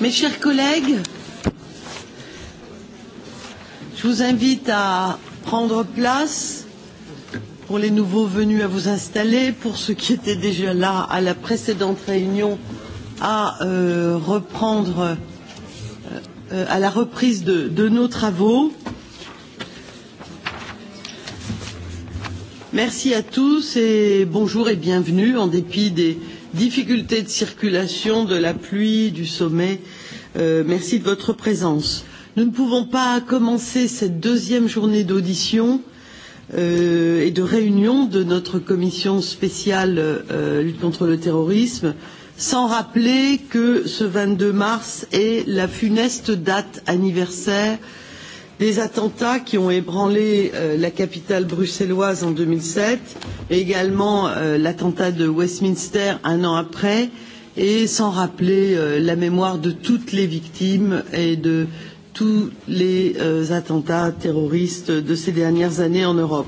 Mes chers collègues, je vous invite à prendre place pour les nouveaux venus à vous installer, pour ceux qui étaient déjà là à la précédente réunion à euh, reprendre euh, à la reprise de, de nos travaux. Merci à tous et bonjour et bienvenue en dépit des difficultés de circulation, de la pluie, du sommet. Euh, merci de votre présence. Nous ne pouvons pas commencer cette deuxième journée d'audition euh, et de réunion de notre commission spéciale euh, lutte contre le terrorisme sans rappeler que ce 22 mars est la funeste date anniversaire euh, des attentats qui ont ébranlé la capitale bruxelloise en deux mille sept et également l'attentat de Westminster un an après, et sans rappeler la mémoire de toutes les victimes et de tous les attentats terroristes de ces dernières années en Europe.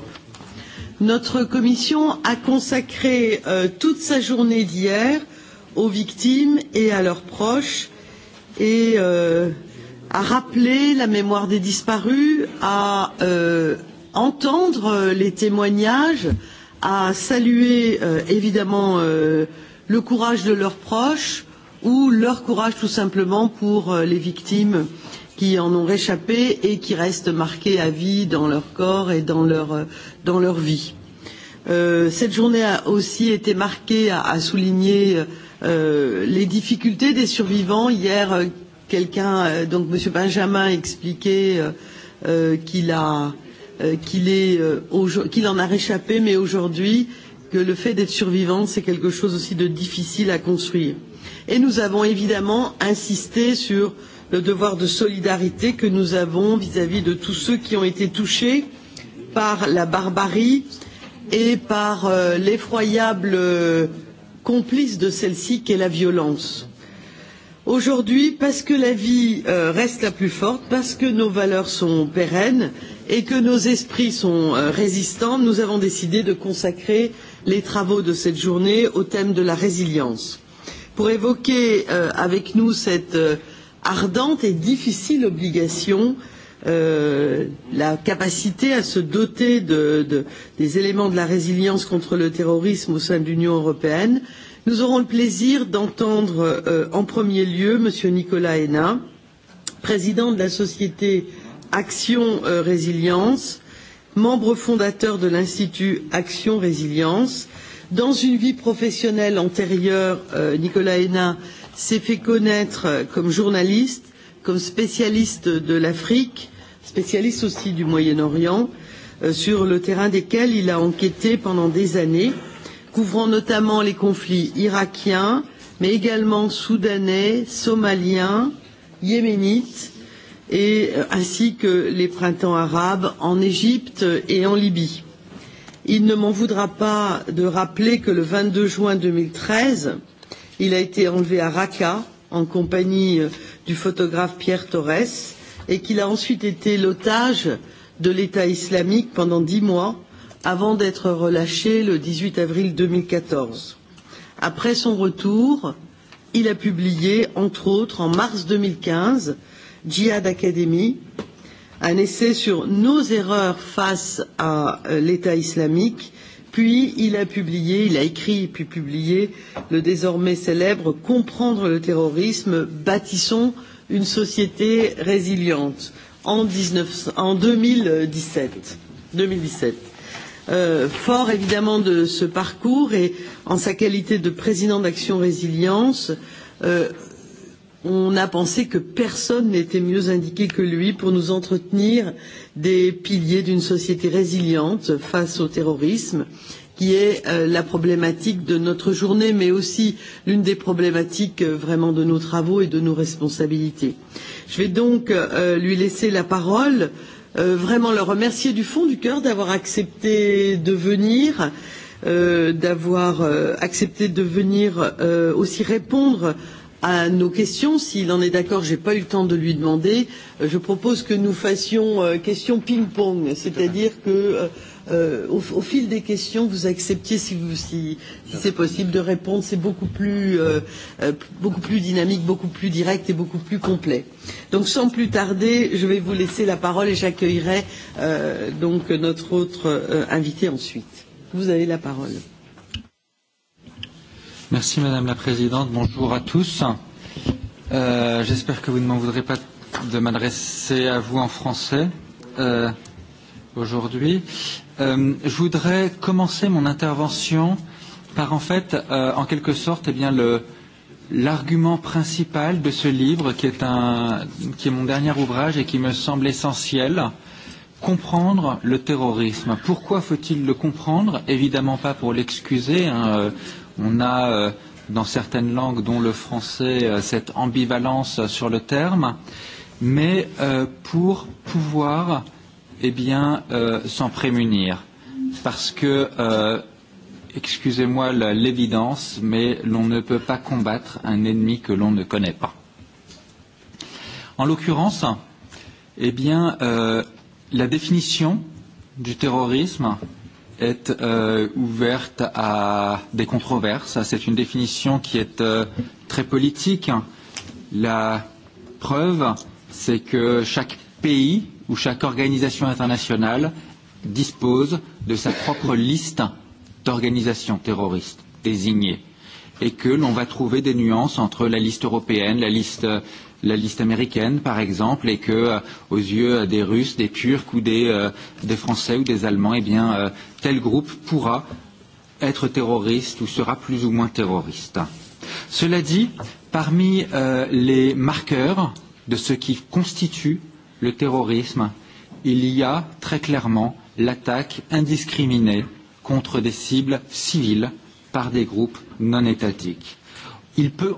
Notre commission a consacré toute sa journée d'hier aux victimes et à leurs proches et à rappeler la mémoire des disparus, à euh, entendre les témoignages, à saluer euh, évidemment euh, le courage de leurs proches ou leur courage tout simplement pour euh, les victimes qui en ont réchappé et qui restent marquées à vie dans leur corps et dans leur, dans leur vie. cette journée a aussi été marquée à, souligner les difficultés des survivants. Hier, quelqu'un, donc M. Benjamin expliquait euh, qu'il a qu'il est qu'il en a réchappé, mais aujourd'hui que le fait d'être survivant, c'est quelque chose aussi de difficile à construire. Et nous avons évidemment insisté sur le devoir de solidarité que nous avons vis-à-vis de tous ceux qui ont été touchés par la barbarie et par l'effroyable complice de celle-ci qu'est la violence Aujourd'hui, parce que la vie reste la plus forte, parce que nos valeurs sont pérennes et que nos esprits sont résistants, nous avons décidé de consacrer les travaux de cette journée au thème de la résilience. Pour évoquer avec nous cette ardente et difficile obligation la capacité à se doter des éléments de la résilience contre le terrorisme au sein de l'Union européenne, Nous aurons le plaisir d'entendre euh, en premier lieu Monsieur Nicolas Hénin, président de la société Action euh, Résilience, membre fondateur de l'Institut Action Résilience. Dans une vie professionnelle antérieure, euh, Nicolas Hénin s'est fait connaître euh, comme journaliste, comme spécialiste de l'Afrique, spécialiste aussi du Moyen-Orient, euh, sur le terrain desquels il a enquêté pendant des années couvrant notamment les conflits irakiens, mais également soudanais, somaliens, yéménites, et, ainsi que les printemps arabes en Égypte et en Libye. Il ne m'en voudra pas de rappeler que le 22 juin 2013, il a été enlevé à Raqqa en compagnie du photographe Pierre Torres et qu'il a ensuite été l'otage de l'État islamique pendant dix mois avant d'être relâché le dix huit avril deux mille quatorze. Après son retour, il a publié, entre autres, en mars deux mille quinze, Jihad Academy, un essai sur nos erreurs face à l'État islamique, puis il a publié, il a écrit et puis publié le désormais célèbre Comprendre le terrorisme, bâtissons une société résiliente en, 19, en 2017. 2017 fort évidemment de ce parcours et en sa qualité de président d'Action Résilience, on a pensé que personne n'était mieux indiqué que lui pour nous entretenir des piliers d'une société résiliente face au terrorisme qui est la problématique de notre journée, mais aussi l'une des problématiques vraiment de nos travaux et de nos responsabilités. Je vais donc lui laisser la parole euh, vraiment le remercier du fond du cœur d'avoir accepté de venir, d'avoir accepté de venir aussi répondre à nos questions. S'il en est d'accord, je n'ai pas eu le temps de lui demander. Je propose que nous fassions question ping-pong, c'est-à-dire que euh, au, au fil des questions, vous acceptiez, si, vous, si, si c'est possible, de répondre. C'est beaucoup plus, euh, beaucoup plus dynamique, beaucoup plus direct et beaucoup plus complet. Donc, sans plus tarder, je vais vous laisser la parole et j'accueillerai euh, donc notre autre euh, invité ensuite. Vous avez la parole. Merci Madame la Présidente. Bonjour à tous. Euh, J'espère que vous ne m'en voudrez pas de m'adresser à vous en français. Euh, aujourd'hui. Euh, je voudrais commencer mon intervention par, en fait, euh, en quelque sorte, eh bien, le, l'argument principal de ce livre, qui est, un, qui est mon dernier ouvrage et qui me semble essentiel, comprendre le terrorisme. Pourquoi faut-il le comprendre Évidemment pas pour l'excuser. Hein. On a euh, dans certaines langues, dont le français, cette ambivalence sur le terme, mais euh, pour pouvoir euh, eh bien, euh, s'en prémunir. Parce que, euh, excusez-moi l'évidence, mais l'on ne peut pas combattre un ennemi que l'on ne connaît pas. En l'occurrence, eh bien, euh, la définition du terrorisme est euh, ouverte à des controverses. C'est une définition qui est euh, très politique. La preuve, c'est que chaque pays où chaque organisation internationale dispose de sa propre liste d'organisations terroristes désignées et que l'on va trouver des nuances entre la liste européenne, la liste, la liste américaine par exemple, et que euh, aux yeux des Russes, des Turcs ou des, euh, des Français ou des Allemands, eh bien, euh, tel groupe pourra être terroriste ou sera plus ou moins terroriste. Cela dit, parmi euh, les marqueurs de ce qui constitue euh, le terrorisme, il y a très clairement l'attaque indiscriminée contre des cibles civiles par des groupes non étatiques. Il peut,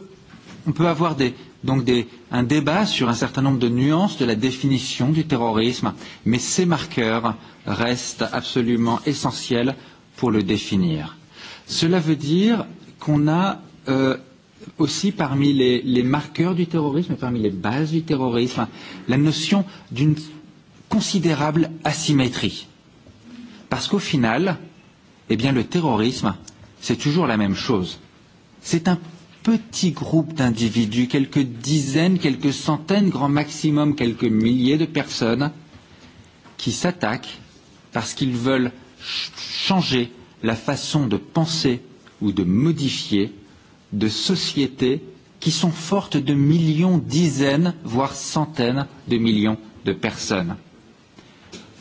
on peut avoir des, donc des, un débat sur un certain nombre de nuances de la définition du terrorisme, mais ces marqueurs restent absolument essentiels pour le définir. Cela veut dire qu'on a euh, aussi parmi les, les marqueurs du terrorisme, parmi les bases du terrorisme, la notion d'une considérable asymétrie. Parce qu'au final, eh bien, le terrorisme, c'est toujours la même chose. C'est un petit groupe d'individus, quelques dizaines, quelques centaines, grand maximum, quelques milliers de personnes, qui s'attaquent parce qu'ils veulent changer la façon de penser ou de modifier de sociétés qui sont fortes de millions, dizaines, voire centaines de millions de personnes.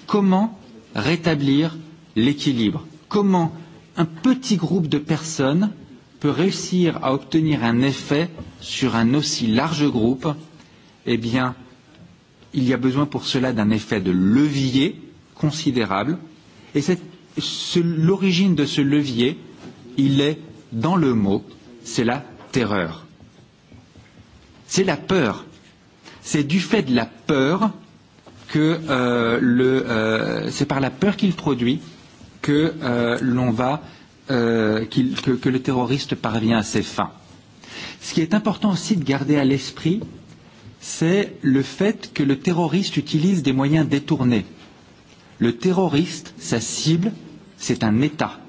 Comment rétablir l'équilibre Comment un petit groupe de personnes peut réussir à obtenir un effet sur un aussi large groupe Eh bien, il y a besoin pour cela d'un effet de levier considérable. Et l'origine de ce levier, il est dans le mot c'est la terreur. C'est la peur. C'est du fait de la peur que euh, le, euh, c'est par la peur qu'il produit que euh, l'on va euh, qu'il, que, que le terroriste parvient à ses fins. Ce qui est important aussi de garder à l'esprit, c'est le fait que le terroriste utilise des moyens détournés. Le terroriste, sa cible, c'est un État.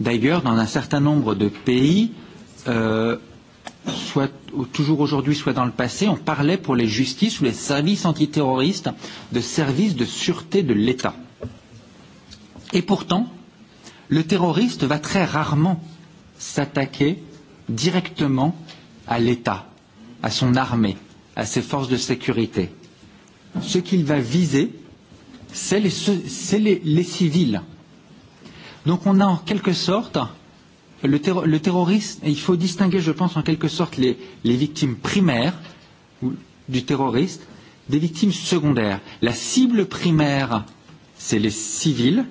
D'ailleurs, dans un certain nombre de pays, soit toujours aujourd'hui, soit dans le passé, on parlait pour les justices ou les services antiterroristes de services de sûreté de l'État. Et pourtant, le terroriste va très rarement s'attaquer directement à l'État, à son armée, à ses forces de sécurité. Ce qu'il va viser, c'est les, les, les civils. Donc on a en quelque sorte le, ter le terrorisme, il faut distinguer, je pense, en quelque sorte les, les victimes primaires du terroriste des victimes secondaires. La cible primaire, c'est les civils,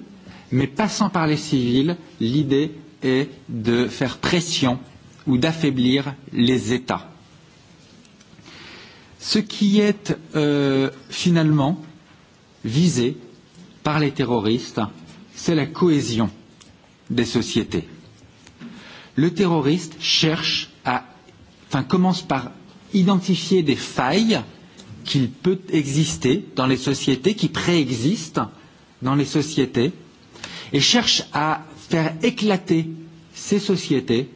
mais passant par les civils, l'idée est de faire pression ou d'affaiblir les États. Ce qui est euh, finalement visé par les terroristes, c'est la cohésion des sociétés le terroriste cherche à, enfin, commence par identifier des failles qu'il peut exister dans les sociétés, qui préexistent dans les sociétés, et cherche à faire éclater ces sociétés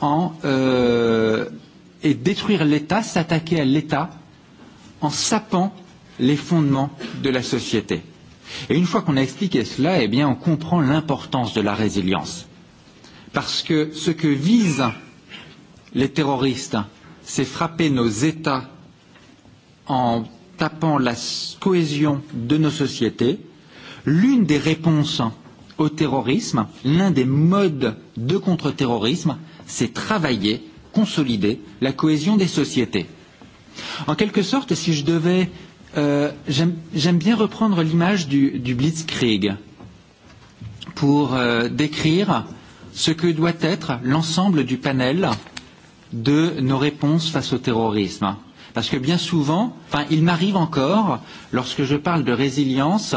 en, euh, et détruire l'État, s'attaquer à l'État en sapant les fondements de la société. Et une fois qu'on a expliqué cela, eh bien, on comprend l'importance de la résilience. Parce que ce que visent les terroristes, c'est frapper nos États en tapant la cohésion de nos sociétés. L'une des réponses au terrorisme, l'un des modes de contre-terrorisme, c'est travailler, consolider la cohésion des sociétés. En quelque sorte, si je devais. Euh, J'aime bien reprendre l'image du, du Blitzkrieg pour euh, décrire ce que doit être l'ensemble du panel de nos réponses face au terrorisme. Parce que bien souvent, enfin, il m'arrive encore, lorsque je parle de résilience,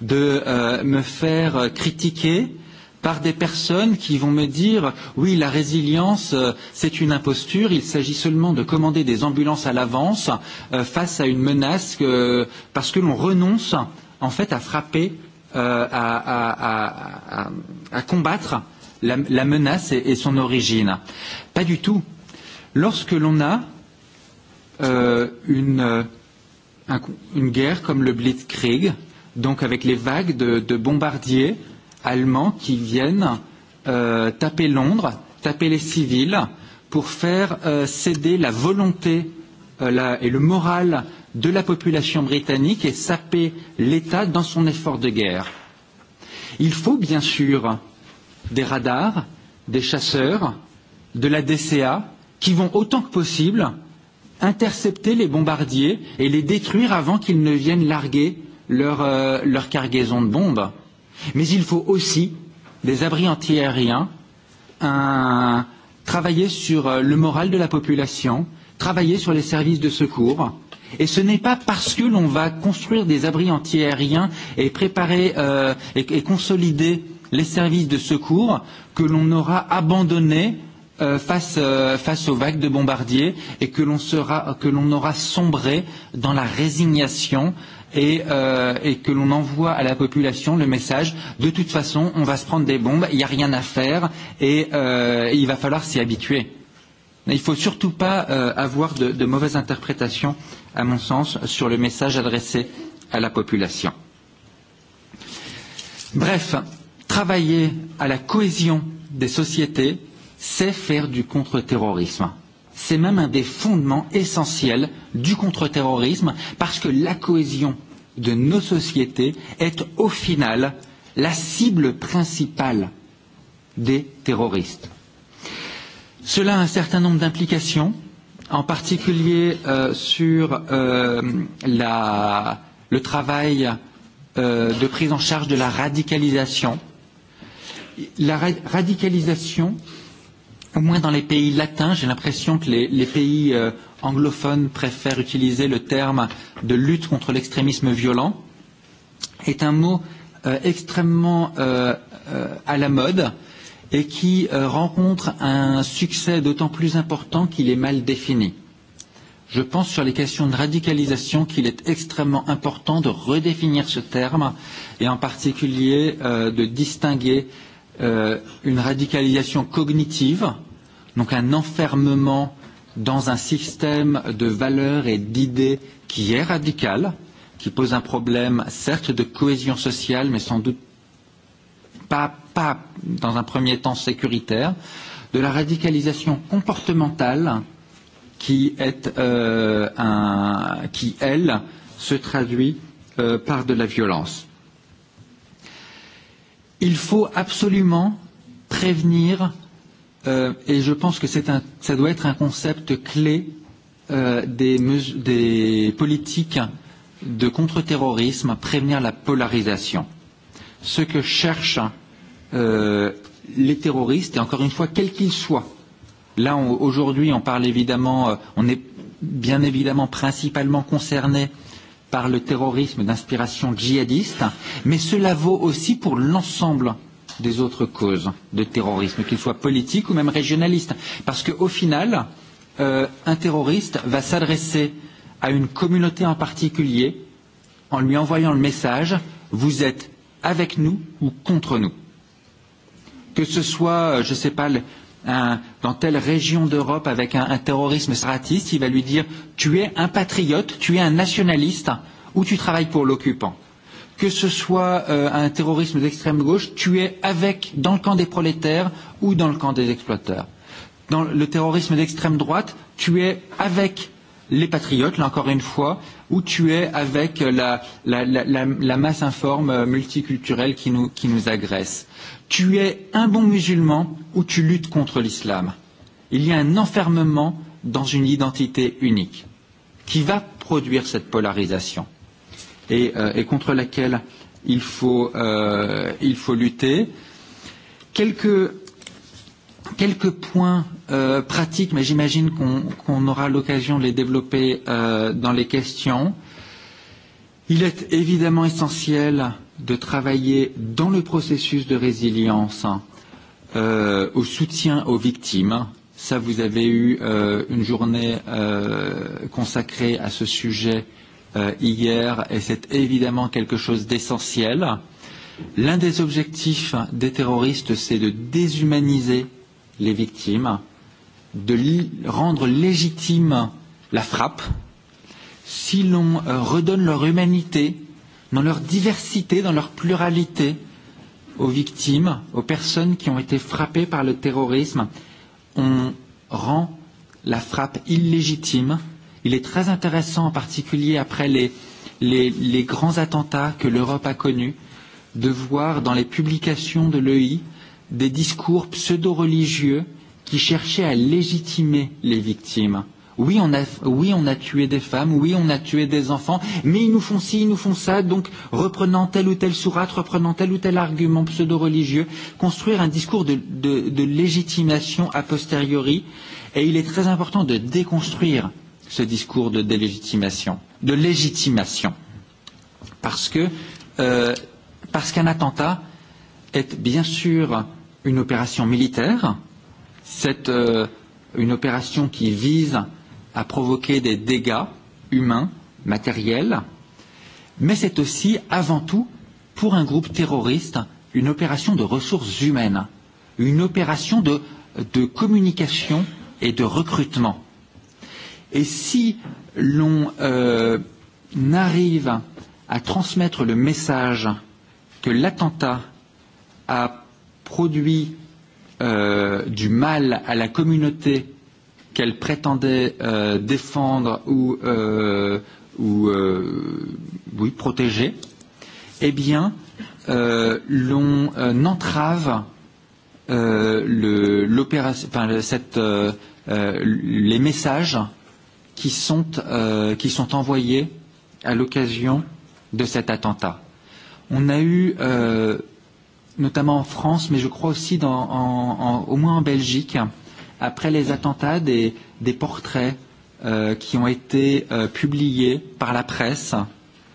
de euh, me faire critiquer par des personnes qui vont me dire oui, la résilience, euh, c'est une imposture, il s'agit seulement de commander des ambulances à l'avance euh, face à une menace que, parce que l'on renonce en fait à frapper, euh, à, à, à, à, à combattre euh, la, la menace et, et son origine. Pas du tout. Lorsque l'on a euh, une, un, une guerre comme le Blitzkrieg, donc avec les vagues de, de bombardiers allemands qui viennent euh, taper Londres, taper les civils, pour faire euh, céder la volonté euh, la, et le moral de la population britannique et saper l'État dans son effort de guerre. Il faut bien sûr des radars, des chasseurs, de la DCA, qui vont autant que possible intercepter les bombardiers et les détruire avant qu'ils ne viennent larguer leur, euh, leur cargaison de bombes. Mais il faut aussi des abris antiaériens, un, travailler sur le moral de la population, travailler sur les services de secours. Et ce n'est pas parce que l'on va construire des abris antiaériens et préparer euh, et, et consolider euh, les services de secours que l'on aura abandonnés face, face aux vagues de bombardiers et que l'on, sera, que l'on aura sombré dans la résignation et, euh, et que l'on envoie à la population le message de toute façon, on va se prendre des bombes, il n'y a rien à faire et euh, il va falloir s'y habituer. Il ne faut surtout pas euh, avoir de, de mauvaises interprétations, à mon sens, sur le message adressé à la population. Bref, Travailler à la cohésion des sociétés, c'est faire du contre-terrorisme. C'est même un des fondements essentiels du contre-terrorisme parce que la cohésion de nos sociétés est au final la cible principale des terroristes. Cela a un certain nombre d'implications, en particulier euh, sur euh, la, le travail euh, de prise en charge de la radicalisation, la radicalisation, au moins dans les pays latins, j'ai l'impression que les, les pays euh, anglophones préfèrent utiliser le terme de lutte contre l'extrémisme violent, est un mot euh, extrêmement euh, euh, à la mode et qui euh, rencontre un succès d'autant plus important qu'il est mal défini. Je pense sur les questions de radicalisation qu'il est extrêmement important de redéfinir ce terme et en particulier euh, de distinguer euh, euh, une radicalisation cognitive, donc un enfermement dans un système de valeurs et d'idées qui est radical, qui pose un problème certes de cohésion sociale, mais sans doute pas, pas dans un premier temps sécuritaire, de la radicalisation comportementale qui, est, euh, un, qui elle, se traduit euh, par de la violence. Il faut absolument prévenir, euh, et je pense que un, ça doit être un concept clé euh, des, des politiques de contre-terrorisme, prévenir la polarisation. Ce que cherchent euh, les terroristes, et encore une fois, quels qu'ils soient, là aujourd'hui on parle évidemment, on est bien évidemment principalement concerné euh, par le terrorisme d'inspiration djihadiste, mais cela vaut aussi pour l'ensemble des autres causes de terrorisme, qu'ils soient politiques ou même régionalistes. Parce qu'au final, euh, un terroriste va s'adresser à une communauté en particulier en lui envoyant le message vous êtes avec nous ou contre nous. Que ce soit, je ne sais pas, un, dans telle région d'Europe avec un, un terrorisme stratiste, il va lui dire tu es un patriote, tu es un nationaliste ou tu travailles pour l'occupant. Que ce soit euh, un terrorisme d'extrême gauche, tu es avec dans le camp des prolétaires ou dans le camp des exploiteurs. Dans le terrorisme d'extrême droite, tu es avec les patriotes, là encore une fois, ou tu es avec la, la, la, la, la masse informe multiculturelle qui nous, qui nous agresse tu es un bon musulman ou tu luttes contre l'islam. Il y a un enfermement dans une identité unique qui va produire cette polarisation et, euh, et contre laquelle il faut, euh, il faut lutter. Quelques, quelques points euh, pratiques, mais j'imagine qu'on qu aura l'occasion de les développer euh, dans les questions. Il est évidemment essentiel euh, de travailler dans le processus de résilience euh, au soutien aux victimes. Ça, vous avez eu euh, une journée euh, consacrée à ce sujet euh, hier et c'est évidemment quelque chose d'essentiel. L'un des objectifs des terroristes, c'est de déshumaniser les victimes, de rendre légitime la frappe. Si l'on redonne leur humanité, dans leur diversité, dans leur pluralité, aux victimes, aux personnes qui ont été frappées par le terrorisme. On rend la frappe illégitime. Il est très intéressant, en particulier après les, les, les grands attentats que l'Europe a connus, de voir dans les publications de l'EI des discours pseudo-religieux qui cherchaient à légitimer les victimes. Oui on, a, oui, on a tué des femmes, oui, on a tué des enfants, mais ils nous font ci, ils nous font ça, donc reprenant tel ou telle sourate, reprenant tel ou tel argument pseudo-religieux, construire un discours de, de, de légitimation a posteriori, et il est très important de déconstruire ce discours de délégitimation, de légitimation, parce que euh, parce qu'un attentat est bien sûr une opération militaire, c'est euh, une opération qui vise à provoquer des dégâts humains, matériels, mais c'est aussi, avant tout, pour un groupe terroriste, une opération de ressources humaines, une opération de, de communication et de recrutement. Et si l'on euh, arrive à transmettre le message que l'attentat a produit euh, du mal à la communauté qu'elle prétendait euh, défendre ou, euh, ou euh, oui, protéger, eh bien, euh, l'on euh, entrave euh, le, enfin, cette, euh, euh, les messages qui sont, euh, qui sont envoyés à l'occasion de cet attentat. On a eu, euh, notamment en France, mais je crois aussi dans, en, en, au moins en Belgique, après les attentats, des, des portraits euh, qui ont été euh, publiés par la presse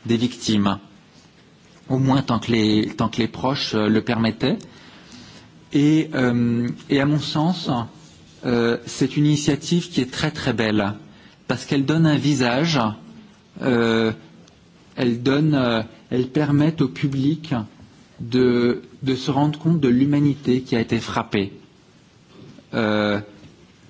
des victimes, au moins tant que les, tant que les proches euh, le permettaient. Et, euh, et à mon sens, euh, c'est une initiative qui est très très belle, parce qu'elle donne un visage, euh, elle, donne, euh, elle permet au public de, de se rendre compte de l'humanité qui a été frappée. Euh,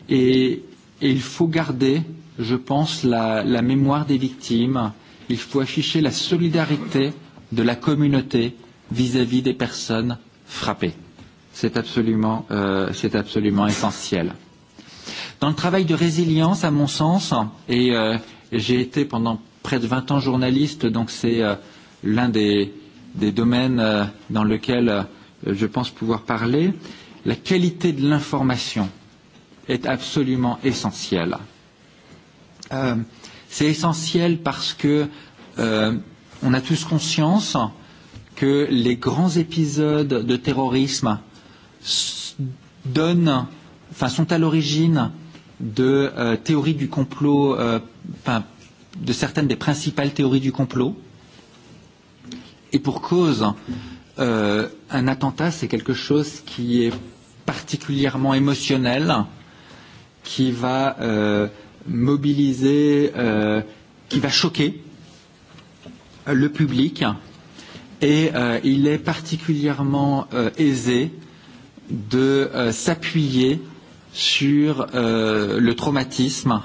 Et, et il faut garder, je pense, la, la mémoire des victimes. Il faut afficher la solidarité de la communauté vis-à-vis des personnes frappées. C'est absolument, euh, absolument essentiel. Dans le travail de résilience, à mon sens, et euh, j'ai été pendant près de 20 ans journaliste, donc c'est euh, l'un des, des domaines euh, dans lequel euh, je pense pouvoir parler, la qualité de l'information est absolument essentiel. Euh, c'est essentiel parce que euh, on a tous conscience que les grands épisodes de terrorisme donnent, enfin, sont à l'origine de euh, théories du complot, euh, enfin, de certaines des principales théories du complot. Et pour cause, euh, un attentat, c'est quelque chose qui est particulièrement émotionnel, euh, qui va euh, mobiliser, euh, qui va choquer le public. Et euh, il est particulièrement euh, aisé de euh, s'appuyer sur euh, le traumatisme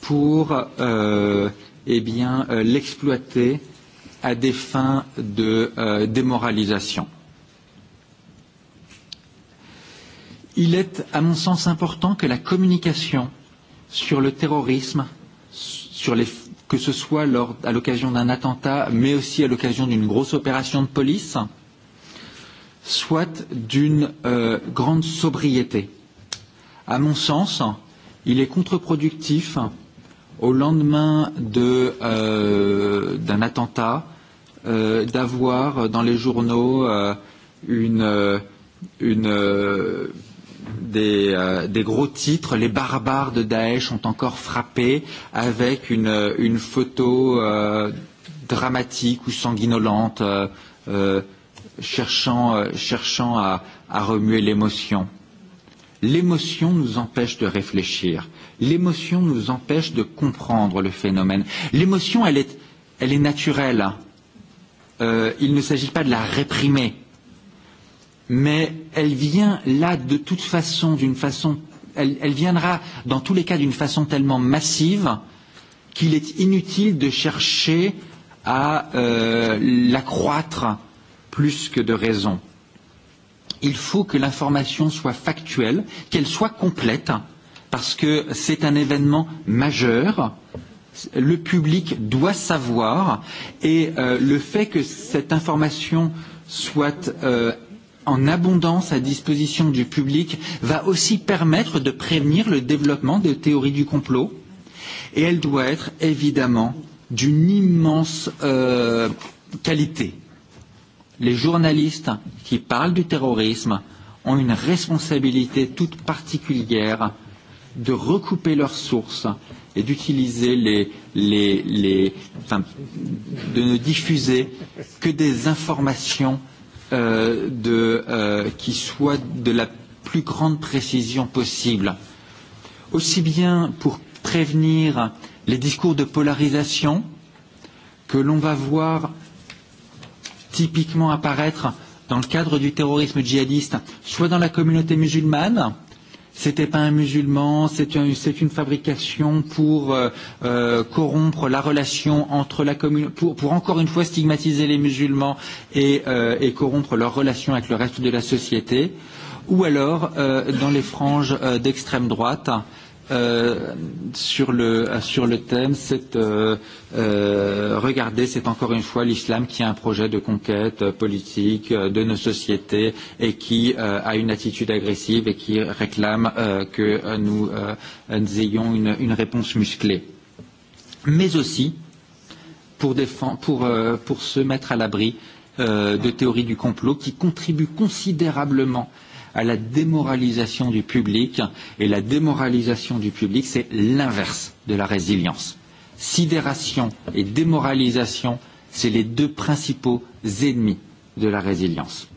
pour euh, eh bien, euh, l'exploiter à des fins de euh, démoralisation. Il est, à mon sens, important que la communication sur le terrorisme, sur les, que ce soit lors, à l'occasion d'un attentat, mais aussi à l'occasion d'une grosse opération de police, soit d'une euh, grande sobriété. À mon sens, il est contre-productif au lendemain d'un euh, attentat euh, d'avoir dans les journaux euh, une, une, des, euh, des gros titres. Les barbares de Daesh ont encore frappé avec une, une photo euh, dramatique ou sanguinolente, euh, euh, cherchant, euh, cherchant à, à remuer l'émotion. L'émotion nous empêche de réfléchir. L'émotion nous empêche de comprendre le phénomène. L'émotion, elle est, elle est naturelle. Euh, il ne s'agit pas de la réprimer mais elle vient là de toute façon, d'une façon, elle, elle viendra dans tous les cas d'une façon tellement massive qu'il est inutile de chercher à euh, l'accroître plus que de raison. Il faut que l'information soit factuelle, qu'elle soit complète, parce que c'est un événement majeur. Le public doit savoir et euh, le fait que cette information soit euh, en abondance à disposition du public va aussi permettre de prévenir le développement de théories du complot et elle doit être évidemment d'une immense euh, qualité. Les journalistes qui parlent du terrorisme ont une responsabilité toute particulière de recouper leurs sources et d'utiliser les, les, les enfin, de ne diffuser que des informations euh, de, euh, qui soit de la plus grande précision possible, aussi bien pour prévenir les discours de polarisation que l'on va voir typiquement apparaître dans le cadre du terrorisme djihadiste, soit dans la communauté musulmane, C'était pas un musulman, c'est un, une fabrication pour euh, euh, corrompre la relation entre la commune, pour, pour encore une fois stigmatiser les musulmans et, euh, et corrompre leur relation avec le reste de la société, ou alors euh, dans les franges euh, d'extrême droite. Euh, sur le, sur le thème, c'est euh, euh, regarder, c'est encore une fois l'islam qui a un projet de conquête politique de nos sociétés et qui euh, a une attitude agressive et qui réclame euh, que nous, euh, nous ayons une, une réponse musclée. Mais aussi pour, défendre, pour, euh, pour se mettre à l'abri euh, de théories du complot qui contribuent considérablement euh, à la démoralisation du public. Et la démoralisation du public, c'est l'inverse de la résilience. Sidération et démoralisation, c'est les deux principaux ennemis de la résilience.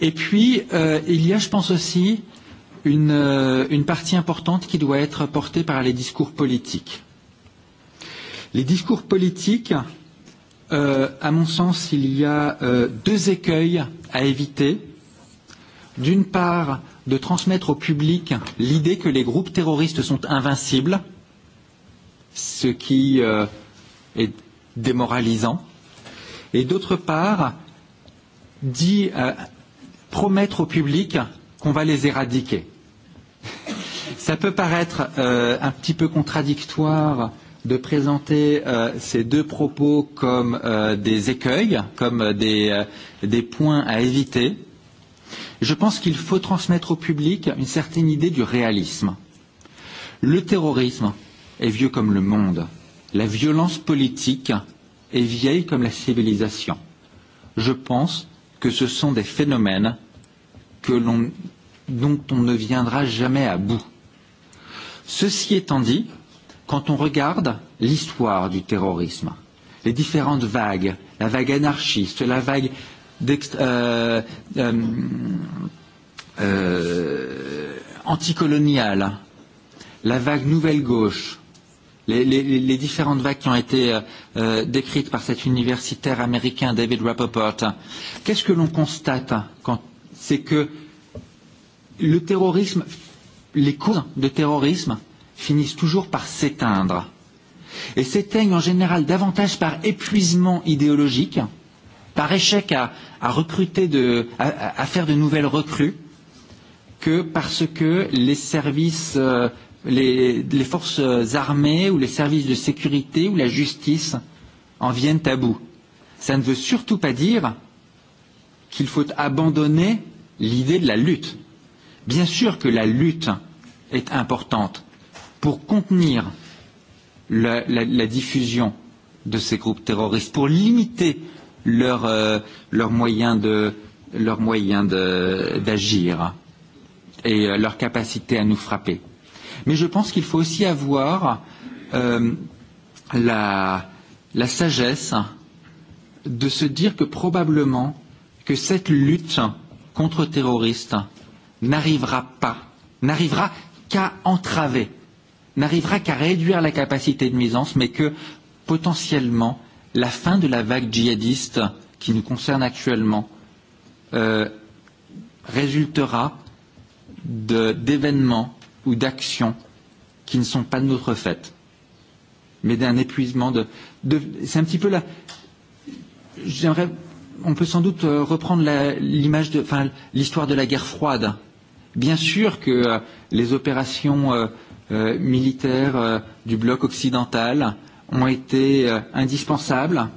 Et puis, euh, il y a, je pense aussi, une, euh, une partie importante qui doit être portée par les discours politiques. Les discours politiques, euh, à mon sens, il y a euh, deux écueils à éviter. D'une part, de transmettre au public l'idée que les groupes terroristes sont invincibles, ce qui euh, est démoralisant. Et d'autre part, dit, euh, promettre au public qu'on va les éradiquer. Ça peut paraître euh, un petit peu contradictoire de présenter euh, ces deux propos comme euh, des écueils, comme des, euh, des points à éviter. Je pense qu'il faut transmettre au public une certaine idée du réalisme. Le terrorisme est vieux comme le monde. La violence politique est vieille comme la civilisation. Je pense que ce sont des phénomènes que on, dont on ne viendra jamais à bout. Ceci étant dit, Quand on regarde l'histoire du terrorisme, les différentes vagues, la vague anarchiste, la vague euh, euh, euh, anticoloniale, la vague nouvelle gauche, les, les, les différentes vagues qui ont été euh, décrites par cet universitaire américain David Rappaport, qu'est-ce que l'on constate C'est que le terrorisme, les causes de terrorisme finissent toujours par s'éteindre. Et s'éteignent en général davantage par épuisement idéologique, par échec à, à recruter, de, à, à faire de nouvelles recrues, que parce que les services, les, les forces armées ou les services de sécurité ou la justice en viennent à bout. Ça ne veut surtout pas dire qu'il faut abandonner l'idée de la lutte. Bien sûr que la lutte est importante, pour contenir la, la, la diffusion de ces groupes terroristes, pour limiter leurs euh, leur moyens leur moyen d'agir et euh, leur capacité à nous frapper. Mais je pense qu'il faut aussi avoir euh, la, la sagesse de se dire que probablement que cette lutte contre terroristes n'arrivera pas, n'arrivera qu'à entraver euh, n'arrivera qu'à réduire la capacité de nuisance, mais que potentiellement la fin de la vague djihadiste qui nous concerne actuellement euh, résultera d'événements ou d'actions qui ne sont pas de notre fait, mais d'un épuisement de. de C'est un petit peu là. J'aimerais. On peut sans doute reprendre l'image de, enfin, l'histoire de la guerre froide. Bien sûr que euh, les opérations euh, euh, militaires euh, du bloc occidental ont été euh, indispensables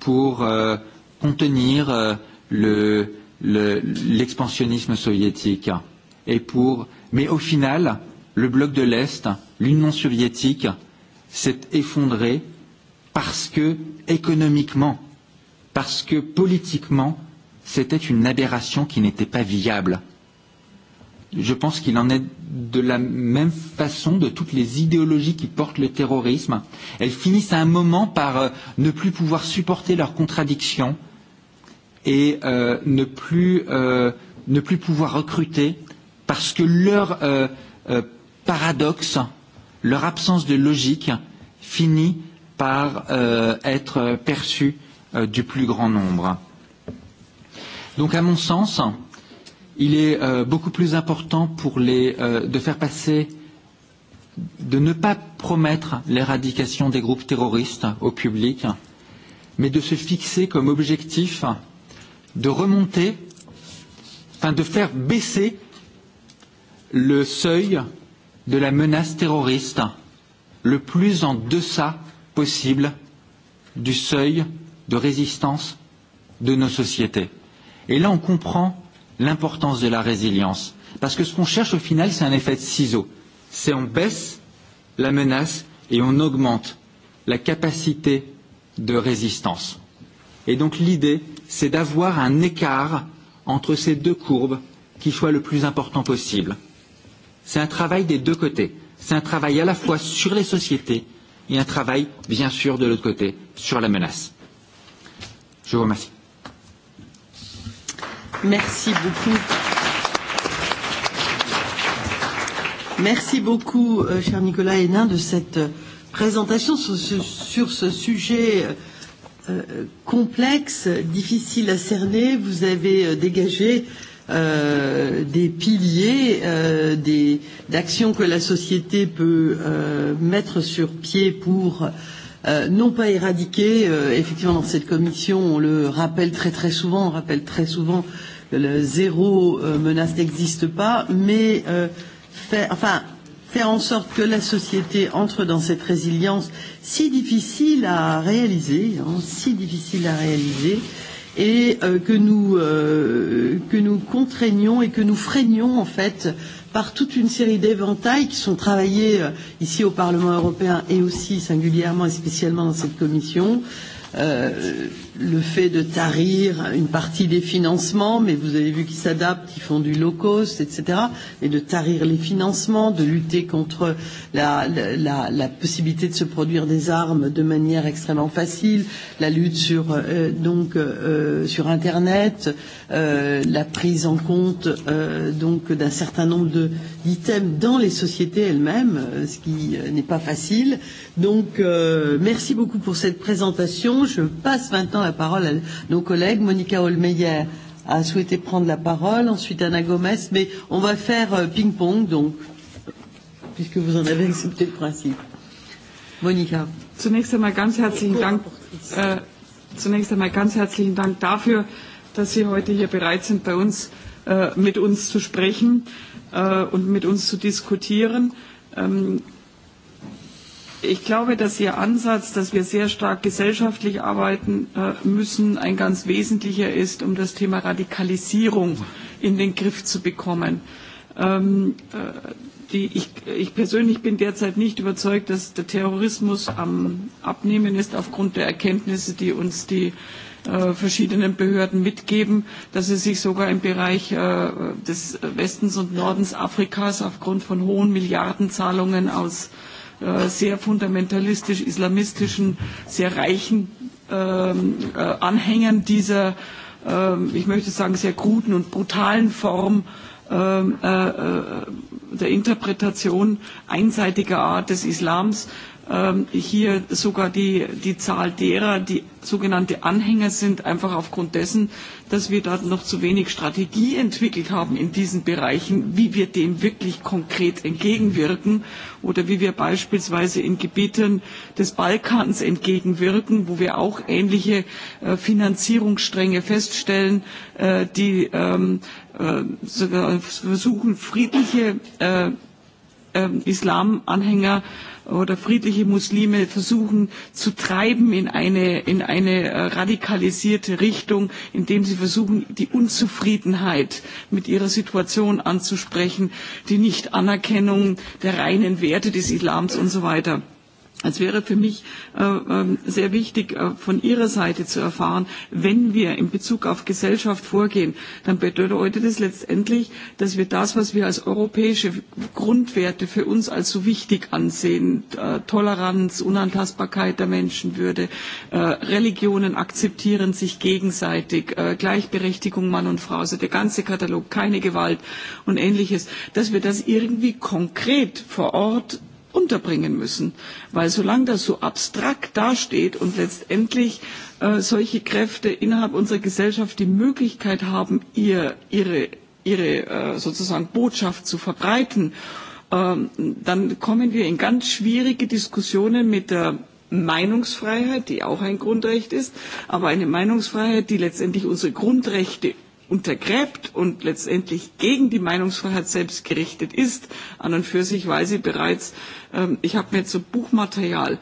pour euh, contenir euh, l'expansionnisme le, le, soviétique. Et pour... Mais au final, le bloc de l'Est, l'Union soviétique, s'est effondré parce que économiquement, parce que politiquement, c'était une aberration qui n'était pas viable. Je pense qu'il en est de la même façon de toutes les idéologies qui portent le terrorisme. Elles finissent à un moment par ne plus pouvoir supporter leurs contradictions et euh, ne, plus, euh, ne plus pouvoir recruter parce que leur euh, euh, paradoxe, leur absence de logique finit par euh, être perçue euh, du plus grand nombre. Donc à mon sens, euh, il est euh, beaucoup plus important pour les, euh, de faire passer, de ne pas promettre l'éradication des groupes terroristes au public, mais de se fixer comme objectif de remonter, enfin de faire baisser le seuil de la menace terroriste le plus en deçà possible du seuil de résistance de nos sociétés. Et là, on comprend l'importance de la résilience. Parce que ce qu'on cherche au final, c'est un effet de ciseau. C'est on baisse la menace et on augmente la capacité de résistance. Et donc l'idée, c'est d'avoir un écart entre ces deux courbes qui soit le plus important possible. C'est un travail des deux côtés. C'est un travail à la fois sur les sociétés et un travail, bien sûr, de l'autre côté, sur la menace. Je vous remercie. Merci beaucoup. Merci beaucoup, euh, cher Nicolas Hénin, de cette présentation sur ce, sur ce sujet euh, complexe, difficile à cerner. Vous avez euh, dégagé euh, des piliers euh, d'actions que la société peut euh, mettre sur pied pour euh, non pas éradiqué. effectivement, dans cette commission, on le rappelle très très souvent, on rappelle très souvent que le zéro menace n'existe pas, mais faire, enfin, faire en sorte que la société entre dans cette résilience si difficile à réaliser, hein, si difficile à réaliser, et euh, que, nous, euh, que nous contraignions et que nous freignons en fait par toute une série d'éventails qui sont travaillés ici au Parlement européen et aussi singulièrement et spécialement dans cette commission. Euh, le fait de tarir une partie des financements, mais vous avez vu qu'ils s'adaptent, ils font du low cost, etc., et de tarir les financements, de lutter contre la, la, la possibilité de se produire des armes de manière extrêmement facile, la lutte sur, euh, donc, euh, sur Internet, euh, la prise en compte euh, d'un certain nombre d'items dans les sociétés elles-mêmes, ce qui n'est pas facile. Donc, euh, merci beaucoup pour cette présentation. Je passe maintenant à la parole à nos collègues. Monica Holmeyer a souhaité prendre la parole, ensuite Anna Gomes, mais on va faire ping-pong, donc, puisque vous en avez accepté le principe. Monica. Zunächst einmal ganz herzlichen Dank. Äh, zunächst einmal ganz herzlichen Dank dafür, dass Sie heute hier bereit sind, bei uns äh, mit uns zu sprechen äh, und mit uns zu diskutieren. Ähm, ich glaube, dass Ihr Ansatz, dass wir sehr stark gesellschaftlich arbeiten müssen, ein ganz wesentlicher ist, um das Thema Radikalisierung in den Griff zu bekommen. ich, persönlich bin derzeit nicht überzeugt, dass der Terrorismus am Abnehmen ist aufgrund der Erkenntnisse, die uns die verschiedenen Behörden mitgeben, dass es sich sogar im Bereich des Westens und Nordens Afrikas aufgrund von hohen Milliardenzahlungen aus äh, sehr fundamentalistisch islamistischen, sehr reichen Anhängern dieser, ich möchte sagen, sehr kruden und brutalen Form der Interpretation einseitiger Art des Islams hier sogar die, die Zahl derer, die sogenannte Anhänger sind, einfach aufgrund dessen, dass wir da noch zu wenig Strategie entwickelt haben in diesen Bereichen, wie wir dem wirklich konkret entgegenwirken oder wie wir beispielsweise in Gebieten des Balkans entgegenwirken, wo wir auch ähnliche Finanzierungsstränge feststellen, die sogar versuchen, friedliche Islamanhänger oder friedliche Muslime versuchen zu treiben in eine, in eine radikalisierte Richtung, indem sie versuchen, die Unzufriedenheit mit ihrer Situation anzusprechen, die Nichtanerkennung der reinen Werte des Islams und so weiter Es wäre für mich sehr wichtig, von Ihrer Seite zu erfahren, wenn wir in Bezug auf Gesellschaft vorgehen, dann bedeutet es letztendlich, dass wir das, was wir als europäische Grundwerte für uns als so wichtig ansehen, Toleranz, Unantastbarkeit der Menschenwürde, Religionen akzeptieren sich gegenseitig, Gleichberechtigung Mann und Frau, also der ganze Katalog, keine Gewalt und ähnliches, dass wir das irgendwie konkret vor Ort unterbringen müssen. Denn solange das so abstrakt dasteht und letztendlich solche Kräfte innerhalb unserer Gesellschaft die Möglichkeit haben, ihre, sozusagen Botschaft zu verbreiten, dann kommen wir in ganz schwierige Diskussionen mit der Meinungsfreiheit, die auch ein Grundrecht ist, aber eine Meinungsfreiheit, die letztendlich unsere Grundrechte untergräbt und letztendlich gegen die Meinungsfreiheit selbst gerichtet ist. An und für sich weiß ich bereits, ich habe mir jetzt so Buchmaterial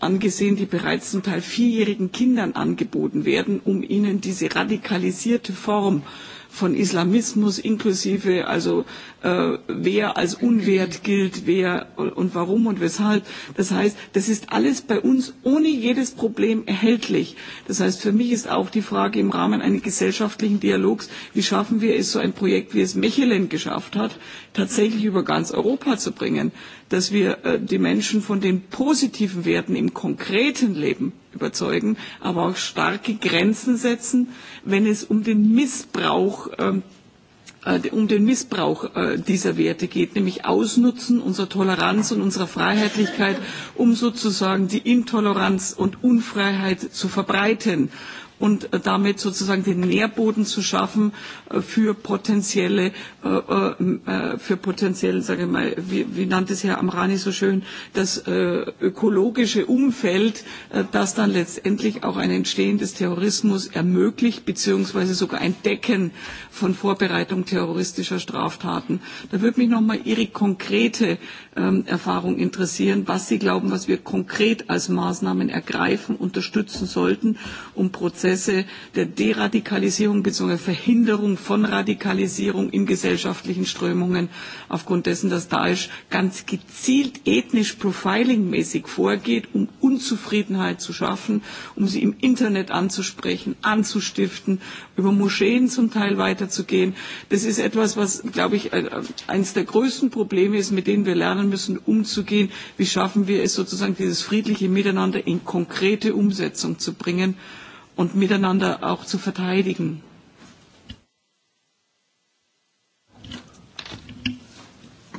angesehen, die bereits zum Teil vierjährigen Kindern angeboten werden, um ihnen diese radikalisierte Form von Islamismus inklusive also wer als unwert gilt, wer und warum und weshalb. Das heißt, das ist alles bei uns ohne jedes Problem erhältlich. Das heißt, für mich ist auch die Frage im Rahmen eines gesellschaftlichen Dialogs, wie schaffen wir es, so ein Projekt, wie es Mechelen geschafft hat, tatsächlich über ganz Europa zu bringen, dass wir die Menschen von den positiven Werten im konkreten Leben überzeugen, aber auch starke Grenzen setzen, wenn es um den Missbrauch um den Missbrauch dieser Werte geht, nämlich Ausnutzen unserer Toleranz und unserer Freiheitlichkeit, um sozusagen die Intoleranz und Unfreiheit zu verbreiten und damit sozusagen den Nährboden zu schaffen für potenzielle, für potenzielle sage ich mal, wie, nannte es Herr Amrani so schön, das ökologische Umfeld, das dann letztendlich auch ein Entstehen des Terrorismus ermöglicht, beziehungsweise sogar ein Decken von Vorbereitung terroristischer Straftaten. Da würde mich nochmal Ihre konkrete Erfahrung interessieren, was Sie glauben, was wir konkret als Maßnahmen ergreifen, unterstützen sollten, um Prozesse Prozesse der Deradikalisierung bzw. Verhinderung von Radikalisierung in gesellschaftlichen Strömungen aufgrund dessen, dass Daesh ganz gezielt ethnisch profilingmäßig vorgeht, um Unzufriedenheit zu schaffen, um sie im Internet anzusprechen, anzustiften, über Moscheen zum Teil weiterzugehen. Das ist etwas, was, glaube ich, eines der größten Probleme ist, mit denen wir lernen müssen, umzugehen. Wie schaffen wir es sozusagen, dieses friedliche Miteinander in konkrete Umsetzung zu bringen? und miteinander auch zu verteidigen.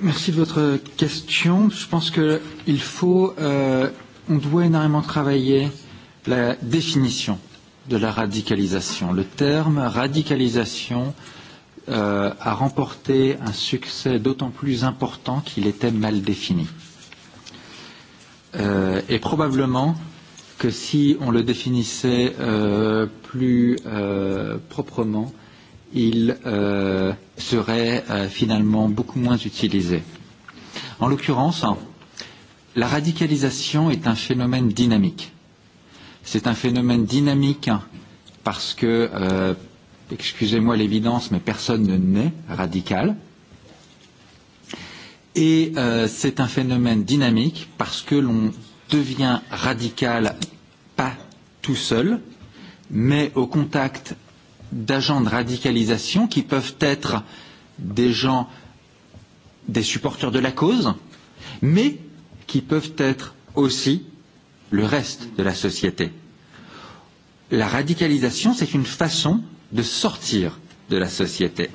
Merci de votre question. Je pense qu'il faut, euh, on doit énormément travailler la définition de la radicalisation. Le terme radicalisation euh, a remporté un succès d'autant plus important qu'il était mal défini. Euh, et probablement, euh, que si on le définissait euh, plus euh, proprement, il euh, serait euh, finalement beaucoup moins utilisé. En l'occurrence, la radicalisation est un phénomène dynamique. C'est un phénomène dynamique parce que, euh, excusez-moi l'évidence, mais personne ne naît radical. Et euh, c'est un phénomène dynamique parce que l'on devient radical pas tout seul, mais au contact d'agents de radicalisation qui peuvent être des gens, des supporters de la cause, mais qui peuvent être aussi le reste de la société. La radicalisation, c'est une façon de sortir de la société.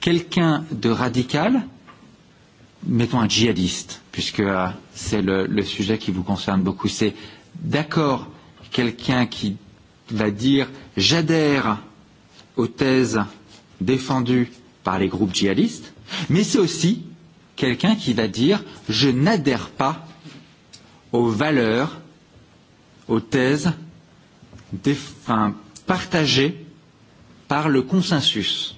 Quelqu'un de radical, mettons un djihadiste, puisque euh, c'est le, le sujet qui vous concerne beaucoup. C'est d'accord quelqu'un qui va dire j'adhère aux thèses défendues par les groupes djihadistes, mais c'est aussi quelqu'un qui va dire je n'adhère pas aux valeurs, aux thèses enfin, partagées par le consensus.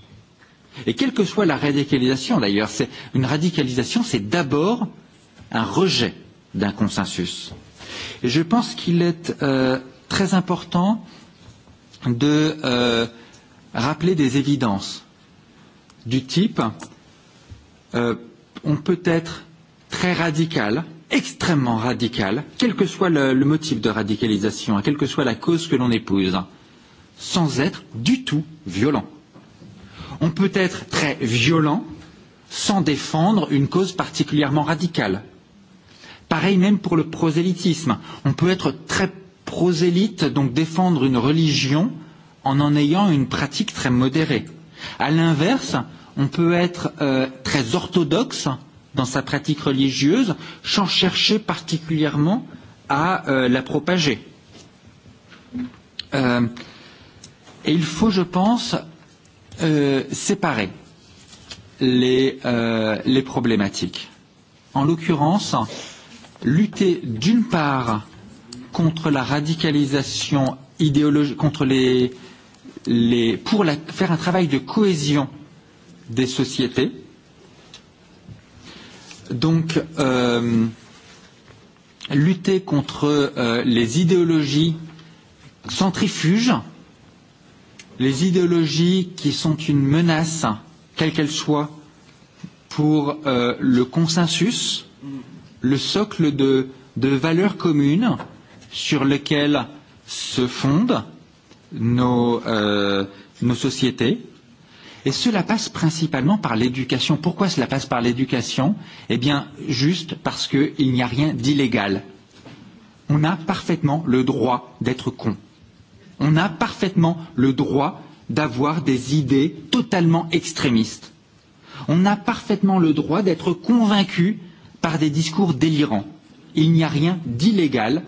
Et quelle que soit la radicalisation d'ailleurs, une radicalisation c'est d'abord un rejet d'un consensus. Et je pense qu'il est euh, très important de euh, rappeler des évidences du type euh, on peut être très radical, extrêmement radical, quel que soit le, le motif de radicalisation, quelle que soit la cause que l'on épouse, sans être du tout violent. On peut être très violent sans défendre une cause particulièrement radicale. Pareil même pour le prosélytisme. On peut être très prosélyte, donc défendre une religion en en ayant une pratique très modérée. À l'inverse, on peut être euh, très orthodoxe dans sa pratique religieuse sans chercher particulièrement à euh, la propager. Euh, et il faut, je pense, euh, séparer les, euh, les problématiques. En l'occurrence, euh, lutter d'une part contre la radicalisation idéologique, contre les, les, pour la, faire un travail de cohésion des sociétés. Donc, euh, lutter contre euh, les idéologies centrifuges, les idéologies qui sont une menace, quelle qu'elle soit, pour euh, le consensus, euh, le socle de, de valeurs communes sur lesquelles se fondent nos, euh, nos sociétés. Et cela passe principalement par l'éducation. Pourquoi cela passe par l'éducation Eh bien, juste parce qu'il n'y a rien d'illégal. On a parfaitement le droit d'être con. On a parfaitement le droit d'avoir des idées totalement extrémistes. On a parfaitement le droit d'être convaincu par des discours délirants. Il n'y a rien d'illégal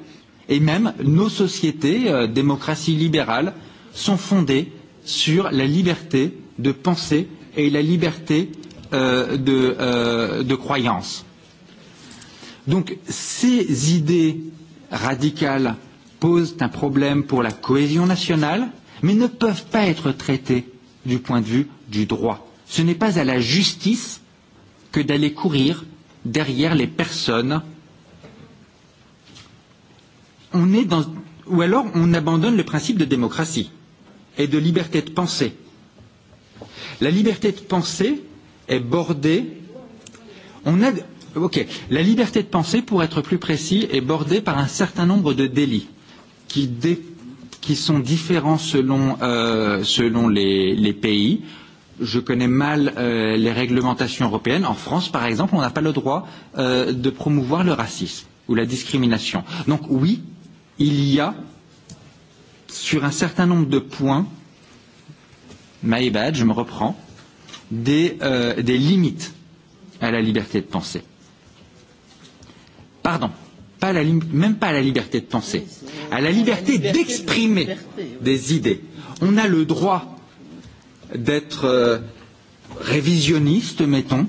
et même nos sociétés, euh, démocratie libérale, sont fondées sur la liberté de penser et la liberté euh, de, euh, de croyance. Donc ces idées radicales posent un problème pour la cohésion nationale, mais ne peuvent pas être traitées du point de vue du droit. Ce n'est pas à la justice que d'aller courir derrière les personnes. On est dans, ou alors on abandonne le principe de démocratie et de liberté de pensée. La liberté de pensée est bordée. On a, ok, la liberté de pensée, pour être plus précis, est bordée par un certain nombre de délits qui, dé, qui sont différents selon, euh, selon les, les pays je connais mal euh, les réglementations européennes. En France, par exemple, on n'a pas le droit euh, de promouvoir le racisme ou la discrimination. Donc oui, il y a sur un certain nombre de points, my bad, je me reprends, des, euh, des limites à la liberté de penser. Pardon, pas la, même pas à la liberté de penser, à la liberté d'exprimer des idées. On a le droit d'être révisionniste, mettons,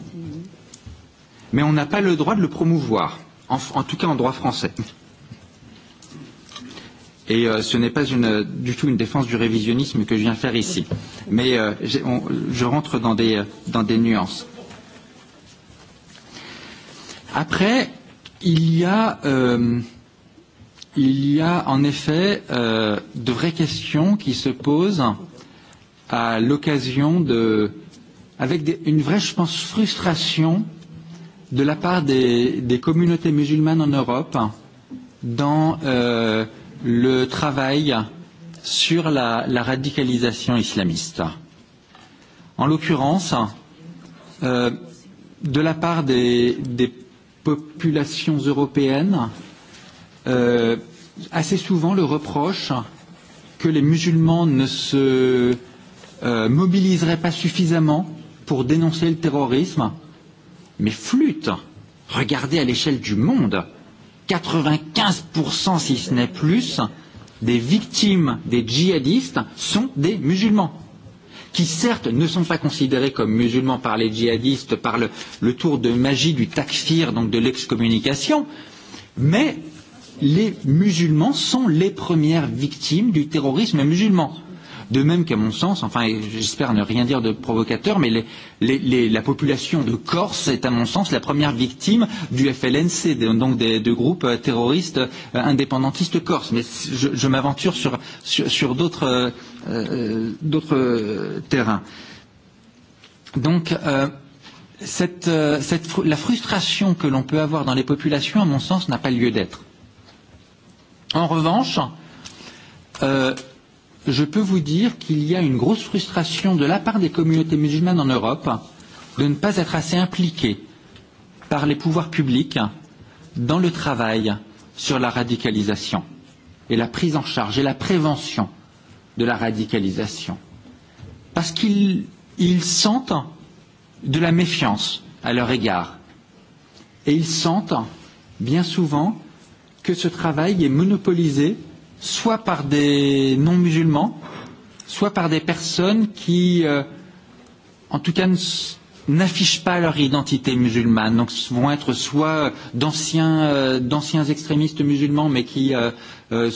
mais on n'a pas le droit de le promouvoir, en, en tout cas en droit français. Et euh, ce n'est pas une, du tout une défense du révisionnisme que je viens faire ici. Mais euh, on, je rentre dans des, dans des nuances. Après, il y a, euh, il y a en effet euh, de vraies questions qui se posent euh, à l'occasion de, avec des, une vraie, je pense, frustration de la part des, des communautés musulmanes en Europe dans euh, le travail sur la, la radicalisation islamiste. En l'occurrence, euh, de la part des, des populations européennes, euh, assez souvent le reproche que les musulmans ne se euh, euh, mobiliserait pas suffisamment pour dénoncer le terrorisme. Mais flûte, regardez à l'échelle du monde, 95% si ce n'est plus des victimes des djihadistes sont des musulmans qui certes ne sont pas considérés comme musulmans par les djihadistes par le, le tour de magie du takfir, donc de l'excommunication, mais les musulmans sont les premières victimes du terrorisme musulman. De même qu'à mon sens, enfin j'espère ne rien dire de provocateur, mais les, les, les, la population de Corse est à mon sens la première victime du FLNC, donc des, de groupes terroristes indépendantistes corse. Mais je, je m'aventure sur, sur, sur d'autres euh, terrains. Donc euh, cette, euh, cette, la frustration que l'on peut avoir dans les populations, à mon sens, n'a pas lieu d'être. En revanche, euh, je peux vous dire qu'il y a une grosse frustration de la part des communautés musulmanes en Europe de ne pas être assez impliquées par les pouvoirs publics dans le travail sur la radicalisation et la prise en charge et la prévention de la radicalisation. Parce qu'ils sentent de la méfiance à leur égard. Et ils sentent bien souvent que ce travail est monopolisé soit par des non-musulmans, soit par des personnes qui, euh, en tout cas, n'affichent pas leur identité musulmane. Donc, ce vont être soit d'anciens, euh, d'anciens extrémistes musulmans, mais qui euh, euh,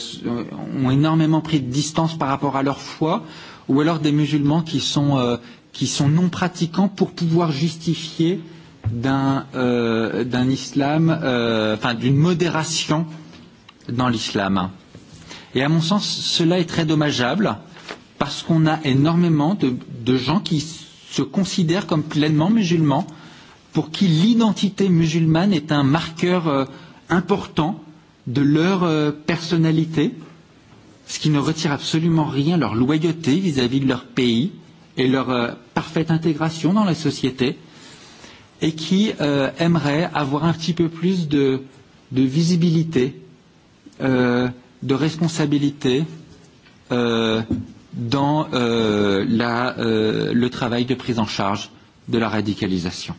ont énormément pris de distance par rapport à leur foi, ou alors des musulmans qui sont, euh, qui sont non pratiquants pour pouvoir justifier d'un, euh, d'un islam, euh, enfin d'une modération dans l'islam. Et à mon sens, cela est très dommageable parce qu'on a énormément de, de gens qui se considèrent comme pleinement musulmans, pour qui l'identité musulmane est un marqueur euh, important de leur euh, personnalité, ce qui ne retire absolument rien leur loyauté vis-à-vis de leur pays et leur euh, parfaite intégration dans la société, et qui euh, aimeraient avoir un petit peu plus de, de visibilité. Euh, de responsabilité euh, dans euh, la, euh, le travail de prise en charge de la radicalisation.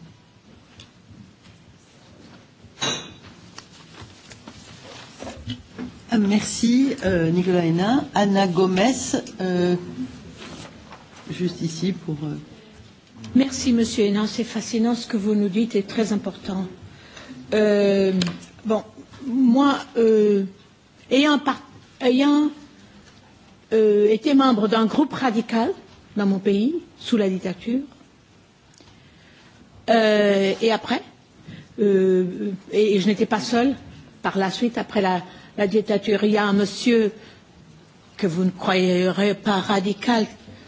Merci euh, Nicolas Hénin. Anna Gomez, euh, juste ici pour. Euh... Merci Monsieur Hénin, c'est fascinant ce que vous nous dites est très important. Euh, bon, moi, euh, ayant, ayant euh, été membre d'un groupe radical dans mon pays, sous la dictature, euh, et après, euh, et, et je n'étais pas seule par la suite, après la, la dictature, il y a un monsieur que vous ne croyez pas radical,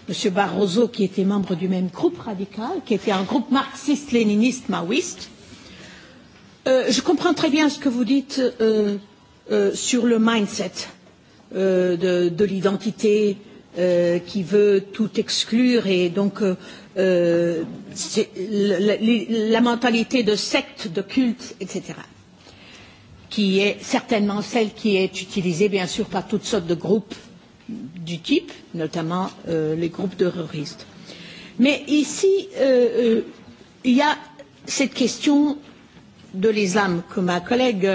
monsieur Barroso, qui était membre du même groupe radical, qui était un groupe marxiste-léniniste-maoïste. Euh, je comprends très bien ce que vous dites. Euh, sur le mindset de, de l'identité qui veut tout exclure et donc euh, la, la mentalité de secte, de culte, etc. qui est certainement celle qui est utilisée bien sûr par toutes sortes de groupes du type, notamment euh, les groupes terroristes. Mais ici, euh, il y a cette question de l'islam que ma collègue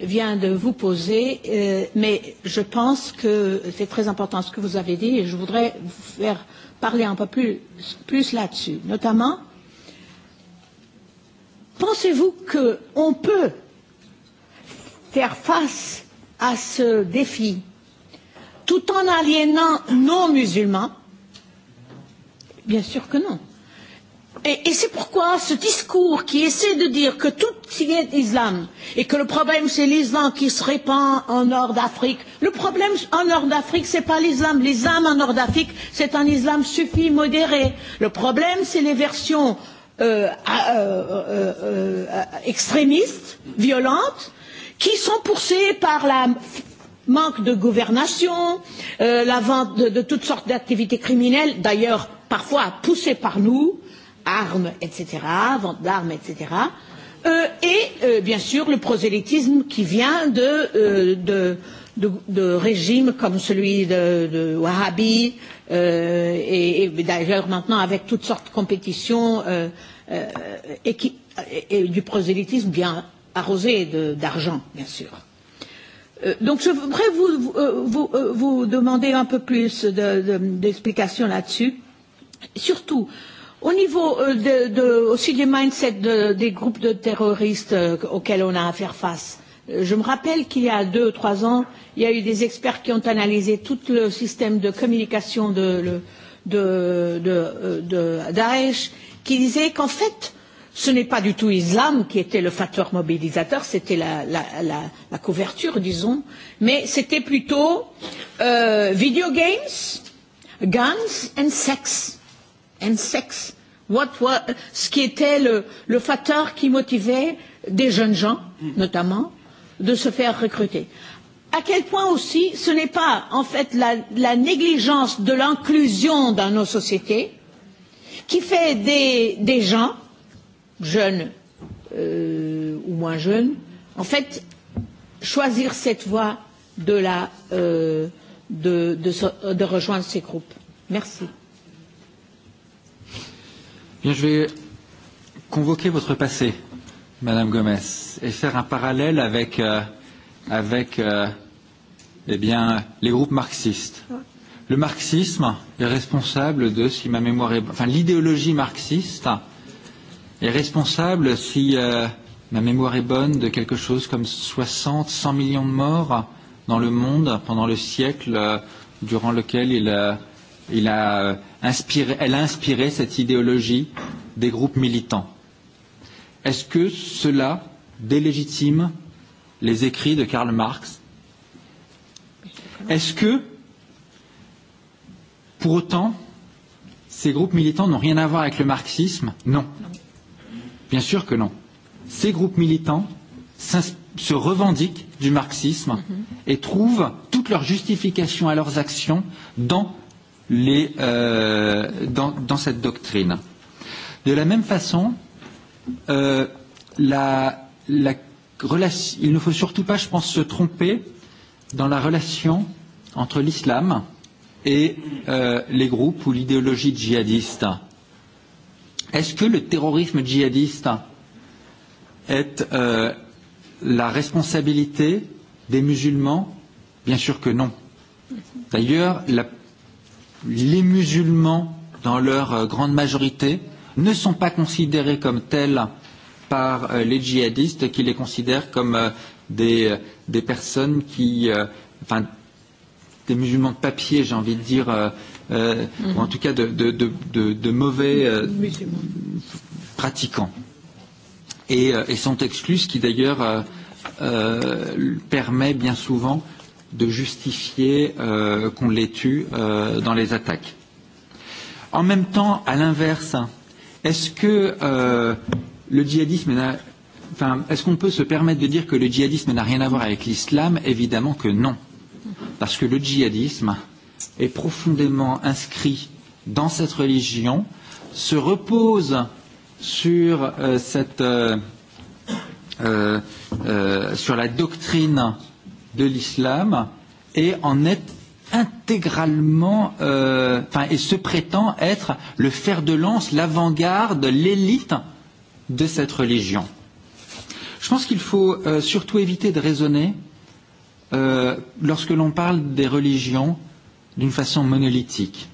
vient de vous poser, euh, mais je pense que c'est très important ce que vous avez dit et je voudrais vous faire parler un peu plus, plus là-dessus. Notamment, pensez-vous qu'on peut faire face à ce défi tout en aliénant non musulmans Bien sûr que non. Et, c'est pourquoi ce discours qui essaie de dire que tout s'y est l'islam et que le problème c'est l'islam qui se répand en Nord d'Afrique, le problème en Nord d'Afrique c'est pas l'islam, l'islam en Nord d'Afrique c'est un islam suffi modéré. Le problème c'est les versions extrémistes, violentes, qui sont poussées par la manque de gouvernation, la vente de, toutes sortes d'activités criminelles, d'ailleurs parfois poussées par nous, armes, etc., vente d'armes, etc. Euh, et euh, bien sûr le prosélytisme qui vient de, euh, de, de, de régimes comme celui de, de Wahhabi, euh, et, et d'ailleurs maintenant avec toutes sortes de compétitions euh, euh, et, qui, et, et du prosélytisme bien arrosé d'argent, bien sûr. Donc je voudrais vous, vous, vous demander un peu plus d'explications de, de, là-dessus. Surtout, euh, Au niveau de, de, aussi des mindsets de, des groupes de terroristes auxquels on a à faire face, je me rappelle qu'il y a deux ou trois ans, il y a eu des experts qui ont analysé tout le système de communication de, de, de, de, de Daesh, qui disaient qu'en fait, ce n'est pas du tout l'islam qui était le facteur mobilisateur, c'était la, la, la, la couverture, disons, mais c'était plutôt euh, video games, guns and sex and sex. What was, ce qui était le, le facteur qui motivait des jeunes gens, notamment, de se faire recruter. À quel point aussi ce n'est pas en fait la, la négligence de l'inclusion dans nos sociétés qui fait des, des gens, jeunes euh, ou moins jeunes, en fait choisir cette voie de, la, euh, de, de, de rejoindre ces groupes. Merci. Bien, je vais convoquer votre passé, Madame Gomez, et faire un parallèle avec, euh, avec euh, eh bien, les groupes marxistes. Le marxisme est responsable de, si ma mémoire est, enfin, l'idéologie marxiste est responsable, si euh, ma mémoire est bonne, de quelque chose comme 60, 100 millions de morts dans le monde pendant le siècle euh, durant lequel il, euh, il a inspiré, elle a inspiré cette idéologie des groupes militants. Est-ce que cela délégitime les écrits de Karl Marx Est-ce que, pour autant, ces groupes militants n'ont rien à voir avec le marxisme Non. Bien sûr que non. Ces groupes militants se revendiquent du marxisme et trouvent toute leur justification à leurs actions dans les, euh, dans, dans cette doctrine. De la même façon, euh, la, la relation, il ne faut surtout pas, je pense, se tromper dans la relation entre l'islam et euh, les groupes ou l'idéologie djihadiste. Est-ce que le terrorisme djihadiste est euh, la responsabilité des musulmans Bien sûr que non. D'ailleurs, la les musulmans, dans leur grande majorité, ne sont pas considérés comme tels par les djihadistes qui les considèrent comme des, des personnes qui. Enfin, des musulmans de papier, j'ai envie de dire, euh, mm-hmm. ou en tout cas de, de, de, de, de mauvais euh, pratiquants. Et, et sont exclus, ce qui d'ailleurs euh, euh, permet bien souvent euh, de justifier euh, qu'on les tue euh, dans les attaques. En même temps, à l'inverse, est-ce que euh, le djihadisme n'a enfin, est-ce qu'on peut se permettre de dire que le djihadisme n'a rien à voir avec l'islam Évidemment que non. Parce que le djihadisme est profondément inscrit dans cette religion, se repose sur, euh, cette, euh, euh, sur la doctrine de l'islam et en est intégralement, euh, enfin, et se prétend être le fer de lance, l'avant-garde, l'élite de cette religion. Je pense qu'il faut euh, surtout éviter de raisonner euh, lorsque l'on parle des religions d'une façon monolithique.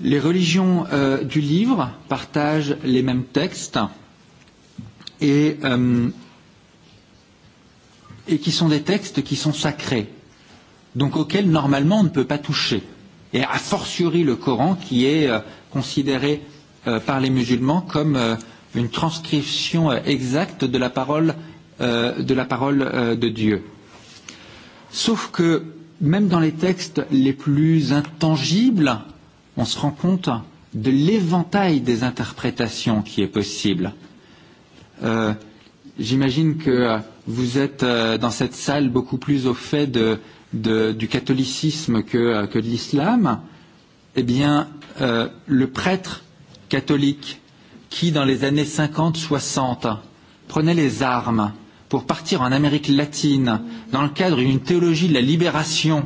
Les religions euh, du livre partagent les mêmes textes et euh, et qui sont des textes qui sont sacrés, donc auxquels normalement on ne peut pas toucher, et a fortiori le Coran qui est euh, considéré euh, par les musulmans comme euh, une transcription euh, exacte de la parole, euh, de, la parole euh, de Dieu. Sauf que même dans les textes les plus intangibles, on se rend compte de l'éventail des interprétations qui est possible. Euh, J'imagine que vous êtes dans cette salle beaucoup plus au fait de, de, du catholicisme que, que de l'islam. Eh bien, euh, le prêtre catholique qui, dans les années 50-60, prenait les armes pour partir en Amérique latine dans le cadre d'une théologie de la libération,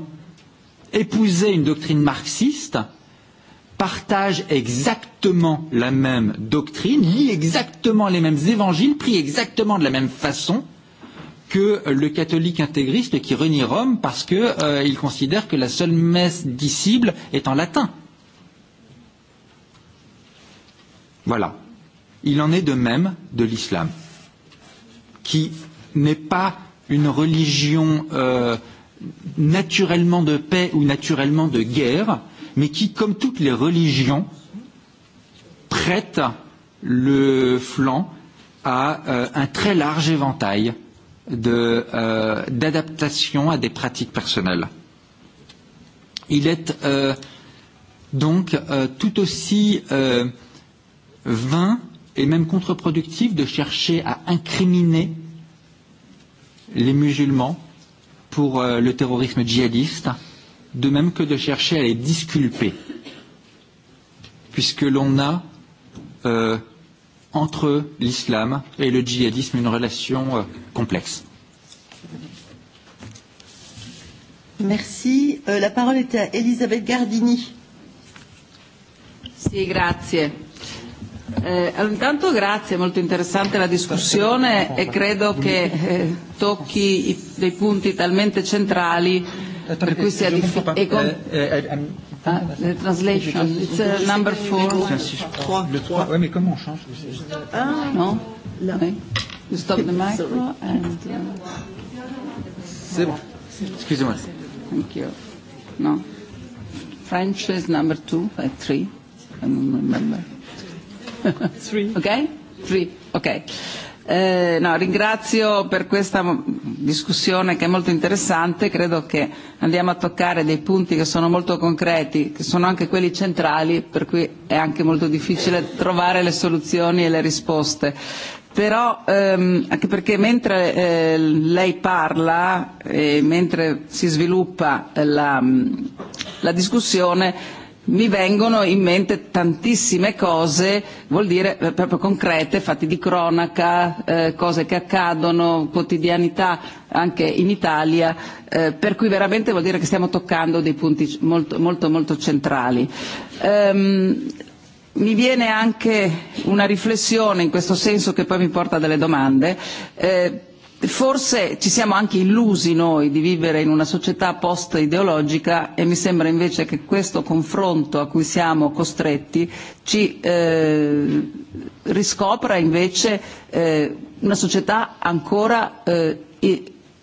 épousait une doctrine marxiste, partagent exactement la même doctrine, lient exactement les mêmes évangiles, prient exactement de la même façon que le catholique intégriste qui renie Rome parce qu'il euh, considère que la seule messe disciple est en latin. Voilà. Il en est de même de l'islam, qui n'est pas une religion euh, naturellement de paix ou naturellement de guerre, mais qui, comme toutes les religions, prête le flanc à euh, un très large éventail d'adaptation de, euh, à des pratiques personnelles. Il est euh, donc euh, tout aussi euh, vain et même contre-productif de chercher à incriminer les musulmans pour euh, le terrorisme djihadiste, de même que de chercher à les disculper, puisque l'on a euh, entre l'islam et le djihadisme une relation euh, complexe. Merci. Euh, la parole est à Elisabeth Gardini. Sì, grazie. Eh, intanto grazie, molto interessante la discussione e credo che eh, tocchi i, dei punti talmente centrali per cui sia difficile. Translation, it's uh, number four. Le 3. Oui, mais comment on change Ah, non. Oui. You stop the micro and. C'est bon. Excusez-moi. Thank you. No. French is number two, uh, I don't remember. three. Okay? Three. Okay. Eh, no, ringrazio per questa discussione che è molto interessante, credo che andiamo a toccare dei punti che sono molto concreti, che sono anche quelli centrali, per cui è anche molto difficile trovare le soluzioni e le risposte. Però, ehm, anche perché mentre eh, lei parla e mentre si sviluppa la, la discussione, mi vengono in mente tantissime cose, vuol dire proprio concrete, fatti di cronaca, eh, cose che accadono, quotidianità anche in Italia, eh, per cui veramente vuol dire che stiamo toccando dei punti molto molto, molto centrali. Um, mi viene anche una riflessione in questo senso che poi mi porta a delle domande. Eh, Forse ci siamo anche illusi noi di vivere in una società post-ideologica e mi sembra invece che questo confronto a cui siamo costretti ci eh, riscopra invece eh, una società ancora eh,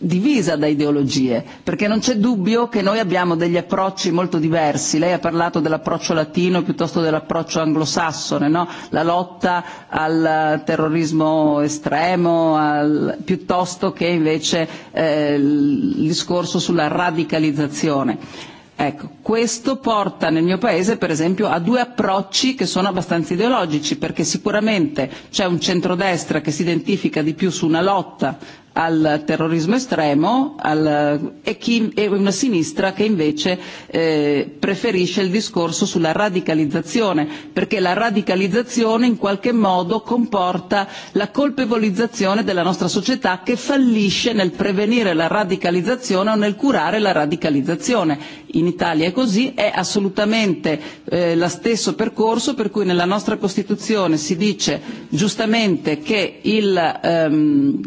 divisa da ideologie, perché non c'è dubbio che noi abbiamo degli approcci molto diversi. Lei ha parlato dell'approccio latino piuttosto dell'approccio anglosassone, no? la lotta al terrorismo estremo, al... piuttosto che invece eh, il discorso sulla radicalizzazione. Ecco, questo porta nel mio paese per esempio a due approcci che sono abbastanza ideologici perché sicuramente c'è un centrodestra che si identifica di più su una lotta al terrorismo estremo al, e, chi, una sinistra che invece eh, preferisce il discorso sulla radicalizzazione, perché la radicalizzazione in qualche modo comporta la colpevolizzazione della nostra società che fallisce nel prevenire la radicalizzazione o nel curare la radicalizzazione. In Italia è così, è assolutamente eh, lo stesso percorso per cui nella nostra Costituzione si dice giustamente che il, ehm,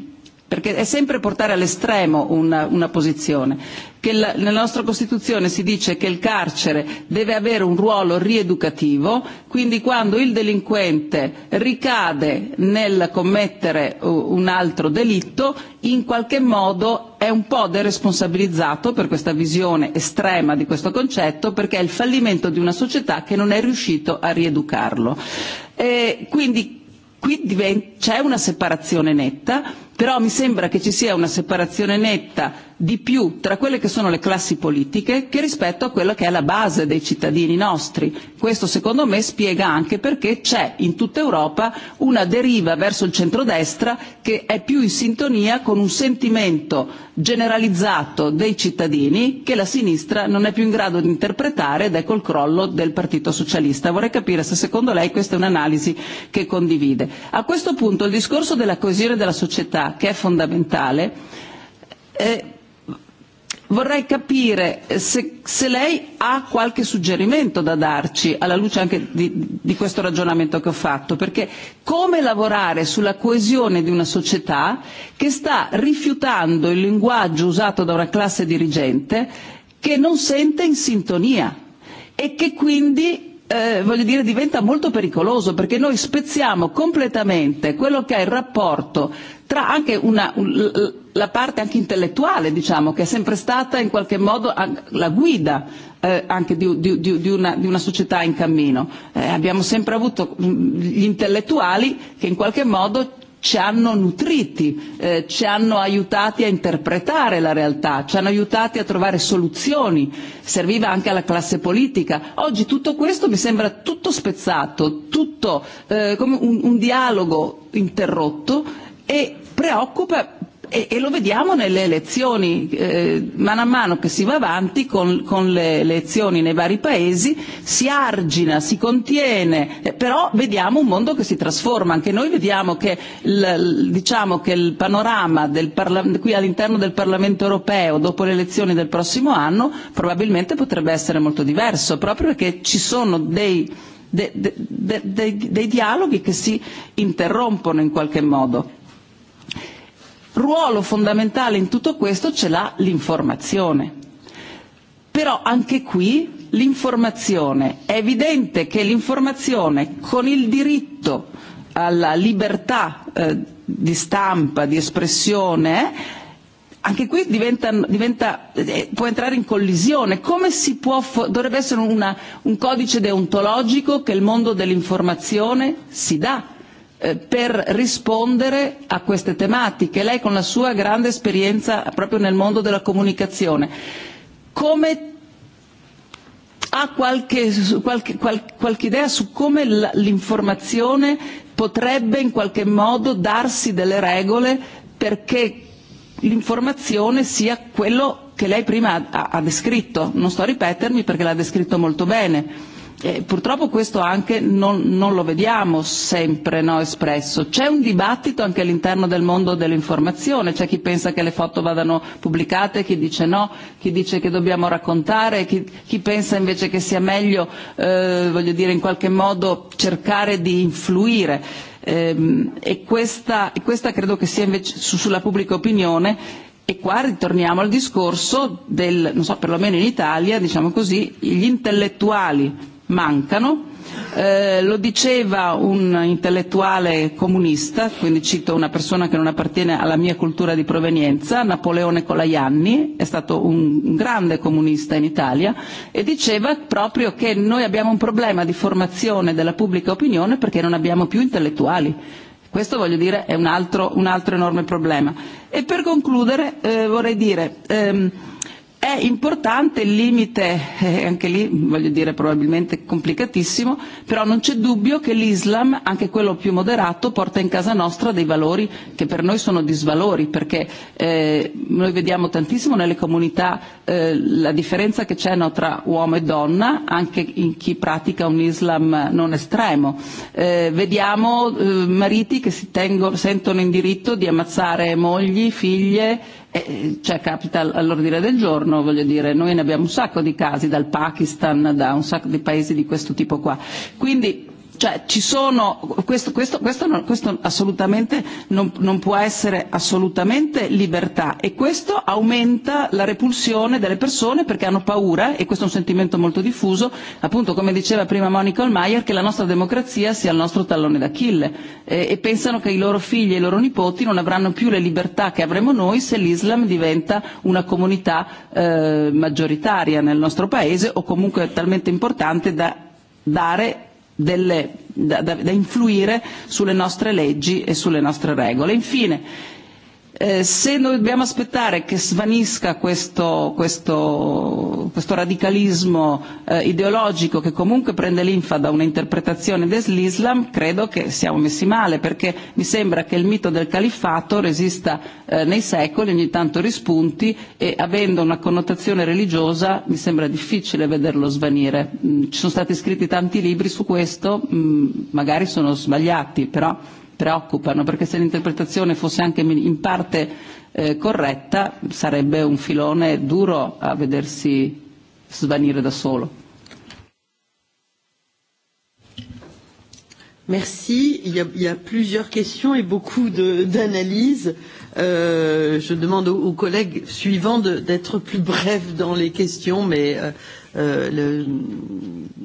perché è sempre portare all'estremo una, una posizione, che la, nella nostra Costituzione si dice che il carcere deve avere un ruolo rieducativo, quindi quando il delinquente ricade nel commettere un altro delitto, in qualche modo è un po' deresponsabilizzato per questa visione estrema di questo concetto, perché è il fallimento di una società che non è riuscito a rieducarlo. E quindi qui c'è una separazione netta però mi sembra che ci sia una separazione netta di più tra quelle che sono le classi politiche che rispetto a quella che è la base dei cittadini nostri. Questo secondo me spiega anche perché c'è in tutta Europa una deriva verso il centrodestra che è più in sintonia con un sentimento generalizzato dei cittadini che la sinistra non è più in grado di interpretare ed è col crollo del Partito Socialista. Vorrei capire se secondo lei questa è un'analisi che condivide. A questo punto il discorso della coesione della società libertà, che è fondamentale, eh, vorrei capire se, se lei ha qualche suggerimento da darci, alla luce anche di, di questo ragionamento che ho fatto, perché come lavorare sulla coesione di una società che sta rifiutando il linguaggio usato da una classe dirigente che non sente in sintonia e che quindi eh, voglio dire, diventa molto pericoloso perché noi spezziamo completamente quello che è il rapporto tra anche una, la parte anche intellettuale, diciamo, che è sempre stata in qualche modo la guida eh, anche di, di, di, di, una, di una società in cammino. Eh, abbiamo sempre avuto gli intellettuali che in qualche modo ci hanno nutriti, eh, ci hanno aiutati a interpretare la realtà, ci hanno aiutati a trovare soluzioni, serviva anche alla classe politica. Oggi tutto questo mi sembra tutto spezzato, tutto eh, come un, un dialogo interrotto e preoccupa e, e lo vediamo nelle elezioni, eh, mano a mano che si va avanti con, con le elezioni nei vari paesi, si argina, si contiene, eh, però vediamo un mondo che si trasforma, anche noi vediamo che il, diciamo che il panorama del qui all'interno del Parlamento europeo dopo le elezioni del prossimo anno probabilmente potrebbe essere molto diverso, proprio perché ci sono dei, de, de, de, dei dialoghi che si interrompono in qualche modo ruolo fondamentale in tutto questo ce l'ha l'informazione. Però anche qui l'informazione, è evidente che l'informazione con il diritto alla libertà eh, di stampa, di espressione, anche qui diventa, diventa, può entrare in collisione. Come si può, dovrebbe essere una, un codice deontologico che il mondo dell'informazione si dà per rispondere a queste tematiche. Lei con la sua grande esperienza proprio nel mondo della comunicazione, come ha qualche, qualche, qualche idea su come l'informazione potrebbe in qualche modo darsi delle regole perché l'informazione sia quello che lei prima ha, ha descritto. Non sto a ripetermi perché l'ha descritto molto bene Eh, purtroppo questo anche non, non lo vediamo sempre no, espresso. C'è un dibattito anche all'interno del mondo dell'informazione, c'è chi pensa che le foto vadano pubblicate, chi dice no, chi dice che dobbiamo raccontare, chi, chi pensa invece che sia meglio eh, voglio dire, in qualche modo cercare di influire. Eh, e questa, e questa credo che sia invece su, sulla pubblica opinione E qua ritorniamo al discorso del, non so, perlomeno in Italia, diciamo così, gli intellettuali mancano. Eh, lo diceva un intellettuale comunista, quindi cito una persona che non appartiene alla mia cultura di provenienza, Napoleone Colaianni, è stato un grande comunista in Italia, e diceva proprio che noi abbiamo un problema di formazione della pubblica opinione perché non abbiamo più intellettuali. Questo voglio dire è un altro, un altro enorme problema. E per concludere eh, vorrei dire ehm, È importante il limite, eh, anche lì voglio dire probabilmente complicatissimo, però non c'è dubbio che l'Islam, anche quello più moderato, porta in casa nostra dei valori che per noi sono disvalori, perché eh, noi vediamo tantissimo nelle comunità eh, la differenza che c'è no, tra uomo e donna, anche in chi pratica un Islam non estremo. Eh, vediamo eh, mariti che si tengo, sentono in diritto di ammazzare mogli, figlie, eh, c'è capital all'ordine del giorno, voglio dire, noi ne abbiamo un sacco di casi dal Pakistan, da un sacco di paesi di questo tipo qua. Quindi Cioè, ci sono, questo, questo, questo, non, questo assolutamente non, non può essere assolutamente libertà e questo aumenta la repulsione delle persone perché hanno paura, e questo è un sentimento molto diffuso, appunto come diceva prima Monica Olmeyer, che la nostra democrazia sia il nostro tallone d'Achille e pensano che i loro figli e i loro nipoti non avranno più le libertà che avremo noi se l'Islam diventa una comunità eh, maggioritaria nel nostro paese o comunque talmente importante da dare delle, da, da, da influire sulle nostre leggi e sulle nostre regole. Infine, se noi dobbiamo aspettare che svanisca questo, questo, questo radicalismo eh, ideologico che comunque prende l'infa da un'interpretazione dell'Islam, credo che siamo messi male, perché mi sembra che il mito del califfato resista eh, nei secoli, ogni tanto rispunti e avendo una connotazione religiosa mi sembra difficile vederlo svanire. Mm, ci sono stati scritti tanti libri su questo, mm, magari sono sbagliati, però preoccupano, perché se l'interpretazione fosse anche in parte eh, corretta sarebbe un filone duro a vedersi svanire da solo. Merci. Il y, a, il y a plusieurs questions et beaucoup d'analyses. Euh, je demande aux, aux collègues suivants d'être plus brefs dans les questions, mais euh, Euh, le,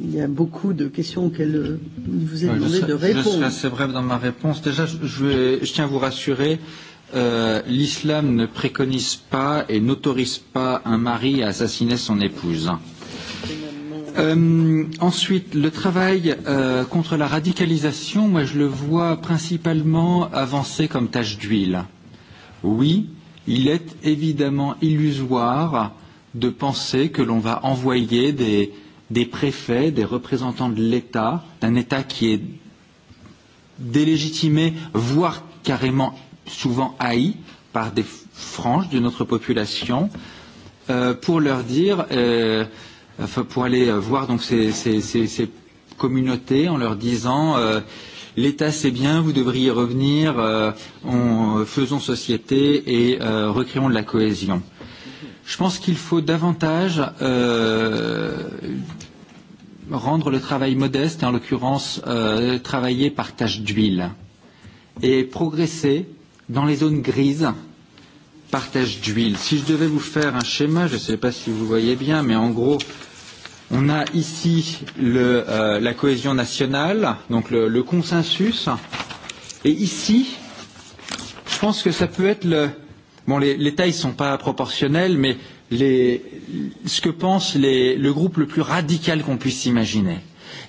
il y a beaucoup de questions qu'elle vous est demandé de répondre. Je serai bref dans ma réponse. Déjà, je, je, je tiens à vous rassurer. Euh, L'islam ne préconise pas et n'autorise pas un mari à assassiner son épouse. Euh, ensuite, le travail euh, contre la radicalisation, moi je le vois principalement avancer comme tâche d'huile. Oui, il est évidemment illusoire euh, de penser que l'on va envoyer des, des préfets, des représentants de l'État, d'un État qui est délégitimé, voire carrément souvent haï par des franges de notre population, euh, pour leur dire, euh, enfin, pour aller voir donc ces, ces, ces, ces communautés en leur disant euh, l'État c'est bien, vous devriez revenir, euh, on, faisons société et euh, recréons de la cohésion. Je pense qu'il faut davantage euh, rendre le travail modeste, et en l'occurrence euh, travailler par tâche d'huile, et progresser dans les zones grises par tâche d'huile. Si je devais vous faire un schéma, je ne sais pas si vous voyez bien, mais en gros, on a ici le, euh, la cohésion nationale, donc le, le consensus, et ici, je pense que ça peut être le, Bon, les, les tailles ne sont pas proportionnelles, mais les, ce que pense les, le groupe le plus radical qu'on puisse imaginer.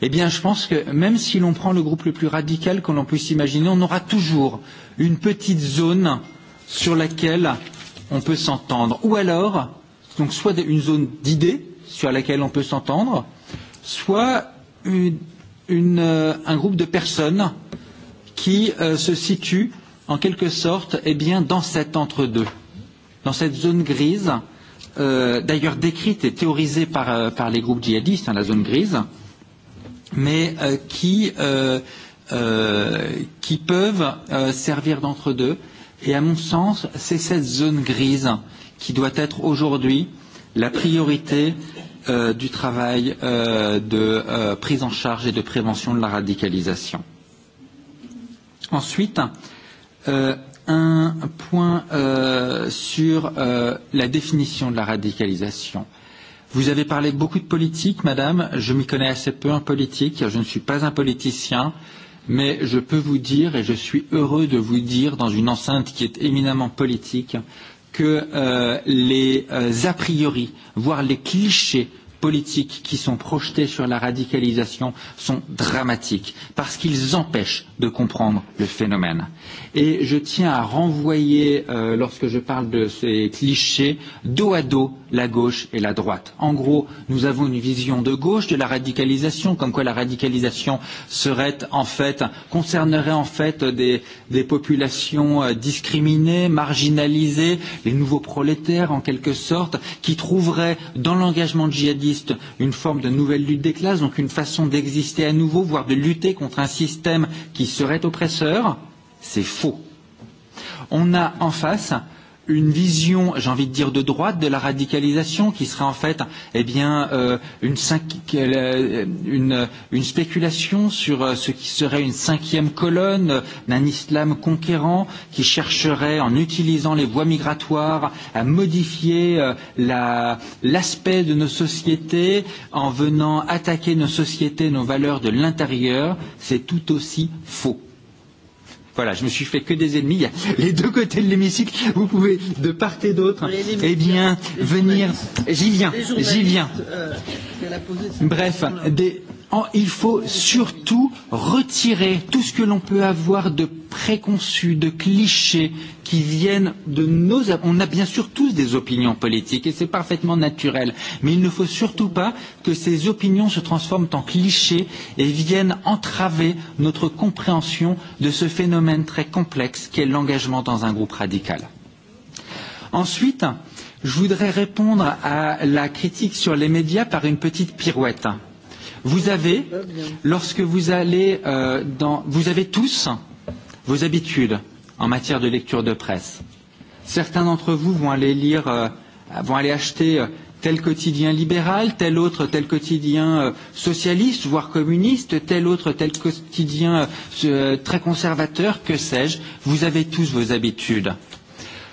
Eh bien, je pense que même si l'on prend le groupe le plus radical qu'on puisse imaginer, on aura toujours une petite zone sur laquelle on peut s'entendre. Ou alors, donc soit une zone d'idées sur laquelle on peut s'entendre, soit une, une, un groupe de personnes qui euh, se situent en quelque sorte, eh bien, dans cet entre-deux, dans cette zone grise, euh, d'ailleurs décrite et théorisée par, euh, par les groupes djihadistes, hein, la zone grise, mais euh, qui, euh, euh, qui peuvent euh, servir d'entre-deux. Et à mon sens, c'est cette zone grise qui doit être aujourd'hui la priorité euh, du travail euh, de euh, prise en charge et de prévention de la radicalisation. Ensuite, euh, euh, un point euh, sur euh, la définition de la radicalisation. Vous avez parlé beaucoup de politique, madame. Je m'y connais assez peu en politique. Je ne suis pas un politicien. Mais je peux vous dire, et je suis heureux de vous dire, dans une enceinte qui est éminemment politique, que euh, les euh, a priori, voire les clichés politiques qui sont projetés sur la radicalisation sont dramatiques parce qu'ils empêchent de comprendre le phénomène. Et je tiens à renvoyer, euh, lorsque je parle de ces clichés, dos à dos la gauche et la droite. En gros, nous avons une vision de gauche de la radicalisation, comme quoi la radicalisation serait en fait concernerait en fait des, des populations discriminées, marginalisées, les nouveaux prolétaires en quelque sorte, qui trouveraient dans l'engagement djihadiste une forme de nouvelle lutte des classes, donc une façon d'exister à nouveau, voire de lutter contre un système qui serait oppresseur. C'est faux. On a en face une vision, j'ai envie de dire, de droite de la radicalisation, qui serait en fait eh bien, euh, une, une, une spéculation sur ce qui serait une cinquième colonne d'un islam conquérant qui chercherait, en utilisant les voies migratoires, à modifier euh, l'aspect la, de nos sociétés en venant attaquer nos sociétés, nos valeurs de l'intérieur. C'est tout aussi faux. Voilà, je me suis fait que des ennemis. Il y a les deux côtés de l'hémicycle, vous pouvez de part et d'autre, eh bien, venir. J'y viens, j'y viens. Bref, des il faut surtout retirer tout ce que l'on peut avoir de préconçus, de clichés qui viennent de nos... On a bien sûr tous des opinions politiques et c'est parfaitement naturel, mais il ne faut surtout pas que ces opinions se transforment en clichés et viennent entraver notre compréhension de ce phénomène très complexe qu'est l'engagement dans un groupe radical. Ensuite, je voudrais répondre à la critique sur les médias par une petite pirouette. Vous avez, lorsque vous allez euh, dans, vous avez tous vos habitudes en matière de lecture de presse. Certains d'entre vous vont aller lire, euh, vont aller acheter tel quotidien libéral, tel autre tel quotidien euh, socialiste, voire communiste, tel autre tel quotidien euh, très conservateur, que sais-je. Vous avez tous vos habitudes.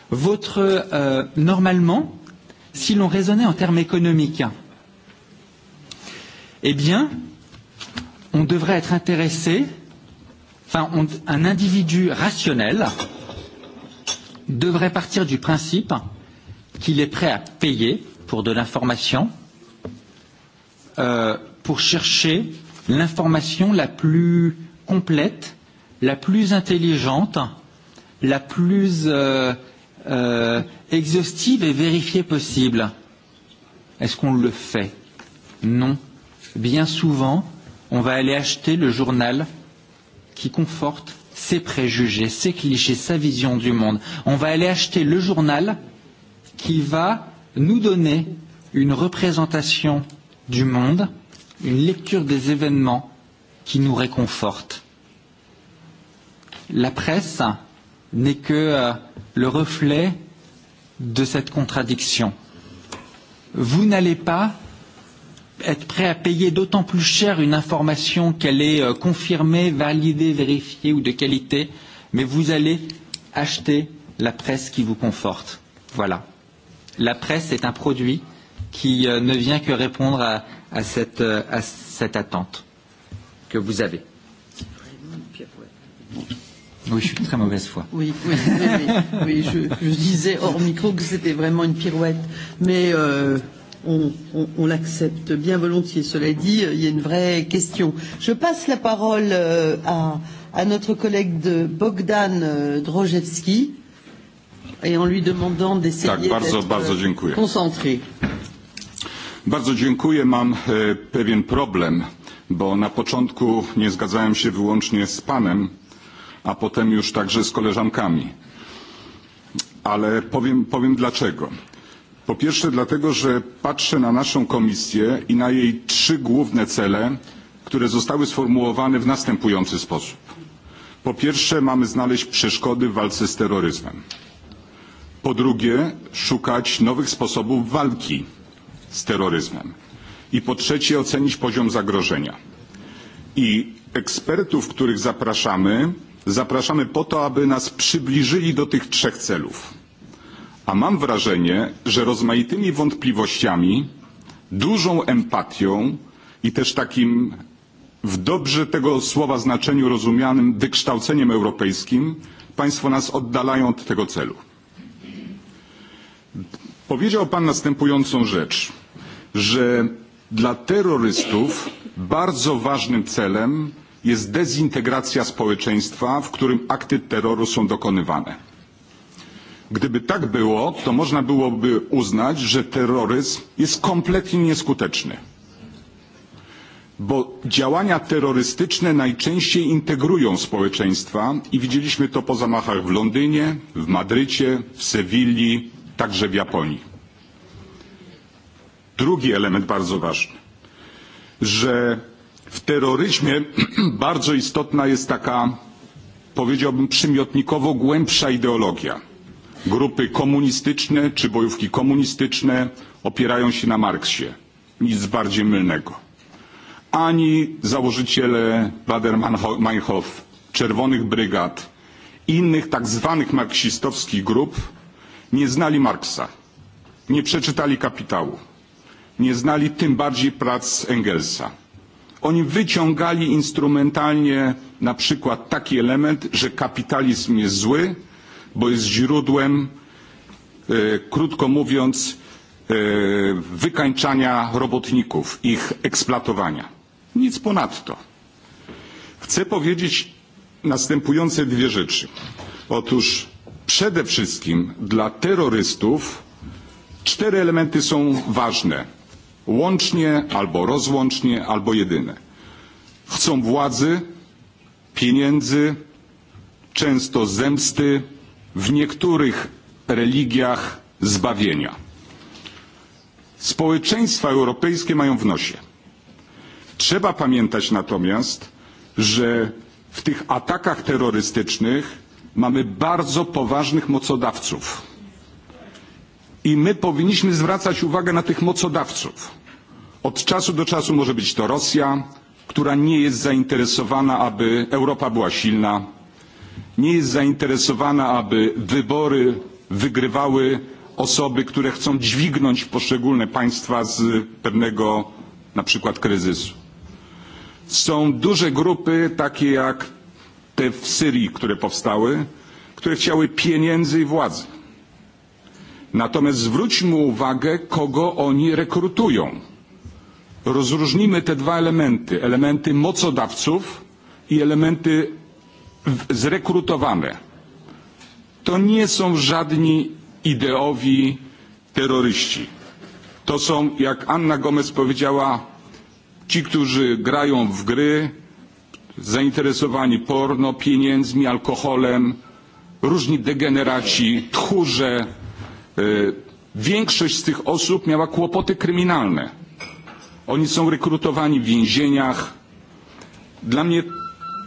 Votre euh, normalement, si l'on raisonnait en termes économiques, eh bien, on devrait être intéressé, enfin, on, un individu rationnel devrait partir du principe qu'il est prêt à payer pour de l'information, euh, pour chercher l'information la plus complète, la plus intelligente, la plus euh, euh, exhaustive et vérifiée possible. Est-ce qu'on le fait Non bien souvent, on va aller acheter le journal qui conforte ses préjugés, ses clichés, sa vision du monde. On va aller acheter le journal qui va nous donner une représentation du monde, une lecture des événements qui nous réconforte. La presse n'est que le reflet de cette contradiction. Vous n'allez pas être prêt à payer d'autant plus cher une information qu'elle est confirmée, validée, vérifiée ou de qualité, mais vous allez acheter la presse qui vous conforte. Voilà. La presse est un produit qui ne vient que répondre à, à, cette, à cette attente que vous avez. Oui, je suis très mauvaise foi. Oui, oui, oui, oui, oui je, je disais hors micro que c'était vraiment une pirouette. Mais euh, on, on, on l'accepte bien volontiers. Cela dit, il y a une vraie question. Je passe la parole à, à notre collègue de Bogdan Drojewski et en lui demandant d'essayer tak, bardzo, bardzo dziękuję. concentré. Bardzo dziękuję. Mam e, pewien problem, bo na początku nie zgadzałem się wyłącznie z panem, a potem już także z koleżankami. Ale powiem, powiem dlaczego Po pierwsze dlatego, że patrzę na naszą komisję i na jej trzy główne cele, które zostały sformułowane w następujący sposób. Po pierwsze mamy znaleźć przeszkody w walce z terroryzmem. Po drugie szukać nowych sposobów walki z terroryzmem. I po trzecie ocenić poziom zagrożenia. I ekspertów, których zapraszamy, zapraszamy po to, aby nas przybliżyli do tych trzech celów A mam wrażenie, że rozmaitymi wątpliwościami, dużą empatią i też takim w dobrze tego słowa znaczeniu rozumianym wykształceniem europejskim państwo nas oddalają od tego celu. Powiedział Pan następującą rzecz, że dla terrorystów bardzo ważnym celem jest dezintegracja społeczeństwa, w którym akty terroru są dokonywane. Gdyby tak było, to można byłoby uznać, że terroryzm jest kompletnie nieskuteczny. Bo działania terrorystyczne najczęściej integrują społeczeństwa i widzieliśmy to po zamachach w Londynie, w Madrycie, w Sewilli, także w Japonii. Drugi element bardzo ważny, że w terroryzmie bardzo istotna jest taka, powiedziałbym, przymiotnikowo głębsza ideologia – Grupy komunistyczne czy bojówki komunistyczne opierają się na Marksie. Nic bardziej mylnego. Ani założyciele Bader Meinhof, Czerwonych Brygad i innych tak zwanych marksistowskich grup nie znali Marksa, nie przeczytali kapitału, nie znali tym bardziej prac Engelsa. Oni wyciągali instrumentalnie na przykład taki element, że kapitalizm jest zły, bo jest źródłem, krótko mówiąc, wykańczania robotników, ich eksploatowania. Nic ponadto. Chcę powiedzieć następujące dwie rzeczy. Otóż przede wszystkim dla terrorystów cztery elementy są ważne. Łącznie albo rozłącznie, albo jedyne. Chcą władzy, pieniędzy, często zemsty, w niektórych religiach zbawienia. Społeczeństwa europejskie mają w nosie. Trzeba pamiętać natomiast, że w tych atakach terrorystycznych mamy bardzo poważnych mocodawców. I my powinniśmy zwracać uwagę na tych mocodawców. Od czasu do czasu może być to Rosja, która nie jest zainteresowana, aby Europa była silna, nie jest zainteresowana, aby wybory wygrywały osoby, które chcą dźwignąć poszczególne państwa z pewnego na przykład kryzysu. Są duże grupy, takie jak te w Syrii, które powstały, które chciały pieniędzy i władzy. Natomiast zwróćmy uwagę, kogo oni rekrutują. Rozróżnimy te dwa elementy, elementy mocodawców i elementy zrekrutowane. To nie są żadni ideowi terroryści. To są, jak Anna Gomez powiedziała, ci, którzy grają w gry, zainteresowani porno, pieniędzmi, alkoholem, różni degeneraci, tchórze. Większość z tych osób miała kłopoty kryminalne. Oni są rekrutowani w więzieniach. Dla mnie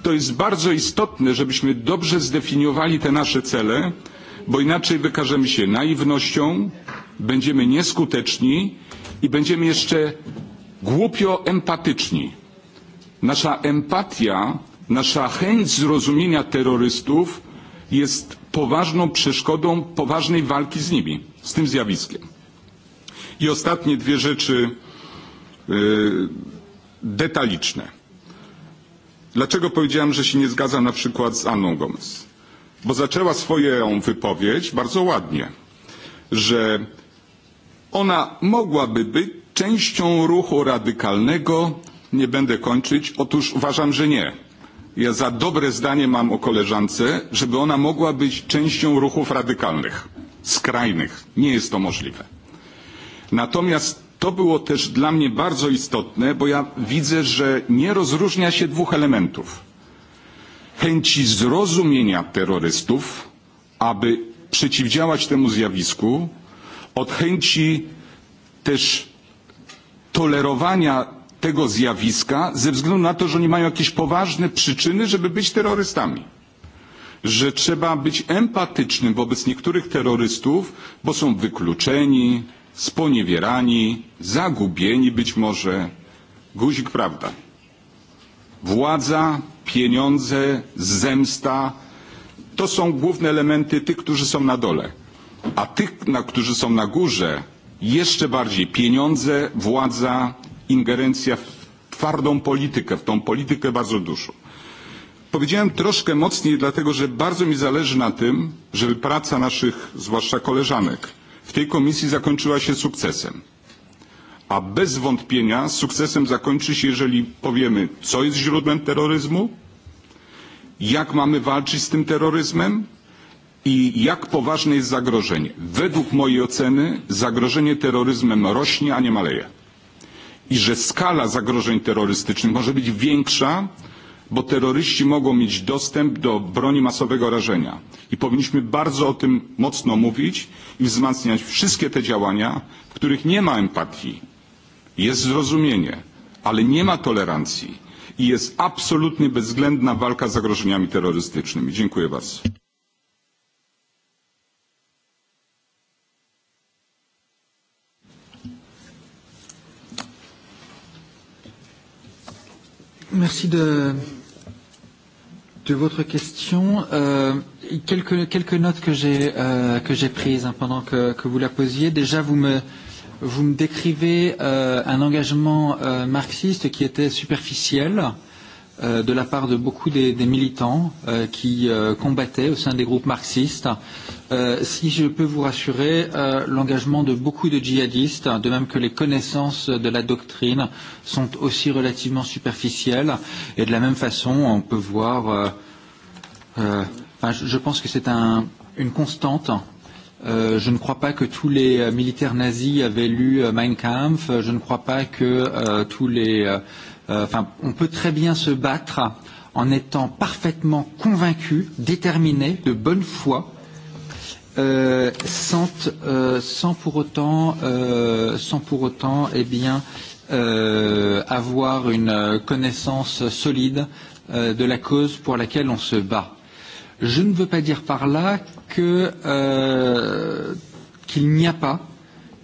to jest bardzo istotne, żebyśmy dobrze zdefiniowali te nasze cele, bo inaczej wykażemy się naiwnością, będziemy nieskuteczni i będziemy jeszcze głupio empatyczni. Nasza empatia, nasza chęć zrozumienia terrorystów jest poważną przeszkodą poważnej walki z nimi, z tym zjawiskiem. I ostatnie dwie rzeczy detaliczne. Dlaczego powiedziałem, że się nie zgadzam na przykład z Anną Gomez? Bo zaczęła swoją wypowiedź bardzo ładnie, że ona mogłaby być częścią ruchu radykalnego. Nie będę kończyć. Otóż uważam, że nie. Ja za dobre zdanie mam o koleżance, żeby ona mogła być częścią ruchów radykalnych, skrajnych. Nie jest to możliwe. Natomiast To było też dla mnie bardzo istotne, bo ja widzę, że nie rozróżnia się dwóch elementów. Chęci zrozumienia terrorystów, aby przeciwdziałać temu zjawisku, od chęci też tolerowania tego zjawiska ze względu na to, że oni mają jakieś poważne przyczyny, żeby być terrorystami. Że trzeba być empatycznym wobec niektórych terrorystów, bo są wykluczeni, sponiewierani, zagubieni być może. Guzik prawda. Władza, pieniądze, zemsta to są główne elementy tych, którzy są na dole. A tych, na, którzy są na górze, jeszcze bardziej pieniądze, władza, ingerencja w twardą politykę, w tą politykę bardzo dużą. Powiedziałem troszkę mocniej, dlatego że bardzo mi zależy na tym, żeby praca naszych, zwłaszcza koleżanek, w tej komisji zakończyła się sukcesem. A bez wątpienia sukcesem zakończy się, jeżeli powiemy, co jest źródłem terroryzmu, jak mamy walczyć z tym terroryzmem i jak poważne jest zagrożenie. Według mojej oceny zagrożenie terroryzmem rośnie, a nie maleje. I że skala zagrożeń terrorystycznych może być większa bo terroryści mogą mieć dostęp do broni masowego rażenia i powinniśmy bardzo o tym mocno mówić i wzmacniać wszystkie te działania, w których nie ma empatii, jest zrozumienie, ale nie ma tolerancji i jest absolutnie bezwzględna walka z zagrożeniami terrorystycznymi. Dziękuję bardzo. Merci de de votre question. Euh, quelques, quelques notes que j'ai euh, prises hein, pendant que, que vous la posiez. Déjà, vous me, vous me décrivez euh, un engagement euh, marxiste qui était superficiel euh, de la part de beaucoup des, des militants euh, qui euh, combattaient au sein des groupes marxistes si je peux vous rassurer, l'engagement de beaucoup de djihadistes, de même que les connaissances de la doctrine, sont aussi relativement superficielles. Et de la même façon, on peut voir. je pense que c'est une constante je ne crois pas que tous les militaires nazis avaient lu Mein Kampf. Je ne crois pas que euh, tous les. Euh, euh, on peut très bien se battre en étant parfaitement convaincu, déterminé, de bonne foi euh, sans, euh, sans pour autant, euh, sans pour autant eh bien, euh, avoir une connaissance solide euh, de la cause pour laquelle on se bat. Je ne veux pas dire par là que, euh, qu'il n'y a pas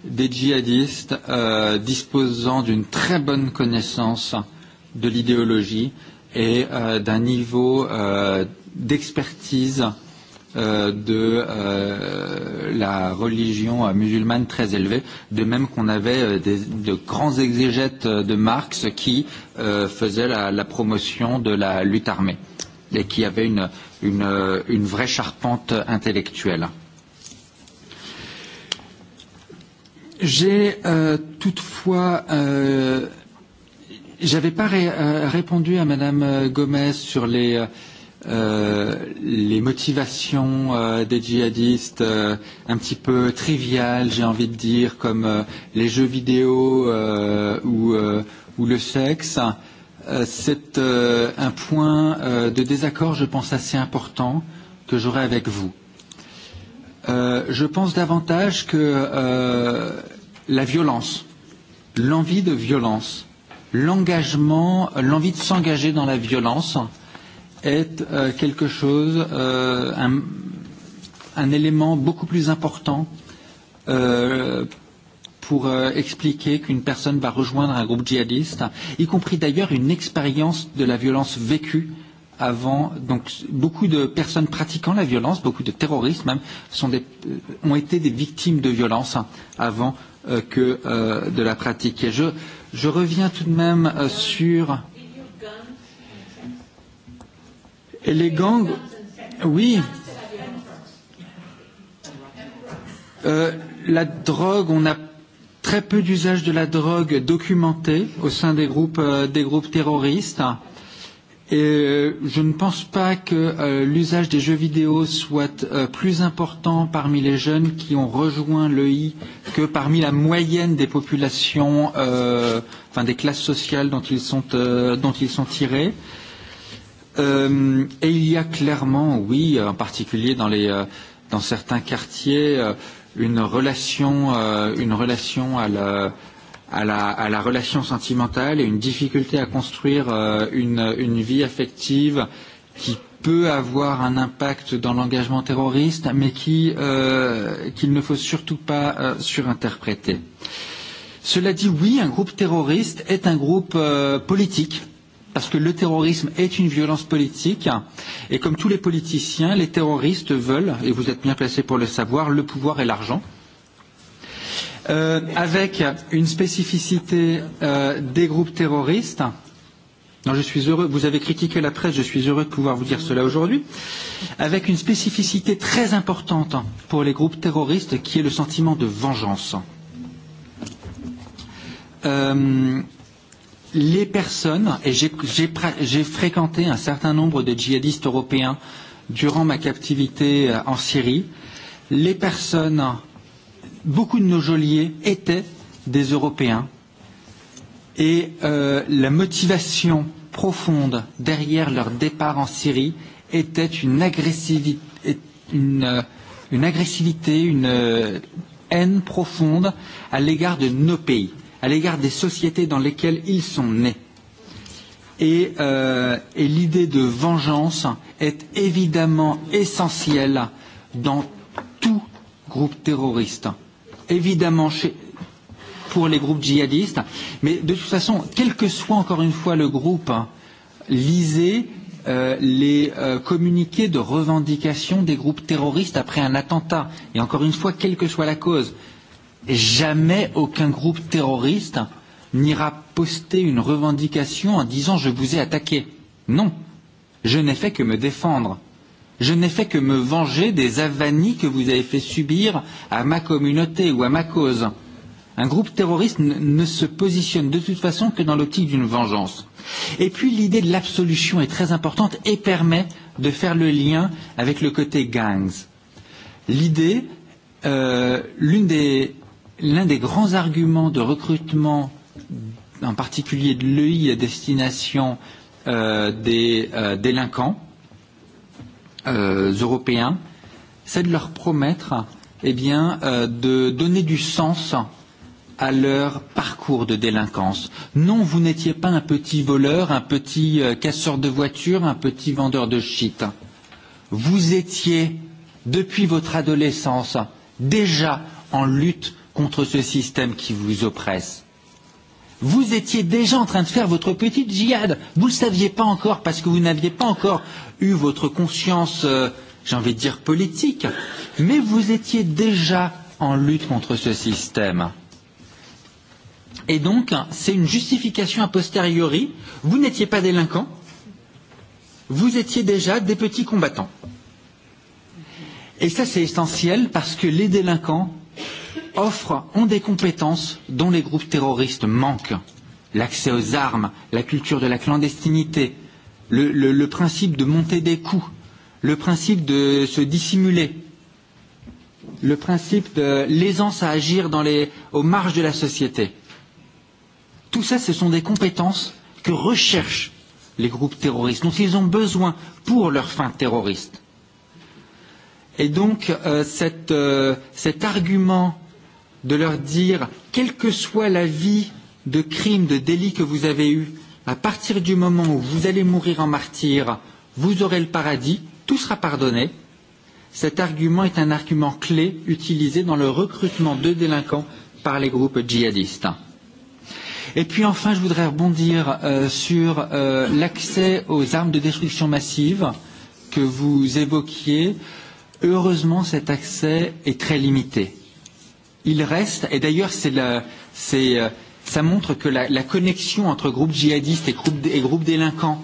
des djihadistes euh, disposant d'une très bonne connaissance de l'idéologie et euh, d'un niveau euh, d'expertise euh, de euh, la religion musulmane très élevée, de même qu'on avait des, de grands exégètes de Marx qui euh, faisaient la, la promotion de la lutte armée et qui avaient une, une, une vraie charpente intellectuelle. J'ai euh, toutefois euh, j'avais pas ré, euh, répondu à Madame Gomez sur les euh, les motivations euh, des djihadistes euh, un petit peu triviales, j'ai envie de dire, comme euh, les jeux vidéo euh, ou, euh, ou le sexe. Euh, C'est euh, un point euh, de désaccord, je pense, assez important que j'aurai avec vous. Euh, je pense davantage que euh, la violence, l'envie de violence, l'engagement, l'envie de s'engager dans la violence, euh, est euh, quelque chose, euh, un, un élément beaucoup plus important euh, pour euh, expliquer qu'une personne va rejoindre un groupe djihadiste, y compris d'ailleurs une expérience de la violence vécue avant. Donc beaucoup de personnes pratiquant la violence, beaucoup de terroristes même, sont des, ont été des victimes de violence avant euh, que euh, de la pratiquer. Je, je reviens tout de même euh, sur Et les gangs, oui. Euh, la drogue, on a très peu d'usage de la drogue documenté au sein des groupes, euh, des groupes terroristes. Et je ne pense pas que euh, l'usage des jeux vidéo soit euh, plus important parmi les jeunes qui ont rejoint l'EI que parmi la moyenne des populations, euh, enfin des classes sociales dont ils sont, euh, dont ils sont tirés. Euh, Euh, et il y a clairement, oui, en particulier dans, les, dans certains quartiers, une relation, une relation à la, à la, à la relation sentimentale et une difficulté à construire euh, une, une vie affective qui peut avoir un impact dans l'engagement terroriste, mais qu'il euh, qu'il ne faut surtout pas euh, surinterpréter. Cela dit, oui, un groupe terroriste est un groupe euh, politique parce que le terrorisme est une violence politique et comme tous les politiciens, les terroristes veulent, et vous êtes bien placé pour le savoir, le pouvoir et l'argent. Euh, avec une spécificité euh, des groupes terroristes, non, je suis heureux, vous avez critiqué la presse, je suis heureux de pouvoir vous dire cela aujourd'hui, avec une spécificité très importante pour les groupes terroristes qui est le sentiment de vengeance. Euh, les personnes, et j'ai fréquenté un certain nombre de djihadistes européens durant ma captivité en Syrie, les personnes, beaucoup de nos geôliers étaient des Européens, et euh, la motivation profonde derrière leur départ en Syrie était une agressivité, une, une, agressivité, une haine profonde à l'égard de nos pays à l'égard des sociétés dans lesquelles ils sont nés. Et, euh, et l'idée de vengeance est évidemment essentielle dans tout groupe terroriste. Évidemment, chez, pour les groupes djihadistes. Mais de toute façon, quel que soit encore une fois le groupe, lisez euh, les euh, communiqués de revendication des groupes terroristes après un attentat. Et encore une fois, quelle que soit la cause, jamais aucun groupe terroriste n'ira poster une revendication en disant je vous ai attaqué. Non, je n'ai fait que me défendre. Je n'ai fait que me venger des avanies que vous avez fait subir à ma communauté ou à ma cause. Un groupe terroriste ne se positionne de toute façon que dans l'optique d'une vengeance. Et puis l'idée de l'absolution est très importante et permet de faire le lien avec le côté gangs. L'idée, euh, l'une des l'un des grands arguments de recrutement, en particulier de l'EI à destination euh, des euh, délinquants euh, européens, c'est de leur promettre eh bien, euh, de donner du sens à leur parcours de délinquance. Non, vous n'étiez pas un petit voleur, un petit euh, casseur de voiture, un petit vendeur de shit. Vous étiez, depuis votre adolescence, déjà en lutte contre ce système qui vous oppresse. Vous étiez déjà en train de faire votre petite djihad. Vous ne le saviez pas encore parce que vous n'aviez pas encore eu votre conscience, euh, j'ai envie de dire, politique. Mais vous étiez déjà en lutte contre ce système. Et donc, c'est une justification a posteriori. Vous n'étiez pas délinquant. Vous étiez déjà des petits combattants. Et ça, c'est essentiel parce que les délinquants offrent ont des compétences dont les groupes terroristes manquent. L'accès aux armes, la culture de la clandestinité, le, le, le principe de monter des coups, le principe de se dissimuler, le principe de l'aisance à agir dans les, aux marges de la société. Tout ça, ce sont des compétences que recherchent les groupes terroristes, dont ils ont besoin pour leurs fins terroristes. Et donc, euh, cette, euh, cet argument de leur dire, quelle que soit la vie de crime, de délit que vous avez eu, à partir du moment où vous allez mourir en martyr, vous aurez le paradis, tout sera pardonné. Cet argument est un argument clé utilisé dans le recrutement de délinquants par les groupes djihadistes. Et puis enfin, je voudrais rebondir euh, sur euh, l'accès aux armes de destruction massive que vous évoquiez. Heureusement, cet accès est très limité il reste, et d'ailleurs cela ça montre que la, la connexion entre groupes djihadistes et groupes, et groupes délinquants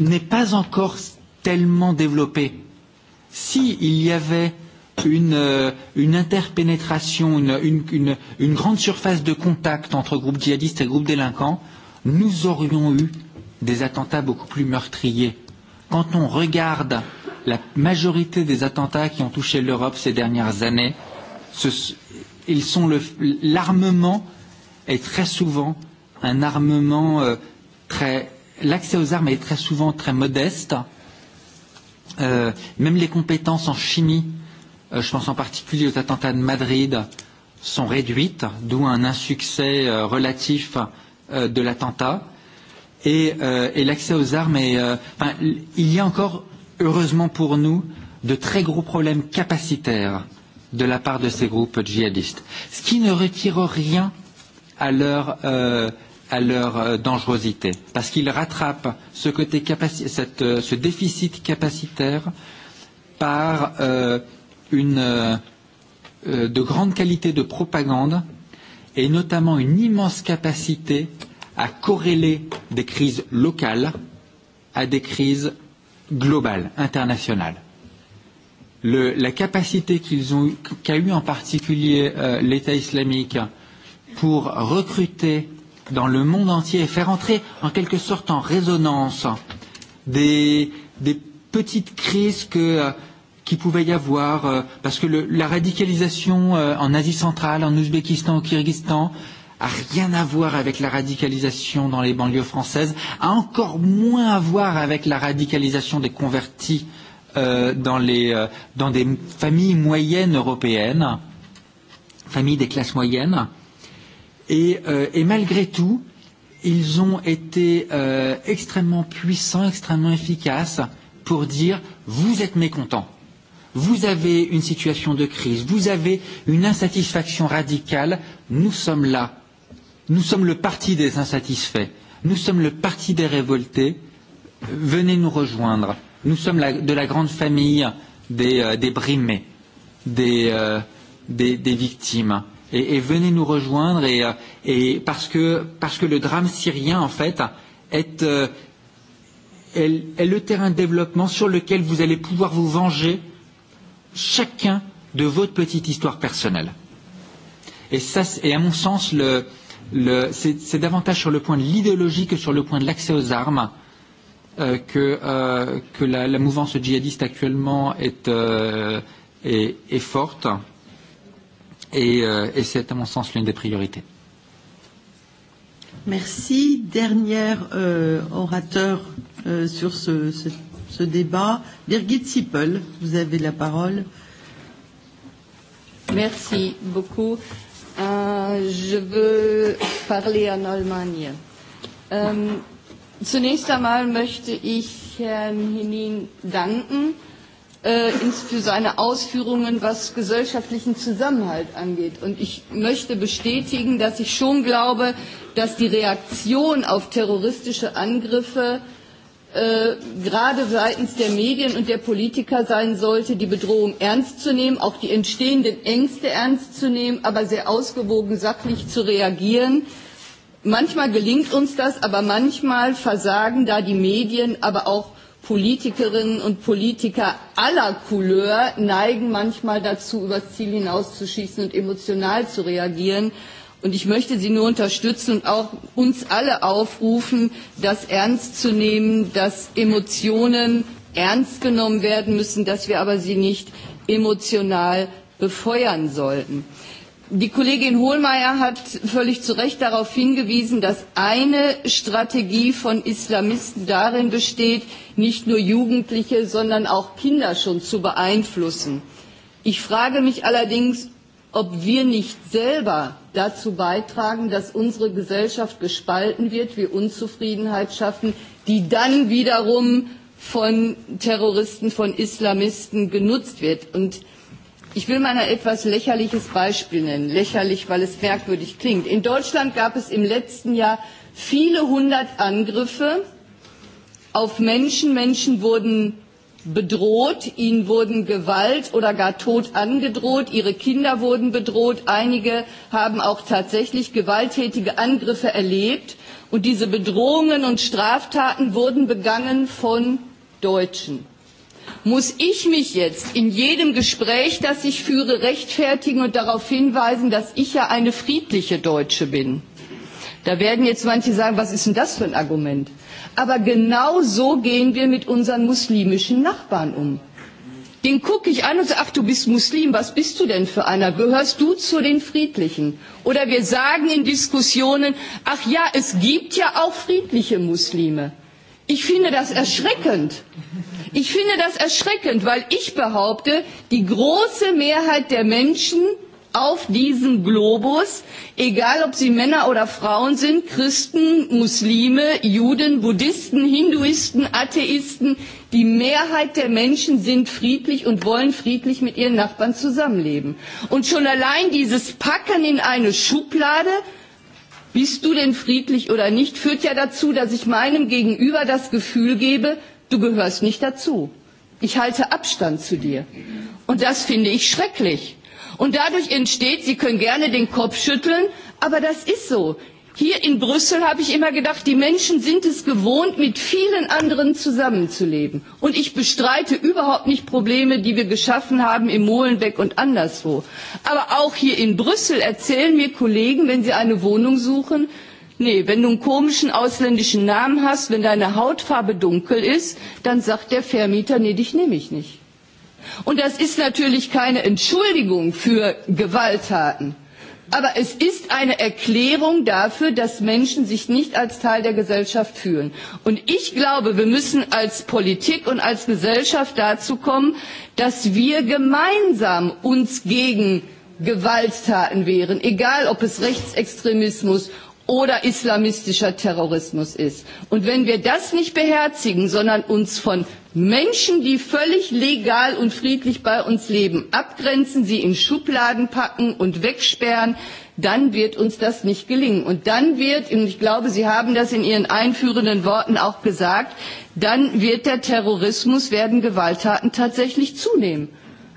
n'est pas encore tellement développée. S'il y avait une, une interpénétration, une, une, une, une grande surface de contact entre groupes djihadistes et groupes délinquants, nous aurions eu des attentats beaucoup plus meurtriers. Quand on regarde la majorité des attentats qui ont touché l'Europe ces dernières années, ce, ils sont l'armement est très souvent un armement euh, très l'accès aux armes est très souvent très modeste. Euh, même les compétences en chimie, euh, je pense en particulier aux attentats de Madrid, sont réduites, d'où un insuccès euh, relatif euh, de l'attentat. Et, euh, et l'accès aux armes est. Euh, enfin, il y a encore, heureusement pour nous, de très gros problèmes capacitaires euh, de la part de ces groupes djihadistes, ce qui ne retire rien à leur, euh, à leur euh, dangerosité, parce qu'ils rattrapent ce, côté cette, euh, ce déficit capacitaire par euh, une, euh, de grandes qualités de propagande et notamment une immense capacité à corréler des crises locales à des crises globales, internationales le, la capacité qu'ils ont qu'a eu en particulier euh, l'État islamique pour recruter dans le monde entier et faire entrer en quelque sorte en résonance des, des petites crises que, qui pouvait y avoir, euh, parce que le, la radicalisation euh, en Asie centrale, en Ouzbékistan, au Kyrgyzstan, a rien à voir avec la radicalisation dans les banlieues françaises, a encore moins à voir avec la radicalisation des convertis euh, euh, dans, les, euh, dans des familles moyennes européennes, familles des classes moyennes. Et, euh, et malgré tout, ils ont été euh, extrêmement puissants, extrêmement efficaces pour dire vous êtes mécontents. Vous avez une situation de crise, vous avez une insatisfaction radicale, nous sommes là. Nous sommes le parti des insatisfaits, nous sommes le parti des révoltés, venez nous rejoindre Nous sommes la, de la grande famille des, euh, des brimés, des, euh, des, des victimes. Et, et venez nous rejoindre et, et parce, que, parce que le drame syrien, en fait, est, euh, est, est le terrain de développement sur lequel vous allez pouvoir vous venger chacun de votre petite histoire personnelle. Et, ça, et à mon sens, le, le, c'est davantage sur le point de l'idéologie que sur le point de l'accès aux armes que, euh, que la, la mouvance djihadiste actuellement est, euh, est, est forte et, euh, et c'est à mon sens l'une des priorités. Merci. Dernier euh, orateur euh, sur ce, ce, ce débat, Birgit Sippel, vous avez la parole. Merci beaucoup. Euh, je veux parler en Allemagne. Euh, Zunächst einmal möchte ich Herrn Henin danken äh, für seine Ausführungen, was gesellschaftlichen Zusammenhalt angeht. Und ich möchte bestätigen, dass ich schon glaube, dass die Reaktion auf terroristische Angriffe äh, gerade seitens der Medien und der Politiker sein sollte, die Bedrohung ernst zu nehmen, auch die entstehenden Ängste ernst zu nehmen, aber sehr ausgewogen sachlich zu reagieren. Äh, Manchmal gelingt uns das, aber manchmal versagen da die Medien, aber auch Politikerinnen und Politiker aller Couleur neigen manchmal dazu, übers Ziel hinauszuschießen und emotional zu reagieren. Und ich möchte Sie nur unterstützen und auch uns alle aufrufen, das ernst zu nehmen, dass Emotionen ernst genommen werden müssen, dass wir aber sie nicht emotional befeuern sollten. Die Kollegin Hohlmeier hat völlig zu Recht darauf hingewiesen, dass eine Strategie von Islamisten darin besteht, nicht nur Jugendliche, sondern auch Kinder schon zu beeinflussen. Ich frage mich allerdings, ob wir nicht selber dazu beitragen, dass unsere Gesellschaft gespalten wird, wir Unzufriedenheit schaffen, die dann wiederum von Terroristen, von Islamisten genutzt wird. Und Ich will mal ein etwas lächerliches Beispiel nennen. Lächerlich, weil es merkwürdig klingt. In Deutschland gab es im letzten Jahr viele hundert Angriffe auf Menschen. Menschen wurden bedroht, ihnen wurden Gewalt oder gar Tod angedroht, ihre Kinder wurden bedroht, einige haben auch tatsächlich gewalttätige Angriffe erlebt und diese Bedrohungen und Straftaten wurden begangen von Deutschen muss ich mich jetzt in jedem Gespräch, das ich führe, rechtfertigen und darauf hinweisen, dass ich ja eine friedliche Deutsche bin. Da werden jetzt manche sagen, was ist denn das für ein Argument? Aber genau so gehen wir mit unseren muslimischen Nachbarn um. Den gucke ich an und sage, ach, du bist Muslim, was bist du denn für einer? Gehörst du zu den Friedlichen? Oder wir sagen in Diskussionen, ach ja, es gibt ja auch friedliche Muslime. Ich finde das erschreckend. Ich finde das erschreckend, weil ich behaupte, die große Mehrheit der Menschen auf diesem Globus, egal ob sie Männer oder Frauen sind, Christen, Muslime, Juden, Buddhisten, Hinduisten, Atheisten, die Mehrheit der Menschen sind friedlich und wollen friedlich mit ihren Nachbarn zusammenleben. Und schon allein dieses Packen in eine Schublade, bist du denn friedlich oder nicht, führt ja dazu, dass ich meinem Gegenüber das Gefühl gebe, du gehörst nicht dazu. Ich halte Abstand zu dir. Und das finde ich schrecklich. Und dadurch entsteht, Sie können gerne den Kopf schütteln, aber das ist so. Hier in Brüssel habe ich immer gedacht, die Menschen sind es gewohnt, mit vielen anderen zusammenzuleben. Und ich bestreite überhaupt nicht Probleme, die wir geschaffen haben in Molenbeek und anderswo. Aber auch hier in Brüssel erzählen mir Kollegen, wenn sie eine Wohnung suchen, nee, wenn du einen komischen ausländischen Namen hast, wenn deine Hautfarbe dunkel ist, dann sagt der Vermieter, nee, dich nehme ich nicht. Und das ist natürlich keine Entschuldigung für Gewalttaten Aber es ist eine Erklärung dafür, dass Menschen sich nicht als Teil der Gesellschaft fühlen. Und ich glaube, wir müssen als Politik und als Gesellschaft dazu kommen, dass wir gemeinsam uns gegen Gewalttaten wehren, egal ob es Rechtsextremismus oder islamistischer Terrorismus ist. Und wenn wir das nicht beherzigen, sondern uns von Menschen, die völlig legal und friedlich bei uns leben, abgrenzen, sie in Schubladen packen und wegsperren, dann wird uns das nicht gelingen. Und dann wird, und ich glaube, Sie haben das in Ihren einführenden Worten auch gesagt, dann wird der Terrorismus, werden Gewalttaten tatsächlich zunehmen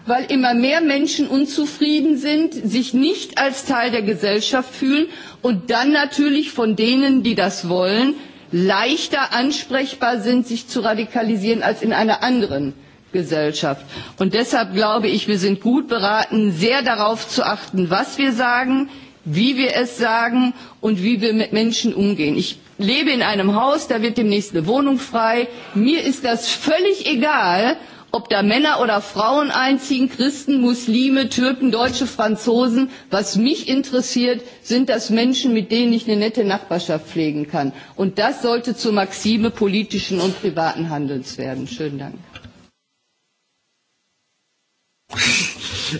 weil immer mehr Menschen unzufrieden sind, sich nicht als Teil der Gesellschaft fühlen und dann natürlich von denen, die das wollen, leichter ansprechbar sind, sich zu radikalisieren als in einer anderen Gesellschaft. Und deshalb glaube ich, wir sind gut beraten, sehr darauf zu achten, was wir sagen, wie wir es sagen und wie wir mit Menschen umgehen. Ich lebe in einem Haus, da wird demnächst eine Wohnung frei. Mir ist das völlig egal, ob da Männer oder Frauen einziehen, Christen, Muslime, Türken, Deutsche, Franzosen. Was mich interessiert, sind das Menschen, mit denen ich eine nette Nachbarschaft pflegen kann. Und das sollte zur Maxime politischen und privaten Handelns werden. Schönen Dank.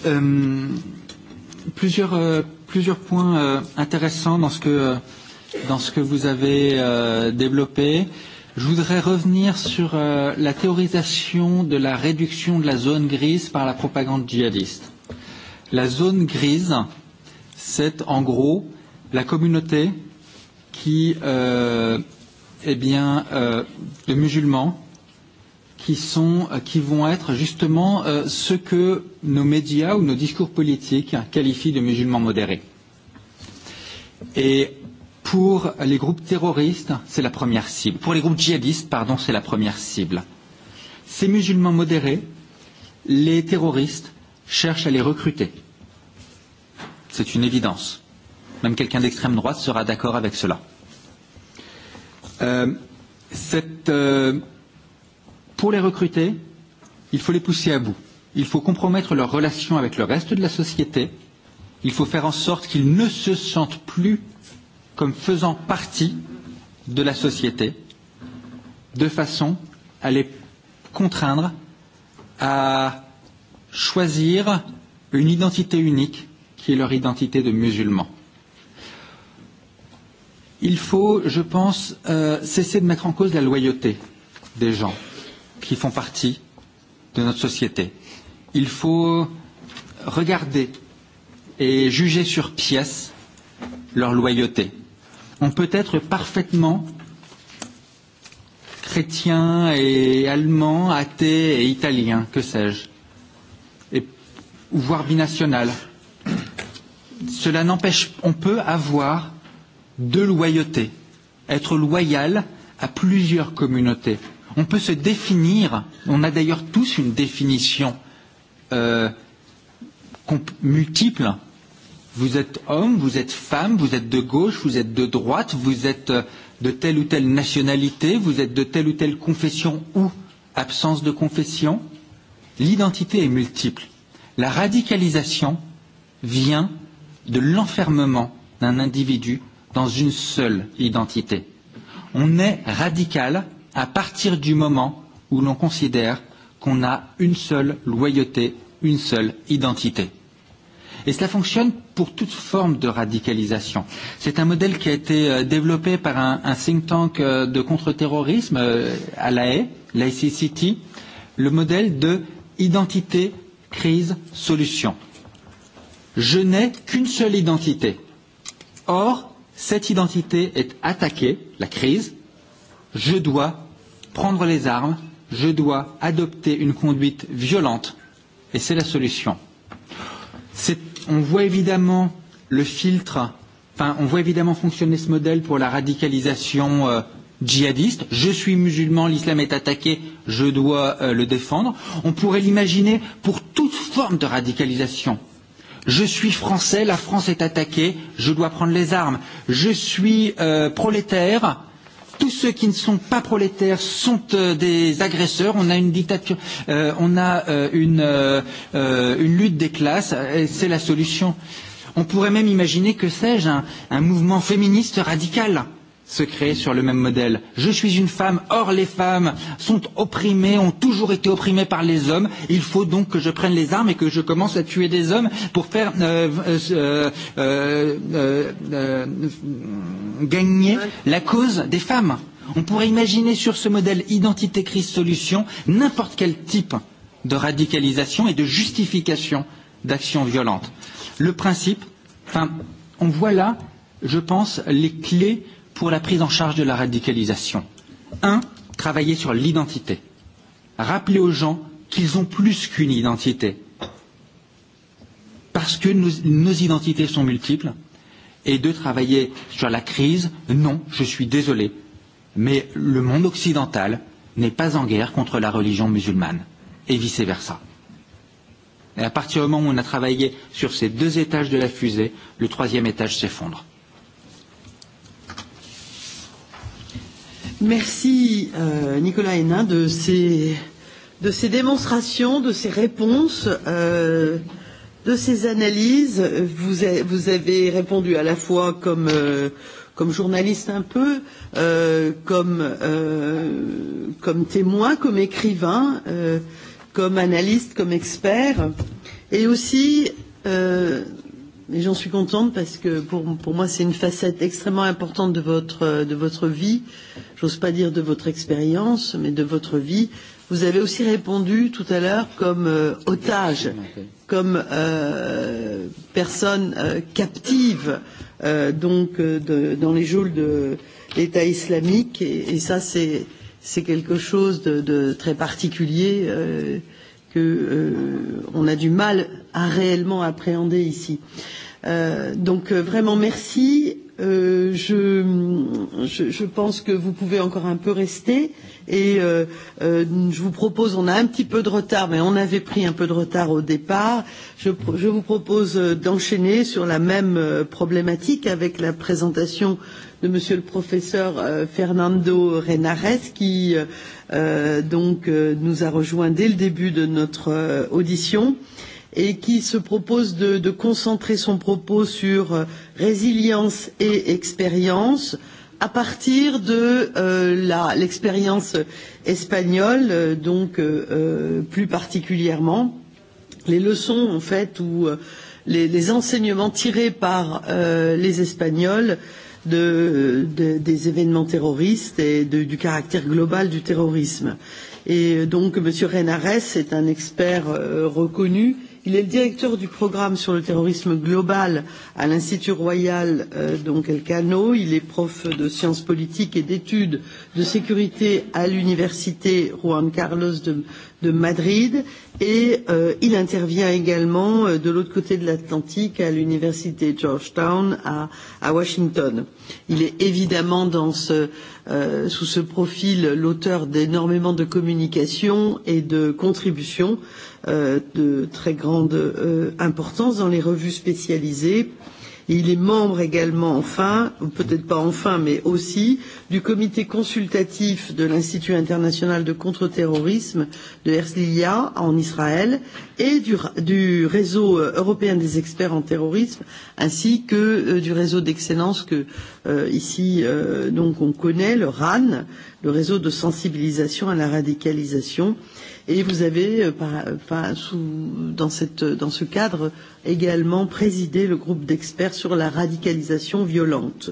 Ähm, plusieurs, plusieurs points euh, intéressants dans ce que, dans ce que vous avez euh, développé. Euh, Je voudrais revenir sur euh, la théorisation de la réduction de la zone grise par la propagande djihadiste. La zone grise, c'est en gros la communauté qui, euh, eh bien, euh, de musulmans qui, sont, qui vont être justement euh, ce que nos médias ou nos discours politiques qualifient de musulmans modérés. Et Pour les groupes terroristes, c'est la première cible. Pour les groupes djihadistes, pardon, c'est la première cible. Ces musulmans modérés, les terroristes cherchent à les recruter. C'est une évidence. Même quelqu'un d'extrême droite sera d'accord avec cela. Euh, cette, euh, pour les recruter, il faut les pousser à bout. Il faut compromettre leurs relations avec le reste de la société. Il faut faire en sorte qu'ils ne se sentent plus comme faisant partie de la société, de façon à les contraindre à choisir une identité unique qui est leur identité de musulmans. Il faut, je pense, euh, cesser de mettre en cause la loyauté des gens qui font partie de notre société. Il faut regarder et juger sur pièce leur loyauté On peut être parfaitement chrétien et allemand, athée et italien, que sais-je, et, voire binational. Cela n'empêche, on peut avoir deux loyautés, être loyal à plusieurs communautés. On peut se définir, on a d'ailleurs tous une définition euh, multiple Vous êtes homme, vous êtes femme, vous êtes de gauche, vous êtes de droite, vous êtes de telle ou telle nationalité, vous êtes de telle ou telle confession ou absence de confession. L'identité est multiple. La radicalisation vient de l'enfermement d'un individu dans une seule identité. On est radical à partir du moment où l'on considère qu'on a une seule loyauté, une seule identité. Et cela fonctionne pour toute forme de radicalisation. C'est un modèle qui a été développé par un, un think tank de contre-terrorisme à La Haye, l'ICCT, le modèle de identité, crise, solution. Je n'ai qu'une seule identité. Or, cette identité est attaquée, la crise. Je dois prendre les armes, je dois adopter une conduite violente, et c'est la solution. C'est on voit évidemment le filtre, enfin, on voit évidemment fonctionner ce modèle pour la radicalisation euh, djihadiste. Je suis musulman, l'islam est attaqué, je dois euh, le défendre. On pourrait l'imaginer pour toute forme de radicalisation. Je suis français, la France est attaquée, je dois prendre les armes. Je suis euh, prolétaire, tous ceux qui ne sont pas prolétaires sont euh, des agresseurs. On a une dictature, euh, on a euh, une, euh, une lutte des classes. et C'est la solution. On pourrait même imaginer que sais-je un, un mouvement féministe radical. Euh, se créer sur le même modèle. Je suis une femme, or les femmes sont opprimées, ont toujours été opprimées par les hommes. Il faut donc que je prenne les armes et que je commence à tuer des hommes pour faire euh, euh, euh, euh, euh, gagner la cause des femmes. On pourrait imaginer sur ce modèle identité crise solution n'importe quel type de radicalisation et de justification d'actions violentes. Le principe, enfin, on voit là, je pense, les clés pour la prise en charge de la radicalisation. Un, travailler sur l'identité. Rappeler aux gens qu'ils ont plus qu'une identité. Parce que nos, nos identités sont multiples. Et deux, travailler sur la crise. Non, je suis désolé. Mais le monde occidental n'est pas en guerre contre la religion musulmane. Et vice-versa. Et à partir du moment où on a travaillé sur ces deux étages de la fusée, le troisième étage s'effondre. Merci euh, Nicolas Hénin de ces, de ces démonstrations, de ces réponses, euh, de ces analyses. Vous, a, vous avez répondu à la fois comme, euh, comme journaliste un peu, euh, comme, euh, comme témoin, comme écrivain, euh, comme analyste, comme expert, et aussi euh, Mais j'en suis contente parce que pour, pour moi, c'est une facette extrêmement importante de votre, de votre vie. J'ose pas dire de votre expérience, mais de votre vie. Vous avez aussi répondu tout à l'heure comme euh, otage, comme euh, personne euh, captive euh, donc euh, de, dans les geôles de l'État islamique. Et, et ça, c'est c'est quelque chose de, de très particulier euh, que euh, a du mal à réellement appréhender ici. Euh, Euh, donc vraiment merci. Euh, je, je, je pense que vous pouvez encore un peu rester et euh, euh, je vous propose, on a un petit peu de retard, mais on avait pris un peu de retard au départ. Je, je vous propose d'enchaîner sur la même problématique avec la présentation de Monsieur le professeur euh, Fernando Renares qui euh, donc euh, nous a rejoint dès le début de notre audition. Euh, et qui se propose de, de concentrer son propos sur résilience et expérience à partir de euh, l'expérience espagnole, donc euh, plus particulièrement les leçons en fait ou les, les enseignements tirés par euh, les Espagnols de, de, des événements terroristes et de, du caractère global du terrorisme. Et donc M. Renares est un expert euh, reconnu euh, Il est le directeur du programme sur le terrorisme global à l'Institut royal euh, donc Elcano. Il est prof de sciences politiques et d'études de sécurité à l'université Juan Carlos de, de Madrid et euh, il intervient également euh, de l'autre côté de l'Atlantique à l'université Georgetown à, à Washington. Il est évidemment dans ce euh, sous ce profil l'auteur d'énormément de communications et de contributions de très grande importance dans les revues spécialisées. Il est membre également enfin, ou peut-être pas enfin, mais aussi du comité consultatif de l'Institut international de contre-terrorisme de Herzliya en Israël et du, du réseau européen des experts en terrorisme ainsi que euh, du réseau d'excellence que Euh, ici, euh, donc, on connaît le RAN, le réseau de sensibilisation à la radicalisation. Et vous avez, euh, par, par, sous, dans, cette, dans ce cadre, également présidé le groupe d'experts sur la radicalisation violente.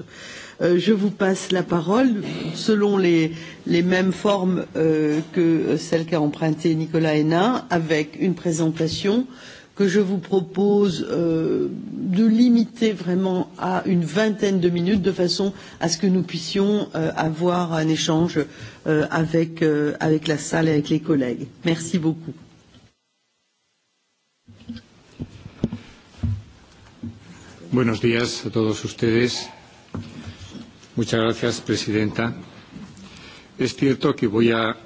Euh, je vous passe la parole selon les, les mêmes formes euh, que celles qu'a empruntées Nicolas Hénin, avec une présentation euh, que je vous propose euh, de limiter vraiment à une vingtaine de minutes de façon à ce que nous puissions euh, avoir un échange euh, avec, euh, avec la salle et avec les collègues. Merci beaucoup. Buenos días a todos ustedes. Muchas gracias, Presidenta. Es cierto que voy a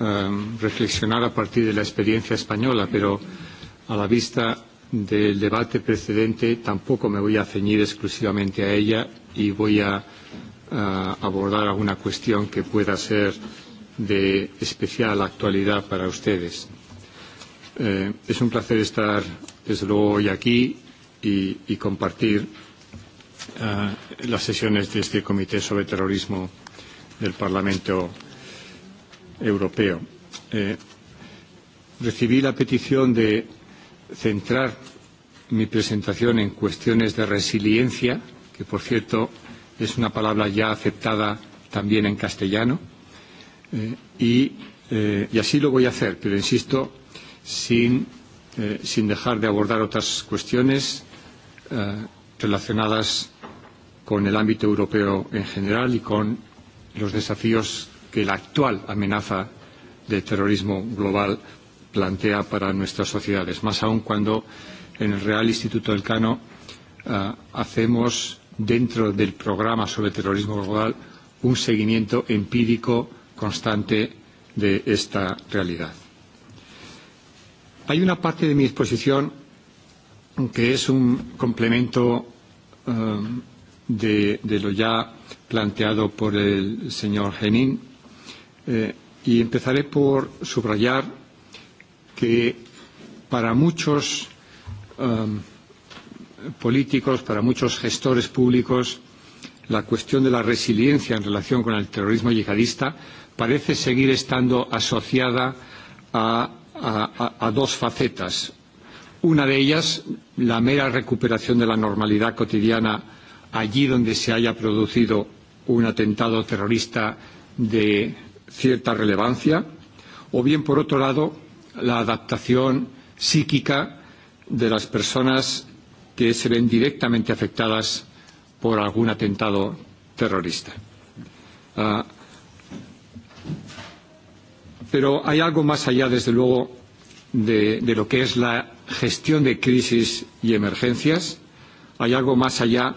reflexionar a partir de la experiencia española, pero A la vista del debate precedente, tampoco me voy a ceñir exclusivamente a ella y voy a abordar alguna cuestión que pueda ser de especial actualidad para ustedes. Eh, es un placer estar, desde luego, hoy aquí y, y compartir uh, las sesiones de este Comité sobre Terrorismo del Parlamento Europeo. Eh, recibí la petición de centrar mi presentación en cuestiones de resiliencia, que por cierto es una palabra ya aceptada también en castellano, eh, y, eh, y así lo voy a hacer, pero insisto, sin, eh, sin dejar de abordar otras cuestiones eh, relacionadas con el ámbito europeo en general y con los desafíos que la actual amenaza del terrorismo global plantea para nuestras sociedades, más aún cuando en el Real Instituto del Cano hacemos dentro del programa sobre terrorismo global un seguimiento empírico constante de esta realidad. Hay una parte de mi exposición que es un complemento de, lo ya planteado por el señor Henin y empezaré por subrayar que para muchos políticos, para muchos gestores públicos, la cuestión de la resiliencia en relación con el terrorismo yihadista parece seguir estando asociada a, dos facetas. Una de ellas, la mera recuperación de la normalidad cotidiana allí donde se haya producido un atentado terrorista de cierta relevancia, o bien, por otro lado, la adaptación psíquica de las personas que se ven directamente afectadas por algún atentado terrorista. pero hay algo más allá, desde luego, de, de lo que es la gestión de crisis y emergencias. Hay algo más allá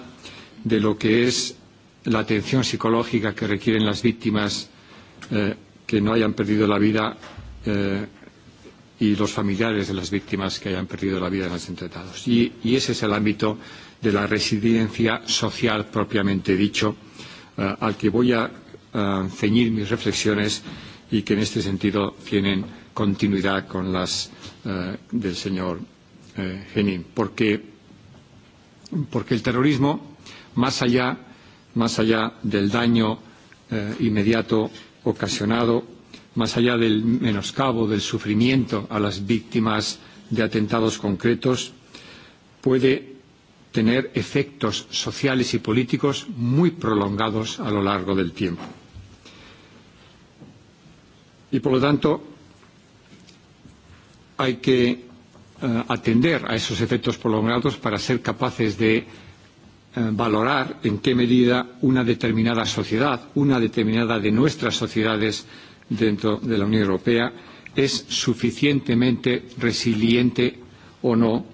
de lo que es la atención psicológica que requieren las víctimas eh, que no hayan perdido la vida eh, y los familiares de las víctimas que hayan perdido la vida en los atentados. Y, y ese es el ámbito de la residencia social propiamente dicho, uh, al que voy a uh, ceñir mis reflexiones y que en este sentido tienen continuidad con las uh, del señor uh, Genin. Porque, porque el terrorismo, más allá, más allá del daño uh, inmediato ocasionado más allá del menoscabo, del sufrimiento a las víctimas de atentados concretos, puede tener efectos sociales y políticos muy prolongados a lo largo del tiempo. Y por lo tanto, hay que atender a esos efectos prolongados para ser capaces de valorar en qué medida una determinada sociedad, una determinada de nuestras sociedades dentro de la Unión Europea es suficientemente resiliente o no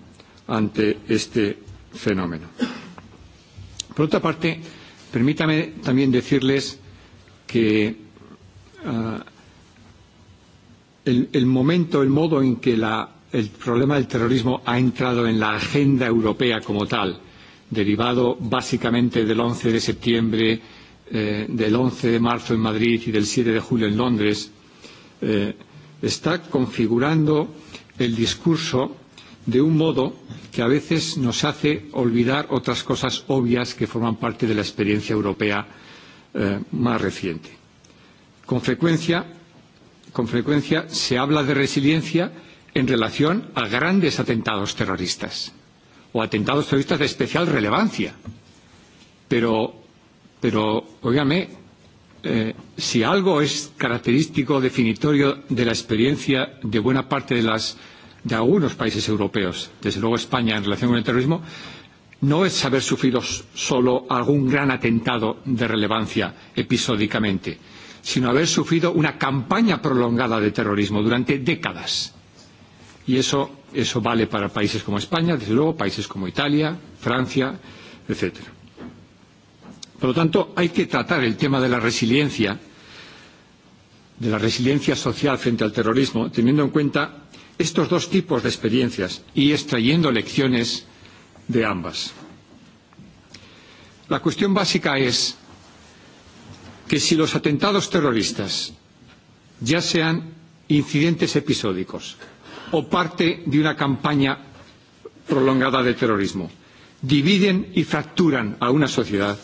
ante este fenómeno. Por otra parte, permítame también decirles que el, el momento, el modo en que la, el problema del terrorismo ha entrado en la agenda europea como tal, derivado básicamente del 11 de septiembre, eh, del 11 de marzo en Madrid y del 7 de julio en Londres, eh, está configurando el discurso de un modo que a veces nos hace olvidar otras cosas obvias que forman parte de la experiencia europea eh, más reciente. Con frecuencia, con frecuencia se habla de resiliencia en relación a grandes atentados terroristas o atentados terroristas de especial relevancia. Pero Pero, óigame, eh, si algo es característico, definitorio de la experiencia de buena parte de, las, de algunos países europeos, desde luego España en relación con el terrorismo, no es haber sufrido solo algún gran atentado de relevancia episódicamente, sino haber sufrido una campaña prolongada de terrorismo durante décadas. Y eso, eso vale para países como España, desde luego, países como Italia, Francia, etcétera. Por lo tanto, hay que tratar el tema de la resiliencia, de la resiliencia social frente al terrorismo, teniendo en cuenta estos dos tipos de experiencias y extrayendo lecciones de ambas. La cuestión básica es que si los atentados terroristas, ya sean incidentes episódicos o parte de una campaña prolongada de terrorismo, dividen y fracturan a una sociedad,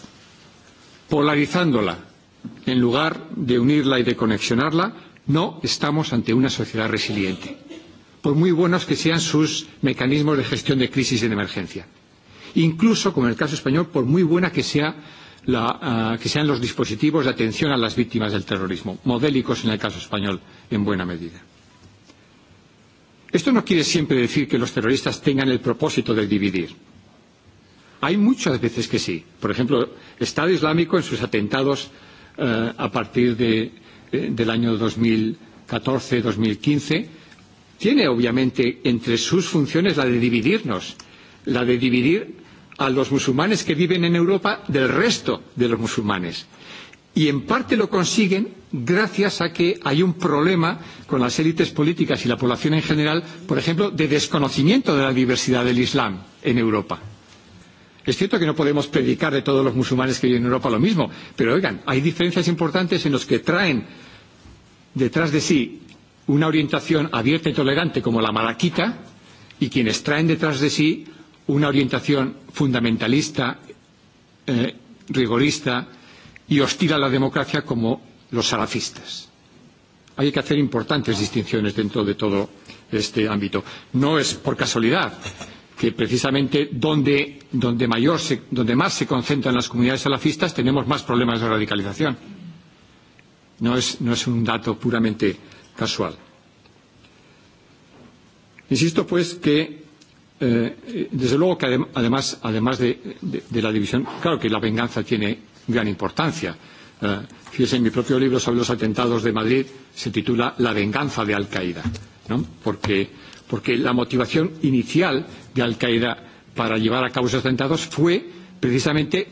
polarizándola en lugar de unirla y de conexionarla, no estamos ante una sociedad resiliente, por muy buenos que sean sus mecanismos de gestión de crisis y de emergencia. Incluso, como en el caso español, por muy buena que sea la, que sean los dispositivos de atención a las víctimas del terrorismo, modélicos en el caso español en buena medida. Esto no quiere siempre decir que los terroristas tengan el propósito de dividir. Hay muchas veces que sí. Por ejemplo, el Estado Islámico en sus atentados eh, a partir de, eh, del año 2014-2015 tiene obviamente entre sus funciones la de dividirnos, la de dividir a los musulmanes que viven en Europa del resto de los musulmanes. Y en parte lo consiguen gracias a que hay un problema con las élites políticas y la población en general, por ejemplo, de desconocimiento de la diversidad del Islam en Europa. Es cierto que no podemos predicar de todos los musulmanes que viven en Europa lo mismo, pero oigan, hay diferencias importantes en los que traen detrás de sí una orientación abierta y tolerante como la malaquita y quienes traen detrás de sí una orientación fundamentalista, eh, rigorista y hostil a la democracia como los salafistas. Hay que hacer importantes distinciones dentro de todo este ámbito. No es por casualidad que precisamente donde, donde, mayor se, donde más se concentran las comunidades salafistas tenemos más problemas de radicalización. No es, no es un dato puramente casual. Insisto, pues, que eh, desde luego que adem además, además de, de, de la división, claro que la venganza tiene gran importancia. Eh, fíjese, en mi propio libro sobre los atentados de Madrid se titula La venganza de Al Qaeda, ¿no? porque, porque la motivación inicial de Al Qaeda para llevar a cabo esos atentados fue precisamente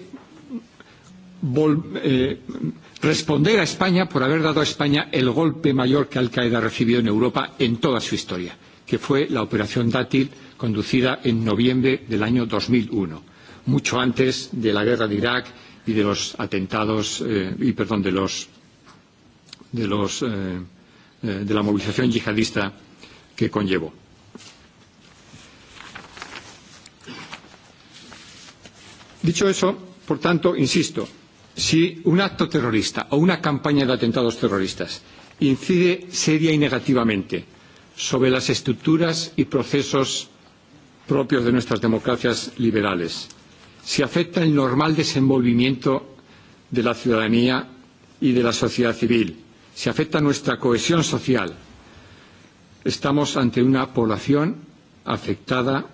responder a España por haber dado a España el golpe mayor que Al Qaeda recibió en Europa en toda su historia, que fue la operación Dátil conducida en noviembre del año dos mil uno, mucho antes de la guerra de Irak y de los atentados y perdón de los de los de la movilización yihadista que conllevó. Dicho eso, por tanto, insisto, si un acto terrorista o una campaña de atentados terroristas incide seria y negativamente sobre las estructuras y procesos propios de nuestras democracias liberales, si afecta el normal desenvolvimiento de la ciudadanía y de la sociedad civil, si afecta nuestra cohesión social, estamos ante una población afectada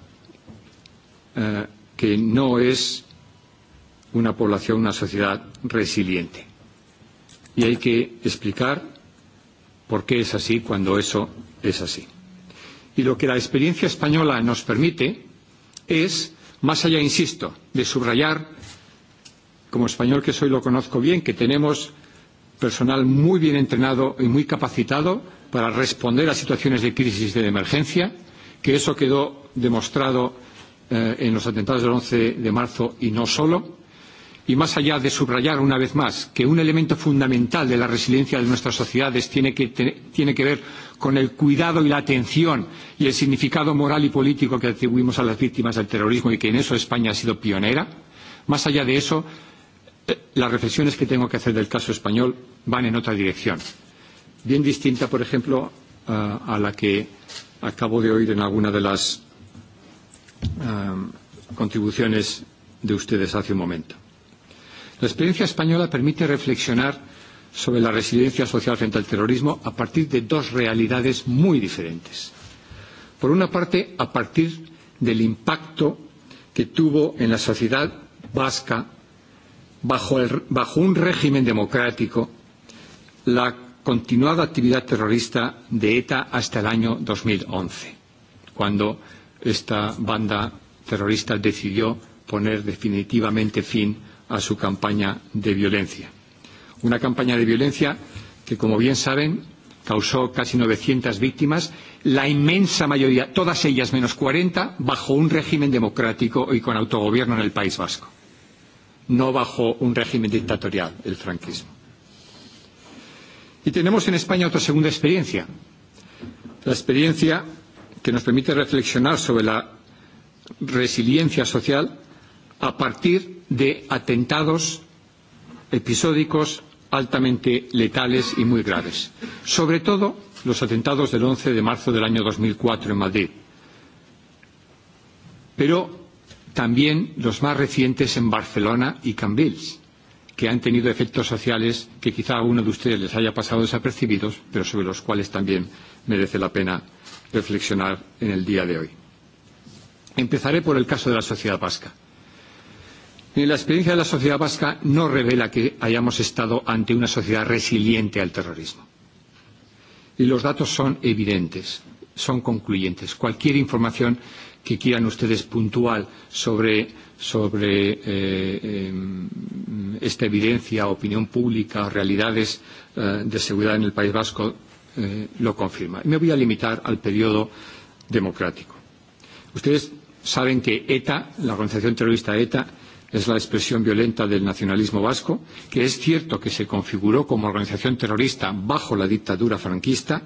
que no es una población, una sociedad resiliente. Y hay que explicar por qué es así cuando eso es así. Y lo que la experiencia española nos permite es, más allá, insisto, de subrayar, como español que soy lo conozco bien, que tenemos personal muy bien entrenado y muy capacitado para responder a situaciones de crisis y de emergencia, que eso quedó demostrado en los atentados del once de marzo y no solo, Y más allá de subrayar una vez más que un elemento fundamental de la resiliencia de nuestras sociedades tiene que, ver con el cuidado y la atención y el significado moral y político que atribuimos a las víctimas del terrorismo y que en eso España ha sido pionera, más allá de eso, las reflexiones que tengo que hacer del caso español van en otra dirección, bien distinta, por ejemplo, a la que acabo de oír en alguna de las contribuciones de ustedes hace un momento. La experiencia española permite reflexionar sobre la resiliencia social frente al terrorismo a partir de dos realidades muy diferentes. Por una parte, a partir del impacto que tuvo en la sociedad vasca bajo, el, bajo un régimen democrático la continuada actividad terrorista de ETA hasta el año 2011, cuando esta banda terrorista decidió poner definitivamente fin a su campaña de violencia. Una campaña de violencia que, como bien saben, causó casi novecientas víctimas, la inmensa mayoría, todas ellas menos cuarenta, bajo un régimen democrático y con autogobierno en el País Vasco, no bajo un régimen dictatorial, el franquismo. Y tenemos en España otra segunda experiencia, la experiencia que nos permite reflexionar sobre la resiliencia social a partir de atentados episódicos altamente letales y muy graves. Sobre todo los atentados del 11 de marzo del año 2004 en Madrid. Pero también los más recientes en Barcelona y Cambrils, que han tenido efectos sociales que quizá a uno de ustedes les haya pasado desapercibidos, pero sobre los cuales también merece la pena reflexionar en el día de hoy. Empezaré por el caso de la sociedad vasca la experiencia de la sociedad vasca no revela que hayamos estado ante una sociedad resiliente al terrorismo. Y los datos son evidentes, son concluyentes. Cualquier información que quieran ustedes puntual sobre, sobre eh, esta evidencia, opinión pública, realidades eh, de seguridad en el País Vasco, eh, lo confirma. Me voy a limitar al periodo democrático. Ustedes saben que ETA, la organización terrorista ETA, es la expresión violenta del nacionalismo vasco, que es cierto que se configuró como organización terrorista bajo la dictadura franquista,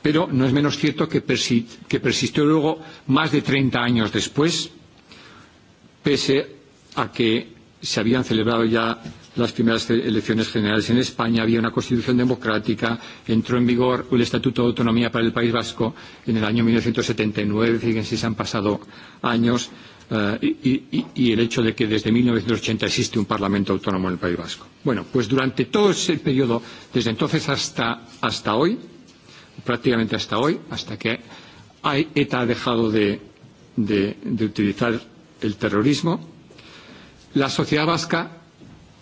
pero no es menos cierto que, persistió luego más de treinta años después, pese a que se habían celebrado ya las primeras elecciones generales en España, había una constitución democrática, entró en vigor el Estatuto de Autonomía para el País Vasco en el año mil novecientos setenta y nueve, fíjense, se han pasado años, y, el hecho de que desde mil novecientos ochenta existe un Parlamento autónomo en el País Vasco. Bueno, pues durante todo ese periodo, desde entonces hasta, hasta hoy, prácticamente hasta hoy, hasta que ETA ha dejado de, de, de utilizar el terrorismo, la sociedad vasca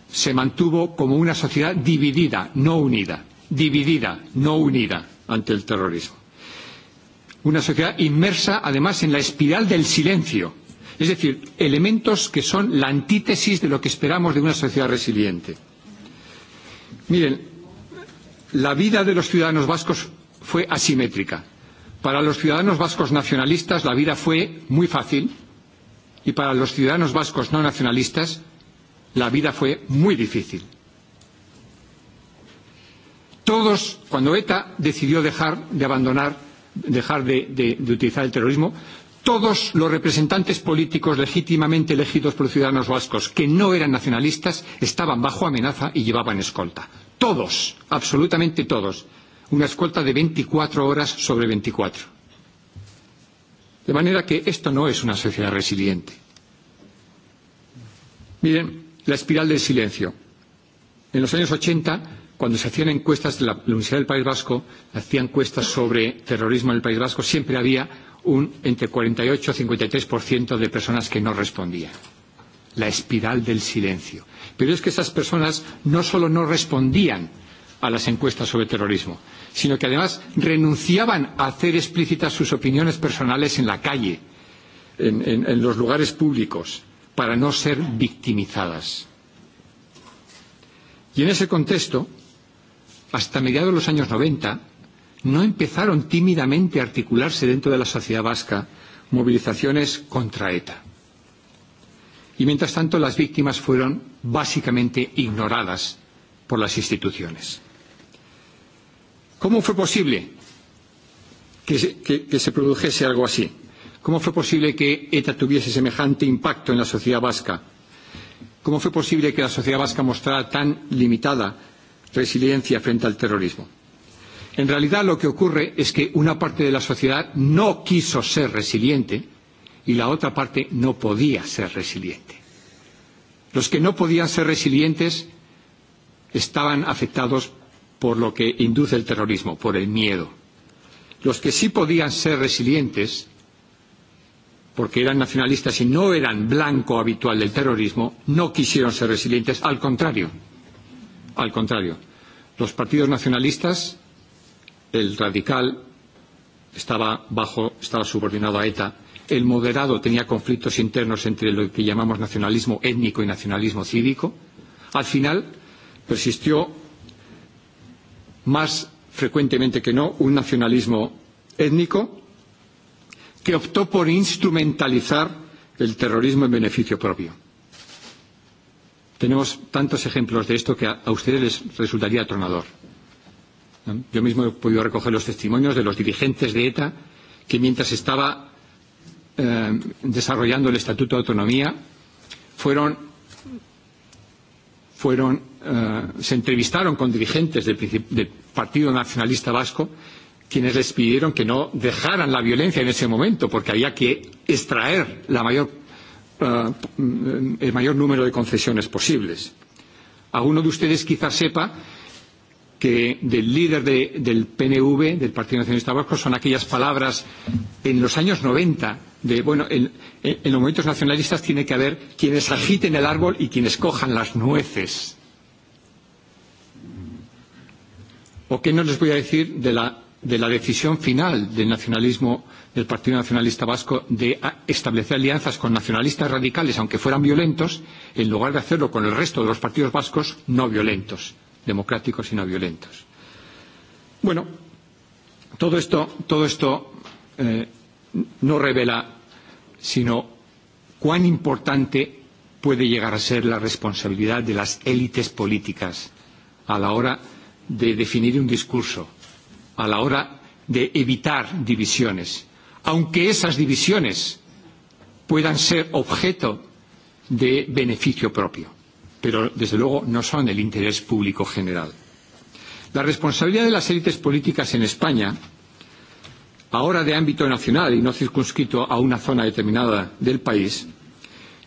se mantuvo como una sociedad dividida, no unida, dividida, no unida ante el terrorismo. Una sociedad inmersa, además, en la espiral del silencio, Es decir, elementos que son la antítesis de lo que esperamos de una sociedad resiliente. Miren, la vida de los ciudadanos vascos fue asimétrica. Para los ciudadanos vascos nacionalistas la vida fue muy fácil y para los ciudadanos vascos no nacionalistas la vida fue muy difícil. Todos, cuando ETA decidió dejar de abandonar, dejar de, de, de utilizar el terrorismo, todos los representantes políticos legítimamente elegidos por los ciudadanos vascos que no eran nacionalistas estaban bajo amenaza y llevaban escolta. Todos, absolutamente todos. Una escolta de veinticuatro horas sobre veinticuatro. De manera que esto no es una sociedad resiliente. Miren, la espiral del silencio. En los años ochenta, cuando se hacían encuestas de la Universidad del País Vasco, hacían encuestas sobre terrorismo en el País Vasco, siempre había un entre 48 y 53% de personas que no respondían. La espiral del silencio. Pero es que esas personas no solo no respondían a las encuestas sobre terrorismo, sino que además renunciaban a hacer explícitas sus opiniones personales en la calle, en, en, en los lugares públicos, para no ser victimizadas. Y en ese contexto, hasta mediados de los años 90, no empezaron tímidamente a articularse dentro de la sociedad vasca movilizaciones contra ETA. Y mientras tanto las víctimas fueron básicamente ignoradas por las instituciones. ¿Cómo fue posible que se, que, que se produjese algo así? ¿Cómo fue posible que ETA tuviese semejante impacto en la sociedad vasca? ¿Cómo fue posible que la sociedad vasca mostrara tan limitada resiliencia frente al terrorismo? En realidad lo que ocurre es que una parte de la sociedad no quiso ser resiliente y la otra parte no podía ser resiliente. Los que no podían ser resilientes estaban afectados por lo que induce el terrorismo, por el miedo. Los que sí podían ser resilientes, porque eran nacionalistas y no eran blanco habitual del terrorismo, no quisieron ser resilientes. Al contrario, al contrario, los partidos nacionalistas el radical estaba bajo, estaba subordinado a ETA, el moderado tenía conflictos internos entre lo que llamamos nacionalismo étnico y nacionalismo cívico, al final persistió más frecuentemente que no un nacionalismo étnico que optó por instrumentalizar el terrorismo en beneficio propio. Tenemos tantos ejemplos de esto que a, ustedes les resultaría atronador. Yo mismo he podido recoger los testimonios de los dirigentes de ETA que mientras estaba eh, desarrollando el Estatuto de Autonomía fueron, fueron, eh, se entrevistaron con dirigentes del, del Partido Nacionalista Vasco quienes les pidieron que no dejaran la violencia en ese momento porque había que extraer la mayor, eh, el mayor número de concesiones posibles. Alguno de ustedes quizás sepa que del líder de, del PNV, del Partido Nacionalista Vasco, son aquellas palabras en los años 90 de, bueno, en, en los movimientos nacionalistas tiene que haber quienes agiten el árbol y quienes cojan las nueces. ¿O qué no les voy a decir de la, de la decisión final del nacionalismo del Partido Nacionalista Vasco de establecer alianzas con nacionalistas radicales, aunque fueran violentos, en lugar de hacerlo con el resto de los partidos vascos no violentos? democráticos y no violentos. Bueno, todo esto, todo esto eh, no revela sino cuán importante puede llegar a ser la responsabilidad de las élites políticas a la hora de definir un discurso, a la hora de evitar divisiones, aunque esas divisiones puedan ser objeto de beneficio propio pero desde luego no son el interés público general. La responsabilidad de las élites políticas en España, ahora de ámbito nacional y no circunscrito a una zona determinada del país,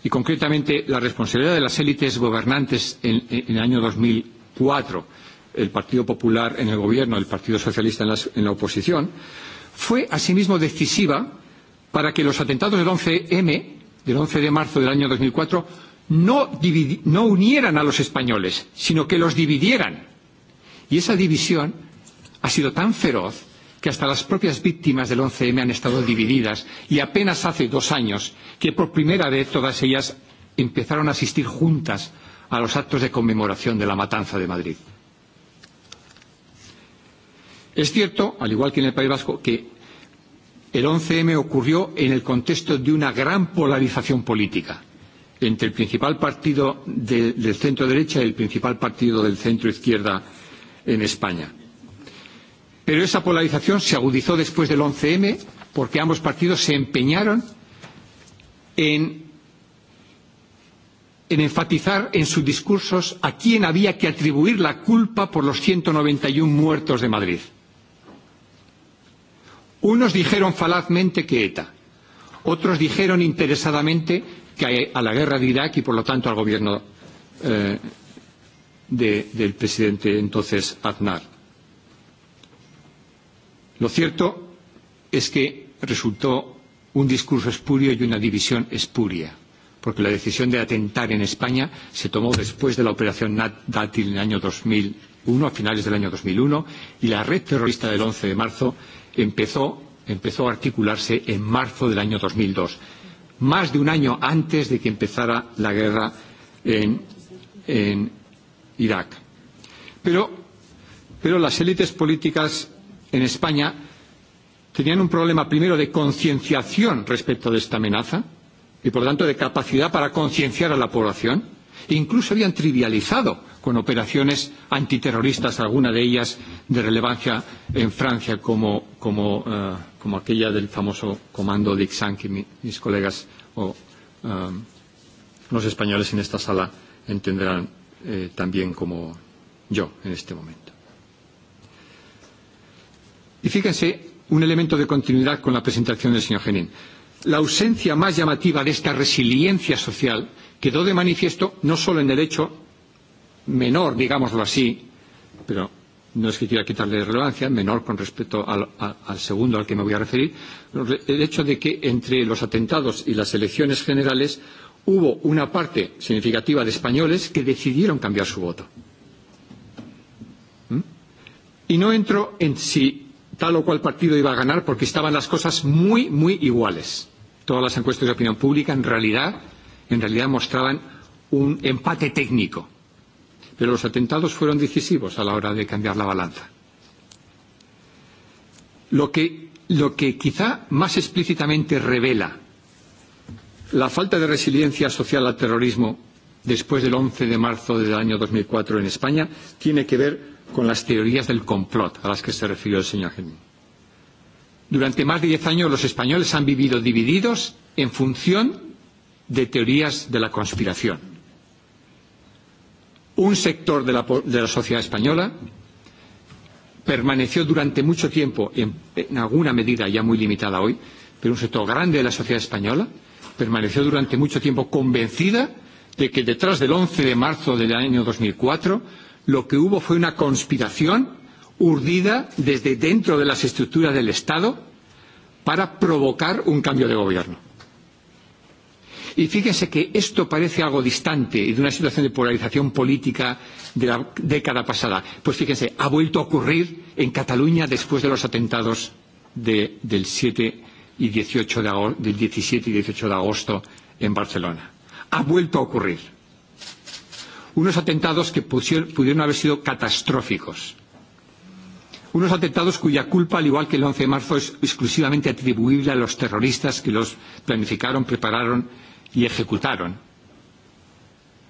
y concretamente la responsabilidad de las élites gobernantes en, el año dos mil cuatro, el Partido Popular en el gobierno, el Partido Socialista en la oposición, fue asimismo decisiva para que los atentados del once m del once de marzo del año dos mil cuatro no, no unieran a los españoles, sino que los dividieran. Y esa división ha sido tan feroz que hasta las propias víctimas del 11M han estado divididas y apenas hace dos años que por primera vez todas ellas empezaron a asistir juntas a los actos de conmemoración de la matanza de Madrid. Es cierto, al igual que en el País Vasco, que el 11M ocurrió en el contexto de una gran polarización política entre el principal partido de, del centro derecha y el principal partido del centro izquierda en España. Pero esa polarización se agudizó después del 11M porque ambos partidos se empeñaron en, en enfatizar en sus discursos a quién había que atribuir la culpa por los 191 muertos de Madrid. Unos dijeron falazmente que ETA, otros dijeron interesadamente que a la guerra de Irak y, por lo tanto, al gobierno eh, de, del presidente entonces Aznar. Lo cierto es que resultó un discurso espurio y una división espuria, porque la decisión de atentar en España se tomó después de la operación Dátil en el año 2001, a finales del año 2001, y la red terrorista del 11 de marzo empezó, empezó a articularse en marzo del año 2002 más de un año antes de que empezara la guerra en, en Irak. Pero, pero las élites políticas en España tenían un problema primero de concienciación respecto de esta amenaza y, por lo tanto, de capacidad para concienciar a la población Incluso habían trivializado con operaciones antiterroristas, alguna de ellas de relevancia en Francia, como, como, como aquella del famoso comando de Ixan, que mi, mis colegas o los españoles en esta sala entenderán eh, también como yo en este momento. Y fíjense un elemento de continuidad con la presentación del señor Genin. La ausencia más llamativa de esta resiliencia social quedó de manifiesto no solo en el hecho menor, digámoslo así, pero no es que quiera quitarle relevancia, menor con respecto al, al segundo al que me voy a referir, el hecho de que entre los atentados y las elecciones generales hubo una parte significativa de españoles que decidieron cambiar su voto. Y no entro en si tal o cual partido iba a ganar porque estaban las cosas muy, muy iguales. Todas las encuestas de opinión pública en realidad en realidad mostraban un empate técnico. Pero los atentados fueron decisivos a la hora de cambiar la balanza. Lo que, lo que quizá más explícitamente revela la falta de resiliencia social al terrorismo después del 11 de marzo del año 2004 en España tiene que ver con las teorías del complot a las que se refirió el señor Gemín. Durante más de diez años los españoles han vivido divididos en función de teorías de la conspiración. Un sector de la, de la sociedad española permaneció durante mucho tiempo, en, en alguna medida ya muy limitada hoy, pero un sector grande de la sociedad española, permaneció durante mucho tiempo convencida de que detrás del 11 de marzo del año 2004 lo que hubo fue una conspiración urdida desde dentro de las estructuras del Estado para provocar un cambio de gobierno. Y fíjense que esto parece algo distante de una situación de polarización política de la década pasada. Pues fíjense, ha vuelto a ocurrir en Cataluña después de los atentados de, del 7 y 18 de agosto, del 17 y 18 de agosto en Barcelona. Ha vuelto a ocurrir. Unos atentados que pusieron, pudieron haber sido catastróficos. Unos atentados cuya culpa, al igual que el 11 de marzo, es exclusivamente atribuible a los terroristas que los planificaron, prepararon y ejecutaron.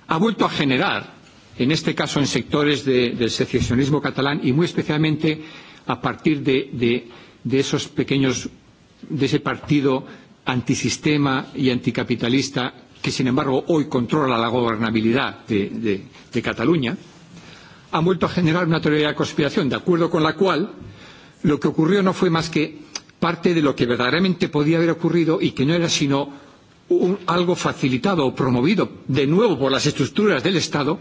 Ha vuelto a generar, en este caso en sectores de, del secesionismo catalán y muy especialmente a partir de, de, de esos pequeños, de ese partido antisistema y anticapitalista que sin embargo hoy controla la gobernabilidad de, de, de Cataluña, Ha vuelto a generar una teoría de conspiración, de acuerdo con la cual lo que ocurrió no fue más que parte de lo que verdaderamente podía haber ocurrido y que no era sino algo facilitado o promovido de nuevo por las estructuras del Estado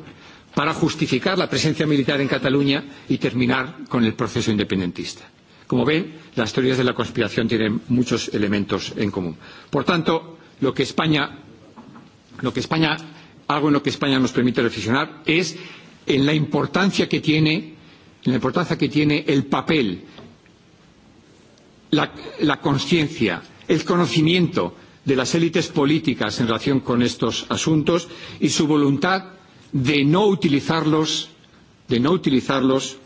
para justificar la presencia militar en Cataluña y terminar con el proceso independentista. Como ven, las teorías de la conspiración tienen muchos elementos en común. Por tanto, lo que España, lo que España algo en lo que España nos permite reflexionar es en la importancia que tiene, en la importancia que tiene el papel, la, la conciencia, el conocimiento, de las élites políticas en relación con estos asuntos y su voluntad de no utilizarlos, de no utilizarlos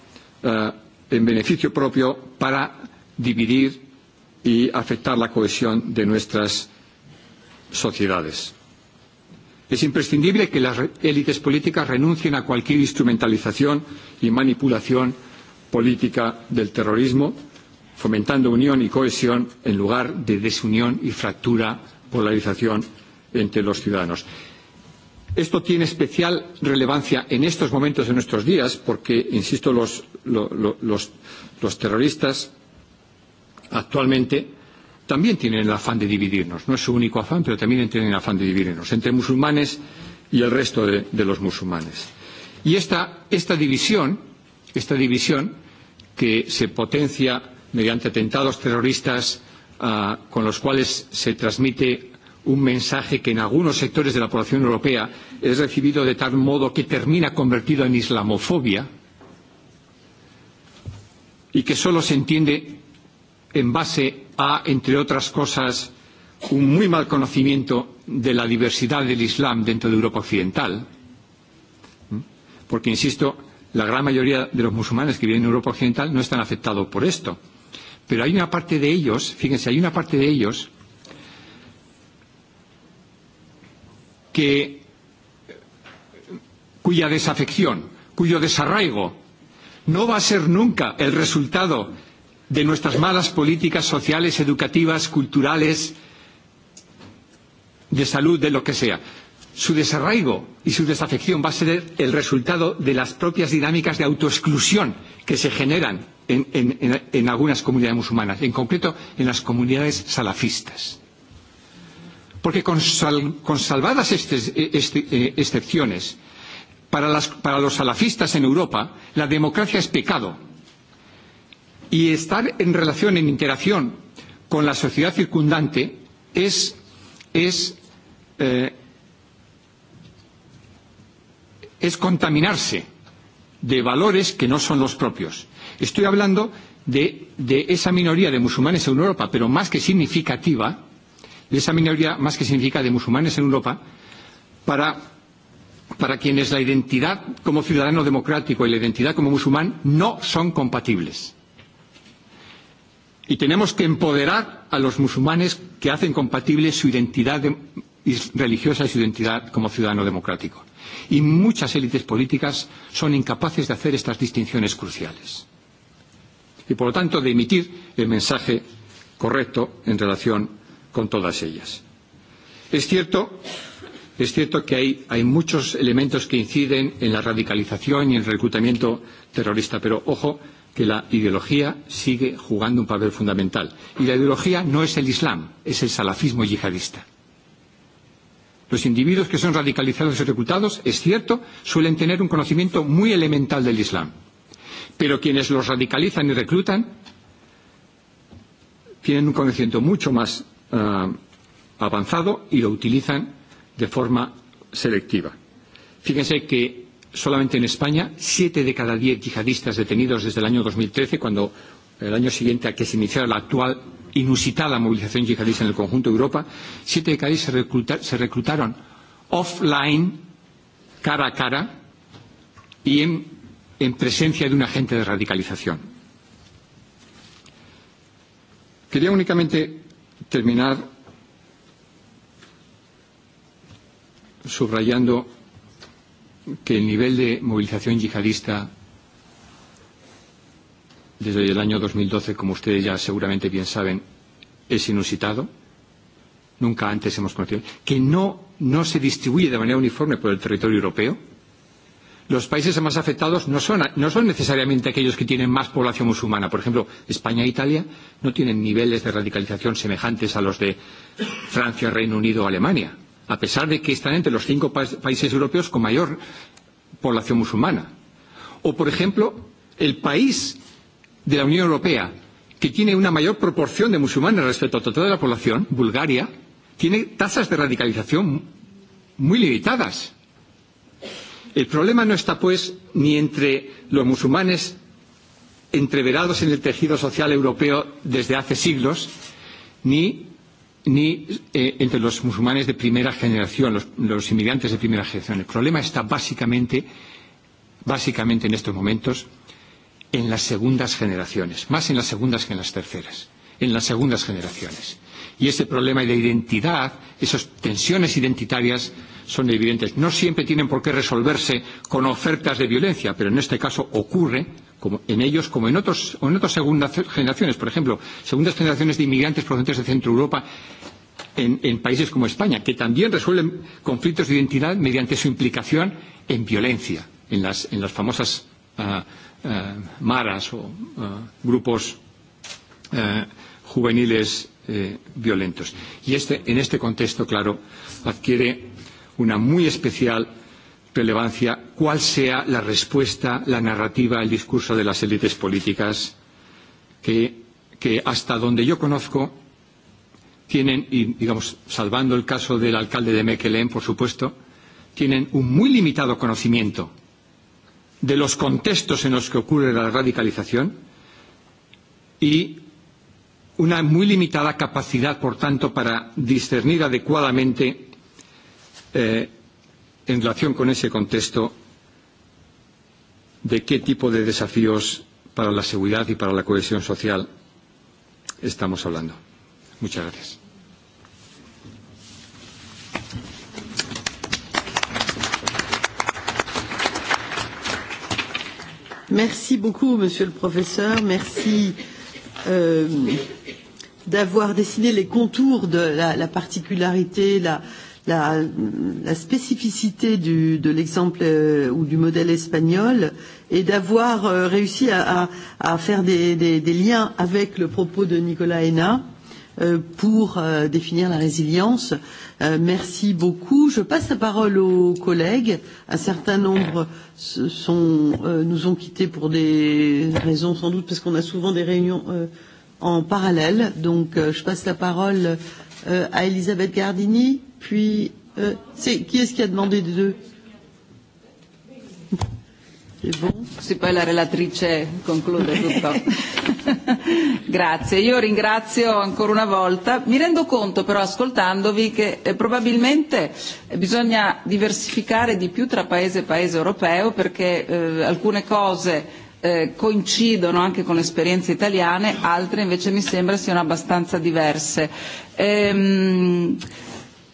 en beneficio propio para dividir y afectar la cohesión de nuestras sociedades. Es imprescindible que las élites políticas renuncien a cualquier instrumentalización y manipulación política del terrorismo fomentando unión y cohesión en lugar de desunión y fractura, polarización entre los ciudadanos. Esto tiene especial relevancia en estos momentos, en nuestros días, porque, insisto, los, terroristas actualmente también tienen el afán de dividirnos. No es su único afán, pero también tienen el afán de dividirnos entre musulmanes y el resto de, los musulmanes. Y esta, división, esta división que se potencia mediante atentados terroristas con los cuales se transmite un mensaje que en algunos sectores de la población europea es recibido de tal modo que termina convertido en islamofobia y que solo se entiende en base a, entre otras cosas, un muy mal conocimiento de la diversidad del Islam dentro de Europa Occidental, porque, insisto, la gran mayoría de los musulmanes que viven en Europa Occidental no están afectados por esto. Pero hay una parte de ellos, fíjense, hay una parte de ellos que cuya desafección, cuyo desarraigo no va a ser nunca el resultado de nuestras malas políticas sociales, educativas, culturales, de salud, de lo que sea su desarraigo y su desafección va a ser el resultado de las propias dinámicas de autoexclusión que se generan en, en, en, en algunas comunidades musulmanas, en concreto en las comunidades salafistas. Porque con, sal, con salvadas estes, este, eh, excepciones, para, las, para los salafistas en Europa, la democracia es pecado. Y estar en relación, en interacción con la sociedad circundante es, es eh, es contaminarse de valores que no son los propios. Estoy hablando de, de esa minoría de musulmanes en Europa, pero más que significativa, de esa minoría más que significativa de musulmanes en Europa, para, para quienes la identidad como ciudadano democrático y la identidad como musulmán no son compatibles. Y tenemos que empoderar a los musulmanes que hacen compatible su identidad religiosa y su identidad como ciudadano democrático y muchas élites políticas son incapaces de hacer estas distinciones cruciales y, por lo tanto, de emitir el mensaje correcto en relación con todas ellas. Es cierto, es cierto que hay, hay muchos elementos que inciden en la radicalización y en el reclutamiento terrorista, pero ojo que la ideología sigue jugando un papel fundamental. Y la ideología no es el Islam, es el salafismo yihadista Los individuos que son radicalizados y reclutados, es cierto, suelen tener un conocimiento muy elemental del Islam. Pero quienes los radicalizan y reclutan tienen un conocimiento mucho más uh, avanzado y lo utilizan de forma selectiva. Fíjense que solamente en España, siete de cada diez yihadistas detenidos desde el año 2013, cuando el año siguiente a que se iniciara la actual inusitada movilización yihadista en el conjunto de Europa, siete de cada diez se reclutaron offline, cara a cara, y en, en presencia de un agente de radicalización. Quería únicamente terminar subrayando que el nivel de movilización yihadista desde el año 2012, como ustedes ya seguramente bien saben, es inusitado. Nunca antes hemos conocido que no, no se distribuye de manera uniforme por el territorio europeo. Los países más afectados no son, no son necesariamente aquellos que tienen más población musulmana. Por ejemplo, España e Italia no tienen niveles de radicalización semejantes a los de Francia, Reino Unido o Alemania, a pesar de que están entre los cinco pa países europeos con mayor población musulmana. O, por ejemplo, el país de la Unión Europea que tiene una mayor proporción de musulmanes respecto al total de la población, Bulgaria, tiene tasas de radicalización muy limitadas. El problema no está, pues, ni entre los musulmanes entreverados en el tejido social europeo desde hace siglos, ni, ni eh, entre los musulmanes de primera generación, los, los inmigrantes de primera generación. El problema está básicamente, básicamente en estos momentos en las segundas generaciones, más en las segundas que en las terceras, en las segundas generaciones. Y ese problema de identidad, esas tensiones identitarias son evidentes. No siempre tienen por qué resolverse con ofertas de violencia, pero en este caso ocurre como en ellos como en, otros, en otras segundas generaciones. Por ejemplo, segundas generaciones de inmigrantes procedentes de Centro Europa en, en países como España, que también resuelven conflictos de identidad mediante su implicación en violencia, en las, en las famosas. Uh, maras o grupos juveniles violentos. Y este, en este contexto, claro, adquiere una muy especial relevancia cuál sea la respuesta, la narrativa, el discurso de las élites políticas que, que hasta donde yo conozco tienen, y digamos, salvando el caso del alcalde de Mechelen, por supuesto, tienen un muy limitado conocimiento de los contextos en los que ocurre la radicalización y una muy limitada capacidad, por tanto, para discernir adecuadamente eh, en relación con ese contexto de qué tipo de desafíos para la seguridad y para la cohesión social estamos hablando. Muchas gracias. Merci beaucoup, monsieur le professeur. Merci euh, d'avoir dessiné les contours de la, la particularité, la, la, la spécificité du, de l'exemple euh, ou du modèle espagnol et d'avoir euh, réussi à, à, à faire des, des, des liens avec le propos de Nicolas Hénin pour définir la résilience. Merci beaucoup. Je passe la parole aux collègues. Un certain nombre sont, nous ont quittés pour des raisons sans doute parce qu'on a souvent des réunions en parallèle. Donc je passe la parole à Elisabeth Gardini, puis c'est qui est-ce qui a demandé des deux Se poi la relatrice conclude tutto. Grazie, io ringrazio ancora una volta. Mi rendo conto però ascoltandovi che eh, probabilmente bisogna diversificare di più tra paese e paese europeo perché eh, alcune cose eh, coincidono anche con le esperienze italiane, altre invece mi sembra siano abbastanza diverse. Ehm,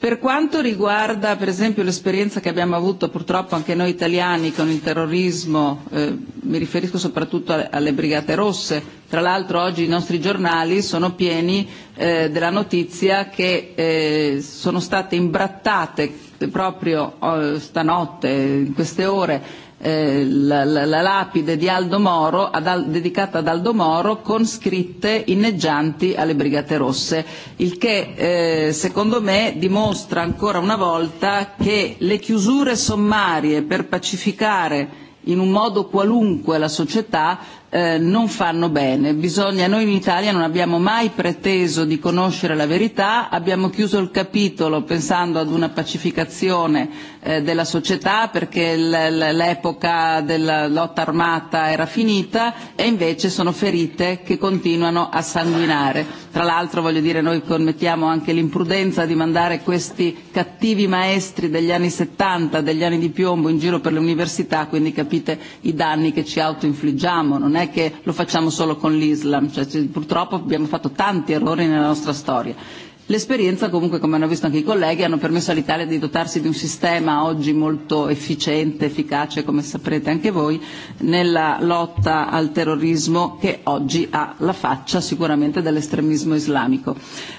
Per quanto riguarda per esempio l'esperienza che abbiamo avuto purtroppo anche noi italiani con il terrorismo, eh, mi riferisco soprattutto alle Brigate Rosse, tra l'altro oggi i nostri giornali sono pieni eh, della notizia che eh, sono state imbrattate proprio eh, stanotte, in queste ore, eh, la, la, la lapide di Aldo Moro, ad Al, dedicata ad Aldo Moro, con scritte inneggianti alle Brigate Rosse, il che eh, secondo me dimostra ancora una volta che le chiusure sommarie per pacificare in un modo qualunque la società eh, non fanno bene. Bisogna, noi in Italia non abbiamo mai preteso di conoscere la verità, abbiamo chiuso il capitolo pensando ad una pacificazione eh, della società perché l'epoca della lotta armata era finita e invece sono ferite che continuano a sanguinare. Tra l'altro voglio dire noi commettiamo anche l'imprudenza di mandare questi cattivi maestri degli anni 70, degli anni di piombo in giro per le università, quindi capite i danni che ci autoinfliggiamo, non è è che lo facciamo solo con l'Islam, cioè, purtroppo abbiamo fatto tanti errori nella nostra storia. L'esperienza comunque, come hanno visto anche i colleghi, hanno permesso all'Italia di dotarsi di un sistema oggi molto efficiente, efficace, come saprete anche voi, nella lotta al terrorismo che oggi ha la faccia sicuramente dell'estremismo islamico.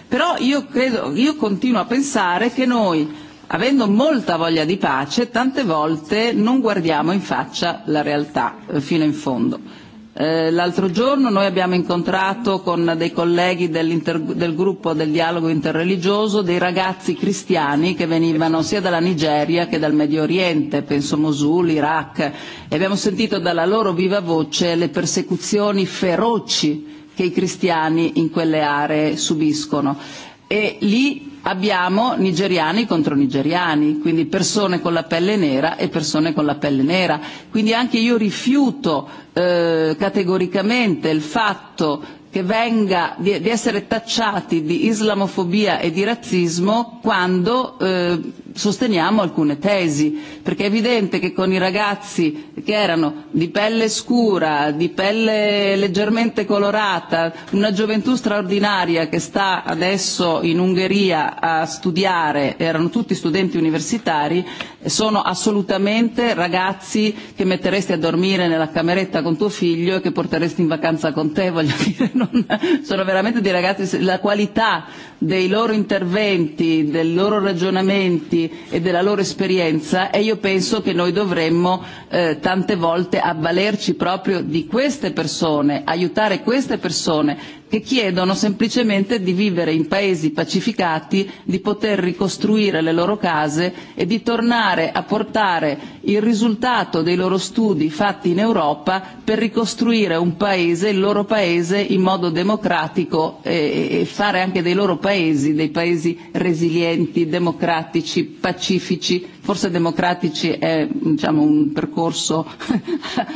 Però io, credo, io continuo a pensare che noi avendo molta voglia di pace, tante volte non guardiamo in faccia la realtà fino in fondo L'altro giorno noi abbiamo incontrato con dei colleghi del gruppo del dialogo interreligioso dei ragazzi cristiani che venivano sia dalla Nigeria che dal Medio Oriente, penso Mosul, Iraq, e abbiamo sentito dalla loro viva voce le persecuzioni feroci che i cristiani in quelle aree subiscono. E lì abbiamo nigeriani contro nigeriani, quindi persone con la pelle nera e persone con la pelle nera. Quindi anche io rifiuto eh, categoricamente il fatto che venga, di, di essere tacciati di islamofobia e di razzismo quando eh, sosteniamo alcune tesi, perché è evidente che con i ragazzi che erano di pelle scura, di pelle leggermente colorata, una gioventù straordinaria che sta adesso in Ungheria a studiare, erano tutti studenti universitari, sono assolutamente ragazzi che metteresti a dormire nella cameretta con tuo figlio e che porteresti in vacanza con te, voglio dire, non, sono veramente dei ragazzi, la qualità dei loro interventi, dei loro ragionamenti e della loro esperienza e io penso che noi dovremmo eh, tante volte avvalerci proprio di queste persone, aiutare queste persone che chiedono semplicemente di vivere in paesi pacificati, di poter ricostruire le loro case e di tornare a portare il risultato dei loro studi fatti in Europa per ricostruire un paese, il loro paese, in modo democratico e, e fare anche dei loro paesi dei paesi resilienti, democratici, pacifici, forse democratici è diciamo, un percorso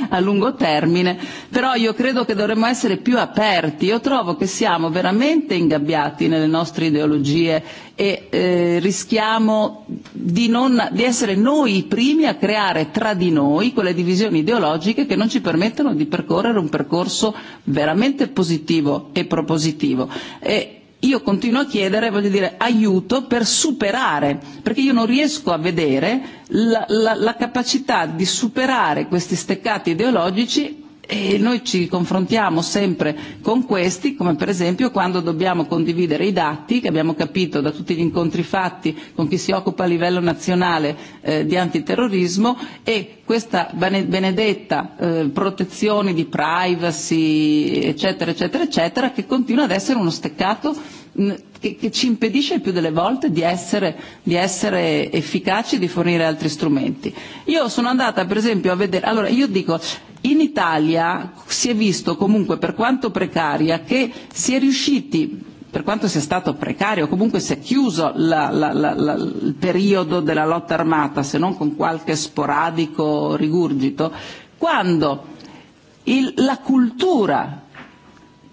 a lungo termine, però io credo che dovremmo essere più aperti. Io trovo che siamo veramente ingabbiati nelle nostre ideologie e eh, rischiamo di, non, di essere noi i primi a creare tra di noi quelle divisioni ideologiche che non ci permettono di percorrere un percorso veramente positivo e propositivo. E io continuo a chiedere, voglio dire, aiuto per superare, perché io non riesco a vedere la, la, la capacità di superare questi steccati ideologici E noi ci confrontiamo sempre con questi, come per esempio quando dobbiamo condividere i dati, che abbiamo capito da tutti gli incontri fatti con chi si occupa a livello nazionale eh, di antiterrorismo, e questa benedetta eh, protezione di privacy, eccetera, eccetera, eccetera, che continua ad essere uno steccato che, che ci impedisce il più delle volte di essere, di essere efficaci e di fornire altri strumenti. Io sono andata per esempio a vedere, allora io dico, in Italia si è visto comunque per quanto precaria che si è riusciti per quanto sia stato precario, comunque si è chiuso la, la, la, la, il periodo della lotta armata, se non con qualche sporadico rigurgito, quando il, la cultura,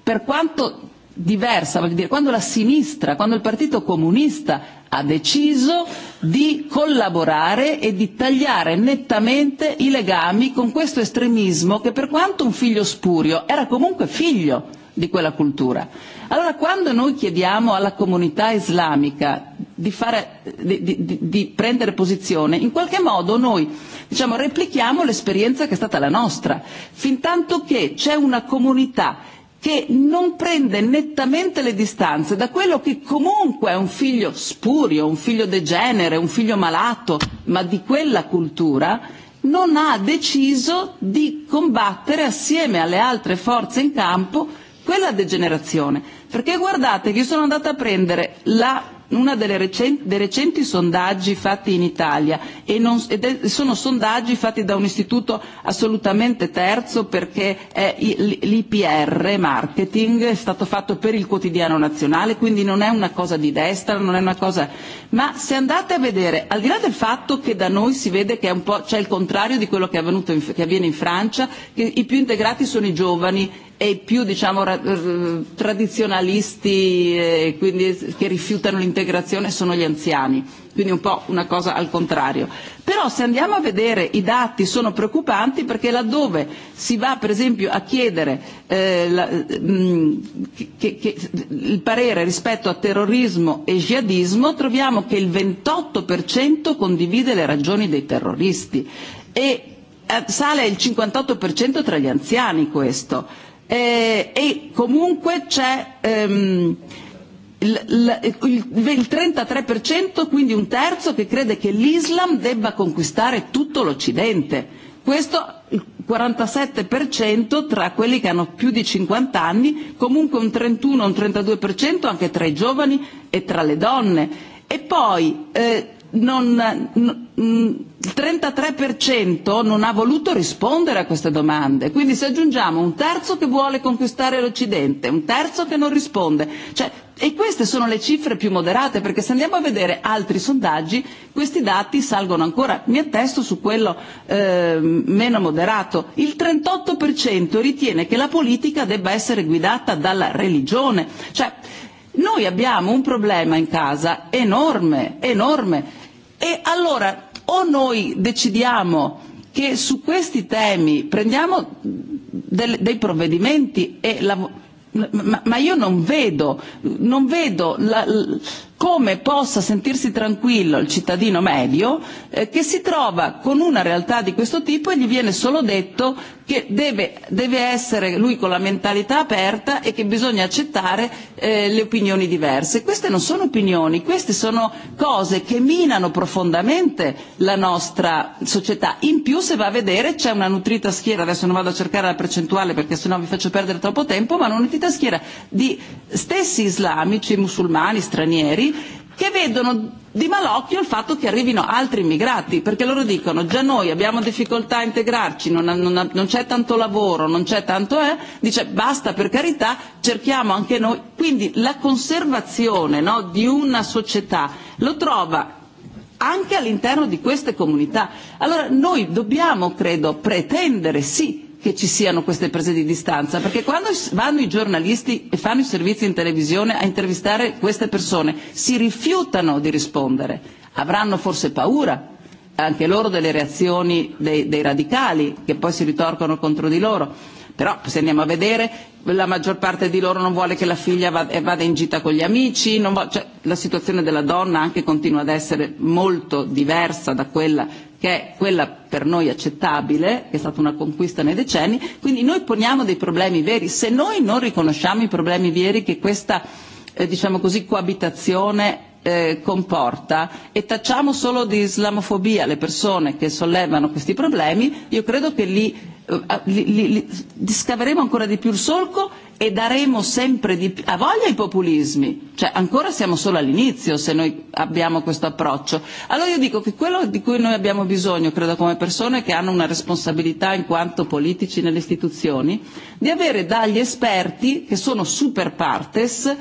per quanto diversa, voglio dire, quando la sinistra, quando il Partito Comunista ha deciso di collaborare e di tagliare nettamente i legami con questo estremismo che per quanto un figlio spurio era comunque figlio di quella cultura. Allora quando noi chiediamo alla comunità islamica di, fare, di, di, di prendere posizione, in qualche modo noi diciamo, replichiamo l'esperienza che è stata la nostra, fin tanto che c'è una comunità che non prende nettamente le distanze da quello che comunque è un figlio spurio, un figlio degenere, un figlio malato, ma di quella cultura, non ha deciso di combattere assieme alle altre forze in campo quella degenerazione. Perché guardate che io sono andata a prendere la una delle recenti, dei recenti sondaggi fatti in Italia e non, ed è, sono sondaggi fatti da un istituto assolutamente terzo perché è l'IPR marketing, è stato fatto per il quotidiano nazionale, quindi non è una cosa di destra, non è una cosa. Ma se andate a vedere, al di là del fatto che da noi si vede che è un po', c'è il contrario di quello che, è avvenuto in, che avviene in Francia, che i più integrati sono i giovani e più diciamo, tradizionalisti e quindi che rifiutano l'integrazione sono gli anziani, quindi un po' una cosa al contrario. Però se andiamo a vedere i dati sono preoccupanti perché laddove si va per esempio a chiedere eh, la, mh, che, che, il parere rispetto a terrorismo e jihadismo troviamo che il 28% condivide le ragioni dei terroristi e sale il 58% tra gli anziani questo eh, e comunque c'è ehm, il 33%, quindi un terzo, che crede che l'Islam debba conquistare tutto l'Occidente. Questo il 47% tra quelli che hanno più di 50 anni, comunque un 31 un anche tra i giovani e tra le donne. E poi eh, non, il 33% non ha voluto rispondere a queste domande, quindi se aggiungiamo un terzo che vuole conquistare l'Occidente, un terzo che non risponde, cioè, e queste sono le cifre più moderate perché se andiamo a vedere altri sondaggi questi dati salgono ancora, mi attesto su quello eh, meno moderato, il 38% ritiene che la politica debba essere guidata dalla religione, cioè noi abbiamo un problema in casa enorme, enorme E allora o noi decidiamo che su questi temi prendiamo del, dei provvedimenti e la, ma, ma io non vedo, non vedo la, come possa sentirsi tranquillo il cittadino medio eh, che si trova con una realtà di questo tipo e gli viene solo detto che deve, deve essere lui con la mentalità aperta e che bisogna accettare eh, le opinioni diverse. Queste non sono opinioni, queste sono cose che minano profondamente la nostra società. In più se va a vedere c'è una nutrita schiera, adesso non vado a cercare la percentuale perché sennò vi faccio perdere troppo tempo, ma una nutrita schiera di stessi islamici, musulmani, stranieri, che vedono di malocchio il fatto che arrivino altri immigrati, perché loro dicono già noi abbiamo difficoltà a integrarci, non, non, non c'è tanto lavoro, non c'è tanto eh, dice basta per carità, cerchiamo anche noi. Quindi la conservazione no, di una società lo trova anche all'interno di queste comunità. Allora noi dobbiamo, credo, pretendere sì che ci siano queste prese di distanza, perché quando vanno i giornalisti e fanno i servizi in televisione a intervistare queste persone si rifiutano di rispondere, avranno forse paura anche loro delle reazioni dei, dei radicali che poi si ritorcono contro di loro. Però se andiamo a vedere la maggior parte di loro non vuole che la figlia vada in gita con gli amici, non vuole, cioè, la situazione della donna anche continua ad essere molto diversa da quella che è quella per noi accettabile, che è stata una conquista nei decenni, quindi noi poniamo dei problemi veri. Se noi non riconosciamo i problemi veri che questa eh, diciamo così, coabitazione comporta e tacciamo solo di islamofobia le persone che sollevano questi problemi, io credo che lì scaveremo ancora di più il solco e daremo sempre di più a voglia ai populismi, cioè ancora siamo solo all'inizio se noi abbiamo questo approccio. Allora io dico che quello di cui noi abbiamo bisogno, credo come persone che hanno una responsabilità in quanto politici nelle istituzioni, di avere dagli esperti che sono super partes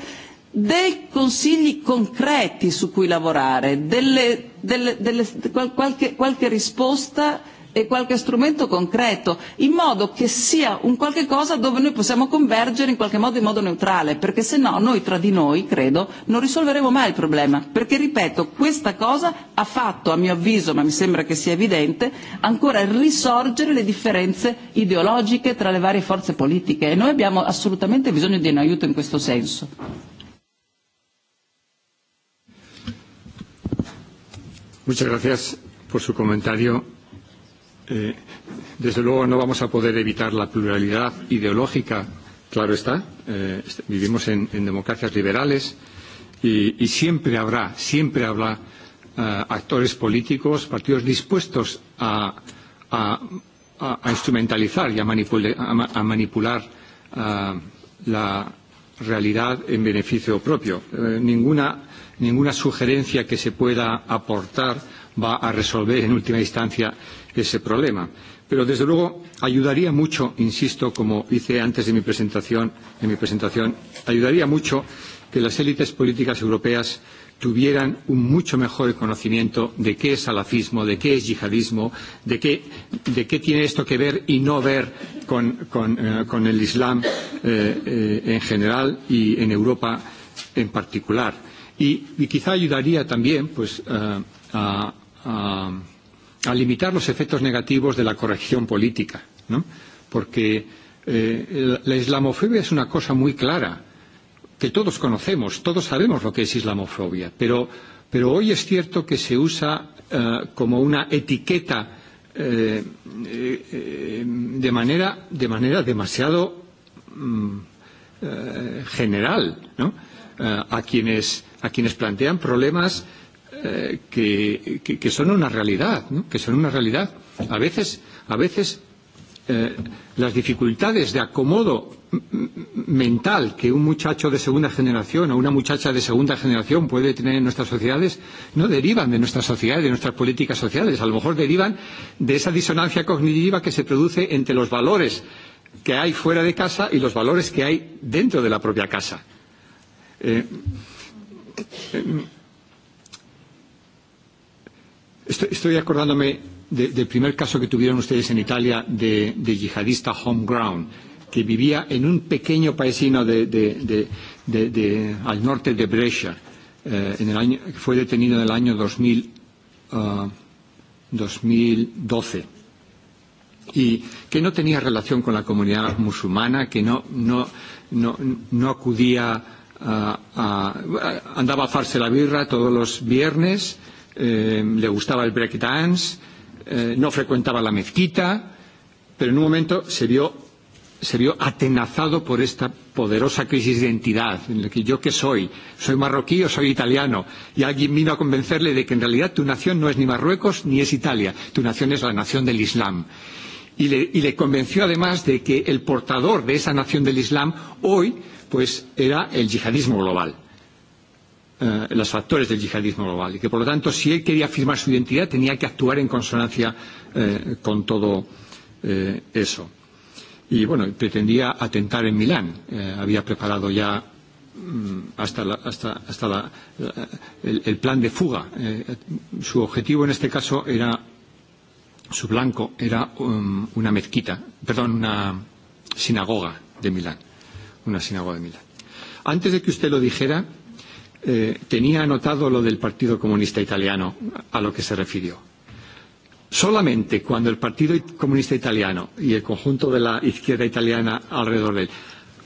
dei consigli concreti su cui lavorare, delle, delle, delle, qualche, qualche risposta e qualche strumento concreto, in modo che sia un qualche cosa dove noi possiamo convergere in qualche modo in modo neutrale, perché se no noi tra di noi, credo, non risolveremo mai il problema, perché ripeto, questa cosa ha fatto, a mio avviso, ma mi sembra che sia evidente, ancora risorgere le differenze ideologiche tra le varie forze politiche e noi abbiamo assolutamente bisogno di un aiuto in questo senso. Muchas gracias por su comentario. Eh, desde luego no vamos a poder evitar la pluralidad ideológica, claro está. Eh, vivimos en, en democracias liberales y, y siempre habrá, siempre habrá actores políticos, partidos dispuestos a, a, a, a instrumentalizar y a, manipule, a, a manipular la realidad en beneficio propio. Eh, ninguna ninguna sugerencia que se pueda aportar va a resolver en última instancia ese problema. Pero desde luego ayudaría mucho, insisto, como hice antes de mi presentación, en mi presentación ayudaría mucho que las élites políticas europeas tuvieran un mucho mejor conocimiento de qué es salafismo, de qué es yihadismo, de qué, de qué tiene esto que ver y no ver con, con, eh, con el Islam eh, eh, en general y en Europa en particular Y, y quizá ayudaría también pues, a, a, a limitar los efectos negativos de la corrección política, ¿no? porque eh, la islamofobia es una cosa muy clara, que todos conocemos, todos sabemos lo que es islamofobia, pero, pero hoy es cierto que se usa uh, como una etiqueta eh, eh, de, manera, de manera demasiado mm, eh, general, ¿no? a, quienes, a quienes plantean problemas que, que, que son una realidad, ¿no? que son una realidad. A veces, a veces eh, las dificultades de acomodo mental que un muchacho de segunda generación o una muchacha de segunda generación puede tener en nuestras sociedades no derivan de nuestras sociedades, de nuestras políticas sociales, a lo mejor derivan de esa disonancia cognitiva que se produce entre los valores que hay fuera de casa y los valores que hay dentro de la propia casa estoy, acordándome del primer caso que tuvieron ustedes en Italia de, yihadista homegrown, que vivía en un pequeño paesino de al norte de Brescia, en el año, fue detenido en el año 2000, uh, 2012 y que no tenía relación con la comunidad musulmana, que no, no, no, no acudía andaba a farse la birra todos los viernes, le gustaba el break dance, no frecuentaba la mezquita, pero en un momento se vio, se vio atenazado por esta poderosa crisis de identidad, en la que yo qué soy, soy marroquí o soy italiano, y alguien vino a convencerle de que en realidad tu nación no es ni Marruecos ni es Italia, tu nación es la nación del Islam. Y le, y le convenció además de que el portador de esa nación del Islam hoy pues era el yihadismo global, eh, los factores del yihadismo global, y que por lo tanto si él quería afirmar su identidad tenía que actuar en consonancia eh, con todo eh, eso. Y bueno, pretendía atentar en Milán, eh, había preparado ya hasta, la, hasta, hasta la, el, el plan de fuga. Eh, su objetivo en este caso era, su blanco era um, una mezquita, perdón, una sinagoga de Milán una sinagoga de Milán. Antes de que usted lo dijera, eh, tenía anotado lo del Partido Comunista Italiano a lo que se refirió. Solamente cuando el Partido Comunista Italiano y el conjunto de la izquierda italiana alrededor de él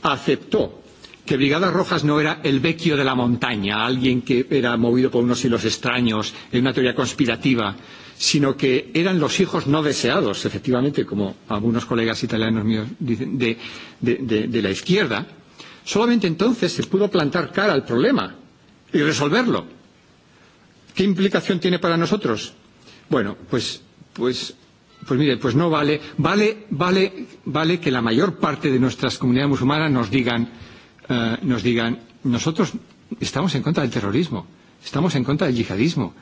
aceptó que Brigadas Rojas no era el vecchio de la montaña, alguien que era movido por unos hilos extraños en una teoría conspirativa, sino que eran los hijos no deseados, efectivamente, como algunos colegas italianos míos dicen, de, de, de, de la izquierda, solamente entonces se pudo plantar cara al problema y resolverlo. ¿Qué implicación tiene para nosotros? Bueno, pues, pues, pues mire, pues no vale, vale, vale, vale que la mayor parte de nuestras comunidades musulmanas nos digan, nos digan, nosotros estamos en contra del terrorismo, estamos en contra del yihadismo,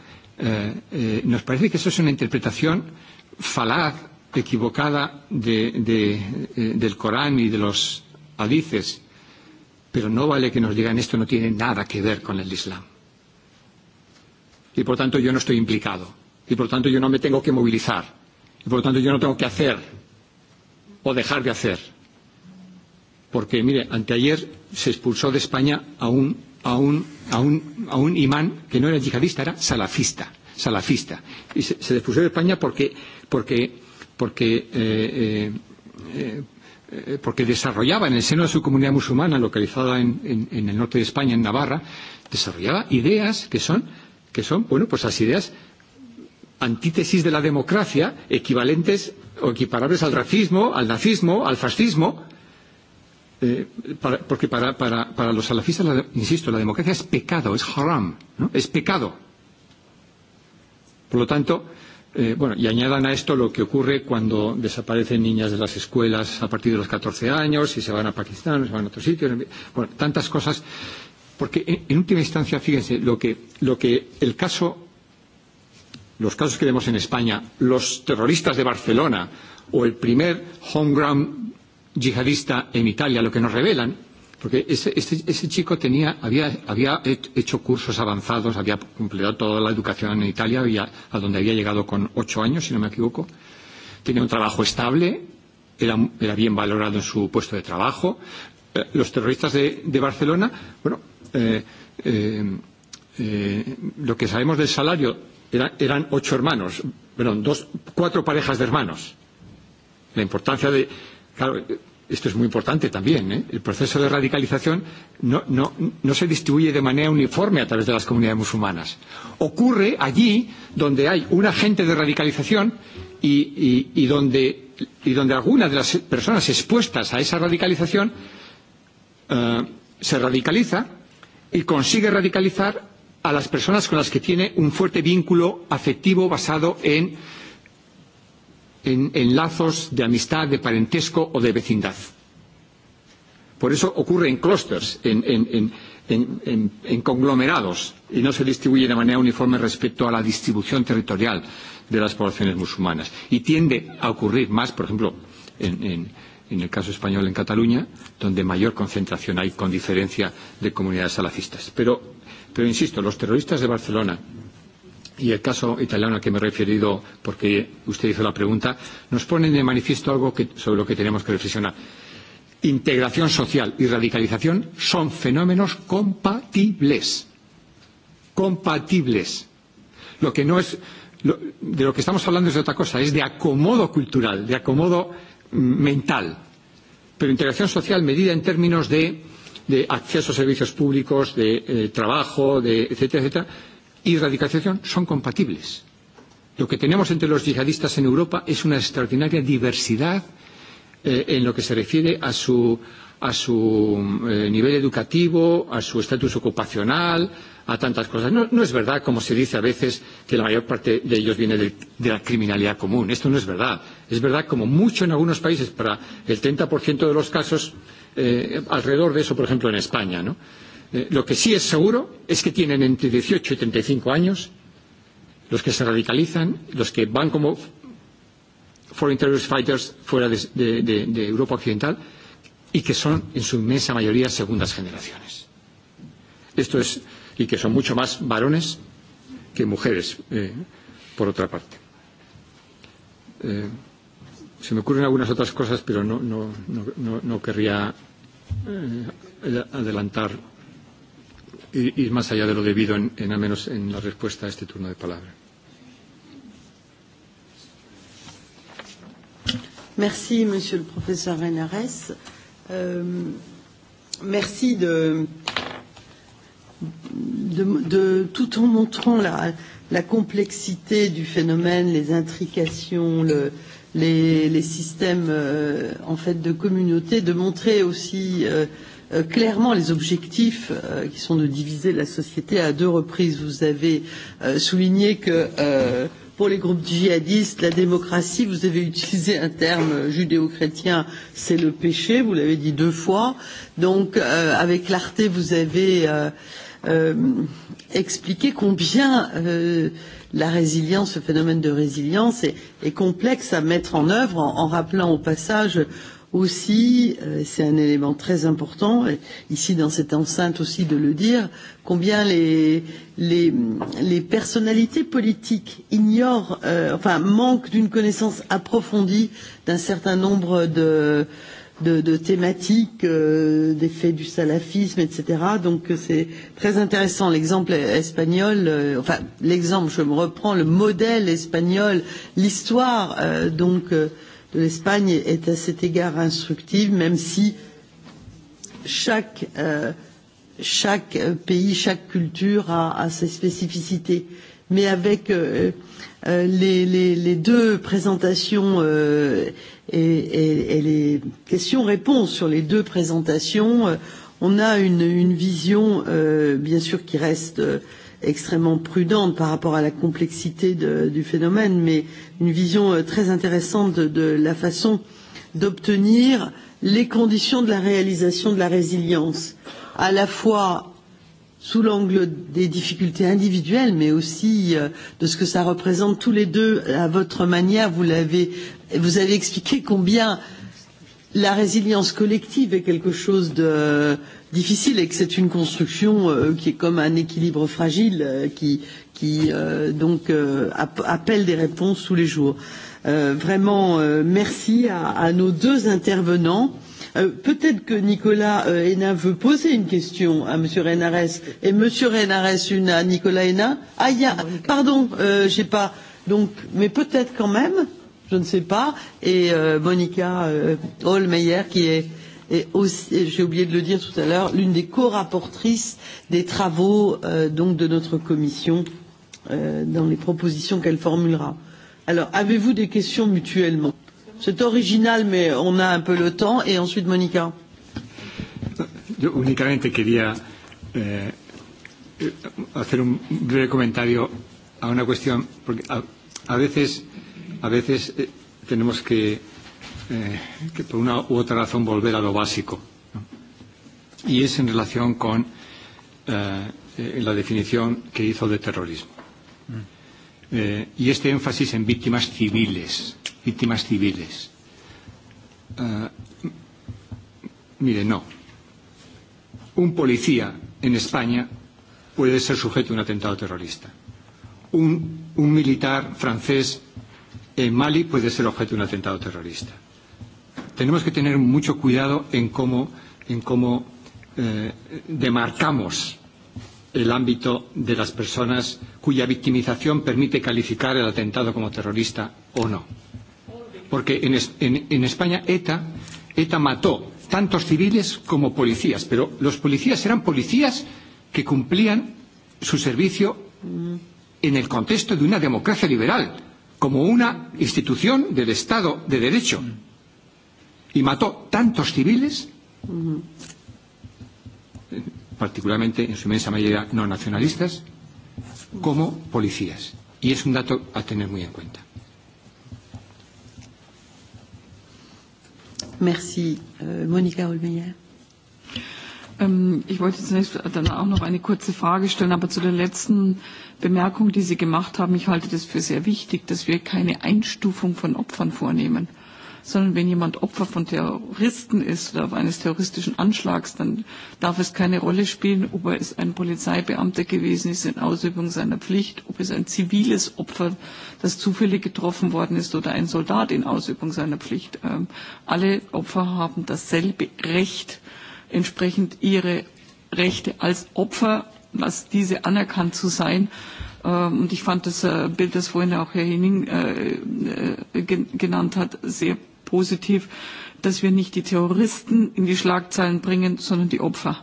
nos parece que eso es una interpretación falaz, equivocada del Corán y de los hadices, pero no vale que nos digan esto no tiene nada que ver con el Islam. Y por tanto yo no estoy implicado. Y por tanto yo no me tengo que movilizar. Y por tanto yo no tengo que hacer o dejar de hacer porque mire, anteayer se expulsó de España a un, a un, a un, a un imán que no era yihadista, era salafista, salafista. Y se, se expulsó de España porque, porque, porque, eh, eh, eh, porque desarrollaba en el seno de su comunidad musulmana, localizada en, en, en el norte de España, en Navarra, desarrollaba ideas que son, que son bueno, pues las ideas antítesis de la democracia, equivalentes o equiparables al racismo, al nazismo, al fascismo, porque para, para, para los salafistas, la, insisto, la democracia es pecado, es haram, ¿no? es pecado. Por lo tanto, eh, bueno, y añadan a esto lo que ocurre cuando desaparecen niñas de las escuelas a partir de los 14 años y se van a Pakistán, se van a otros sitios, bueno, tantas cosas. Porque en, en última instancia, fíjense, lo que, lo que el caso, los casos que vemos en España, los terroristas de Barcelona o el primer homegrown yihadista en Italia, lo que nos revelan, porque ese, ese, ese chico tenía, había, había hecho cursos avanzados, había completado toda la educación en Italia, había, a donde había llegado con ocho años, si no me equivoco, tenía un trabajo estable, era, era bien valorado en su puesto de trabajo. los terroristas de, de Barcelona, bueno, eh, eh, eh, lo que sabemos del salario era, eran ocho hermanos, perdón, dos, cuatro parejas de hermanos. La importancia de, Claro, esto es muy importante también. ¿eh? El proceso de radicalización no, no, no se distribuye de manera uniforme a través de las comunidades musulmanas. Ocurre allí donde hay un agente de radicalización y, y, y, donde, y donde algunas de las personas expuestas a esa radicalización uh, se radicaliza y consigue radicalizar a las personas con las que tiene un fuerte vínculo afectivo basado en en, lazos de amistad, de parentesco o de vecindad. Por eso ocurre en clústeres, en, conglomerados, y no se distribuye de manera uniforme respecto a la distribución territorial de las poblaciones musulmanas. Y tiende a ocurrir más, por ejemplo, en, el caso español en Cataluña, donde mayor concentración hay con diferencia de comunidades salafistas. Pero, pero insisto, los terroristas de Barcelona y el caso italiano al que me he referido, porque usted hizo la pregunta, nos ponen de manifiesto algo que, sobre lo que tenemos que reflexionar. Integración social y radicalización son fenómenos compatibles. Compatibles. Lo que no es, lo, de lo que estamos hablando es de otra cosa, es de acomodo cultural, de acomodo mental. Pero integración social medida en términos de, de acceso a servicios públicos, de eh, trabajo, de etcétera, etcétera y radicalización son compatibles. Lo que tenemos entre los yihadistas en Europa es una extraordinaria diversidad en lo que se refiere a su, a su nivel educativo, a su estatus ocupacional, a tantas cosas. No, no es verdad, como se dice a veces, que la mayor parte de ellos viene de, de la criminalidad común. Esto no es verdad. Es verdad, como mucho en algunos países, para el 30% de los casos, eh, alrededor de eso, por ejemplo, en España. ¿no? Eh, lo que sí es seguro es que tienen entre dieciocho y treinta y cinco años los que se radicalizan, los que van como foreign terrorist fighters fuera de, de, de, de Europa Occidental y que son en su inmensa mayoría segundas generaciones. Esto es, y que son mucho más varones que mujeres, eh, por otra parte. Eh, se me ocurren algunas otras cosas, pero no, no, no, no, no querría eh, adelantar ir más allá de lo debido, en, en, al menos en la respuesta a este turno de palabra. Merci, Monsieur le Professeur Renares. Euh, merci de, de, de tout en montrant la, la complexité du phénomène, les intrications, le, les, les systèmes euh, en fait de communauté, de montrer aussi euh, clairement les objectifs qui sont de diviser la société à deux reprises. Vous avez souligné que pour les groupes djihadistes, la démocratie, vous avez utilisé un terme judéo-chrétien, c'est le péché, vous l'avez dit deux fois. Donc, euh, avec clarté, vous avez euh, euh, expliqué combien euh, la résilience, ce phénomène de résilience est, est complexe à mettre en œuvre en, en rappelant au passage aussi, c'est un élément très important, ici dans cette enceinte aussi de le dire, combien les, les, les personnalités politiques ignorent, euh, enfin manquent d'une connaissance approfondie d'un certain nombre de, de, de thématiques, euh, des faits du salafisme, etc. Donc c'est très intéressant. L'exemple espagnol, euh, enfin l'exemple, je me reprends, le modèle espagnol, l'histoire, euh, donc. Euh, de l'Espagne est à cet égard instructive, même si chaque, euh, chaque pays, chaque culture a, a ses spécificités. Mais avec euh, les, les, les deux présentations euh, et, et, et les questions-réponses sur les deux présentations, euh, on a une, une vision, euh, bien sûr, qui reste. Euh, extrêmement prudente par rapport à la complexité de, du phénomène, mais une vision très intéressante de, de la façon d'obtenir les conditions de la réalisation de la résilience, à la fois sous l'angle des difficultés individuelles, mais aussi de ce que ça représente tous les deux à votre manière. Vous, l'avez, vous avez expliqué combien la résilience collective est quelque chose de, difficile et que c'est une construction euh, qui est comme un équilibre fragile euh, qui, qui euh, donc euh, appelle des réponses tous les jours. Euh, vraiment, euh, merci à, à nos deux intervenants. Euh, Peut-être que Nicolas euh, Hénin veut poser une question à M. Renares et M. Renares une à Nicolas Hénin. Ah, y a, pardon, euh, je n'ai pas. Donc, mais peut-être quand même, je ne sais pas. Et euh, Monica euh, Holmeyer qui est et aussi, j'ai oublié de le dire tout à l'heure, l'une des co-rapportrices des travaux euh, donc de notre commission euh, dans les propositions qu'elle formulera. Alors, avez-vous des questions mutuellement C'est original, mais on a un peu le temps. Et ensuite, Monica. Yo únicamente quería eh, hacer un breve comentario a una cuestión, porque a, a veces, a veces eh, tenemos que que por una u otra razón volver a lo básico. ¿no? Y es en relación con eh, la definición que hizo de terrorismo. Eh, y este énfasis en víctimas civiles, víctimas civiles. Uh, mire, no. Un policía en España puede ser sujeto a un atentado terrorista. Un, un militar francés en Mali puede ser objeto de un atentado terrorista tenemos que tener mucho cuidado en cómo, en cómo eh, demarcamos el ámbito de las personas cuya victimización permite calificar el atentado como terrorista o no. Porque en, en, en España ETA, ETA mató tantos civiles como policías, pero los policías eran policías que cumplían su servicio en el contexto de una democracia liberal, como una institución del Estado de Derecho y mató tantos civiles, particularmente en su inmensa mayoría no nacionalistas, como policías. Y es un dato a tener muy en cuenta. Merci. Monika Olmeyer. Ich wollte zunächst dann auch noch eine kurze Frage stellen, aber zu der letzten Bemerkung, die Sie gemacht haben. Ich halte das für sehr wichtig, dass wir keine Einstufung von Opfern vornehmen sondern wenn jemand Opfer von Terroristen ist oder eines terroristischen Anschlags, dann darf es keine Rolle spielen, ob er es ein Polizeibeamter gewesen ist in Ausübung seiner Pflicht, ob es ein ziviles Opfer, das zufällig getroffen worden ist, oder ein Soldat in Ausübung seiner Pflicht. Alle Opfer haben dasselbe Recht, entsprechend ihre Rechte als Opfer, als diese anerkannt zu sein. Und ich fand das Bild, das vorhin auch Herr Henning genannt hat, sehr positiv, dass wir nicht die Terroristen in die Schlagzeilen bringen, sondern die Opfer.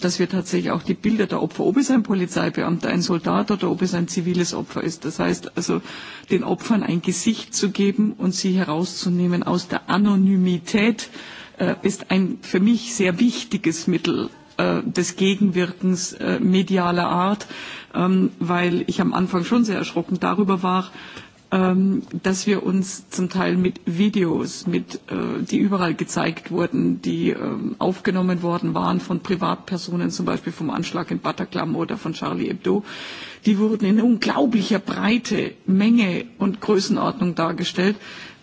Dass wir tatsächlich auch die Bilder der Opfer, ob es ein Polizeibeamter, ein Soldat oder ob es ein ziviles Opfer ist. Das heißt also, den Opfern ein Gesicht zu geben und sie herauszunehmen aus der Anonymität, ist ein für mich sehr wichtiges Mittel des Gegenwirkens medialer Art, weil ich am Anfang schon sehr erschrocken darüber war, dass wir uns zum Teil mit Videos, mit, die überall gezeigt wurden, die aufgenommen worden waren von Privatpersonen, zum Beispiel vom Anschlag in Bataclan oder von Charlie Hebdo, die wurden in unglaublicher Breite, Menge und Größenordnung dargestellt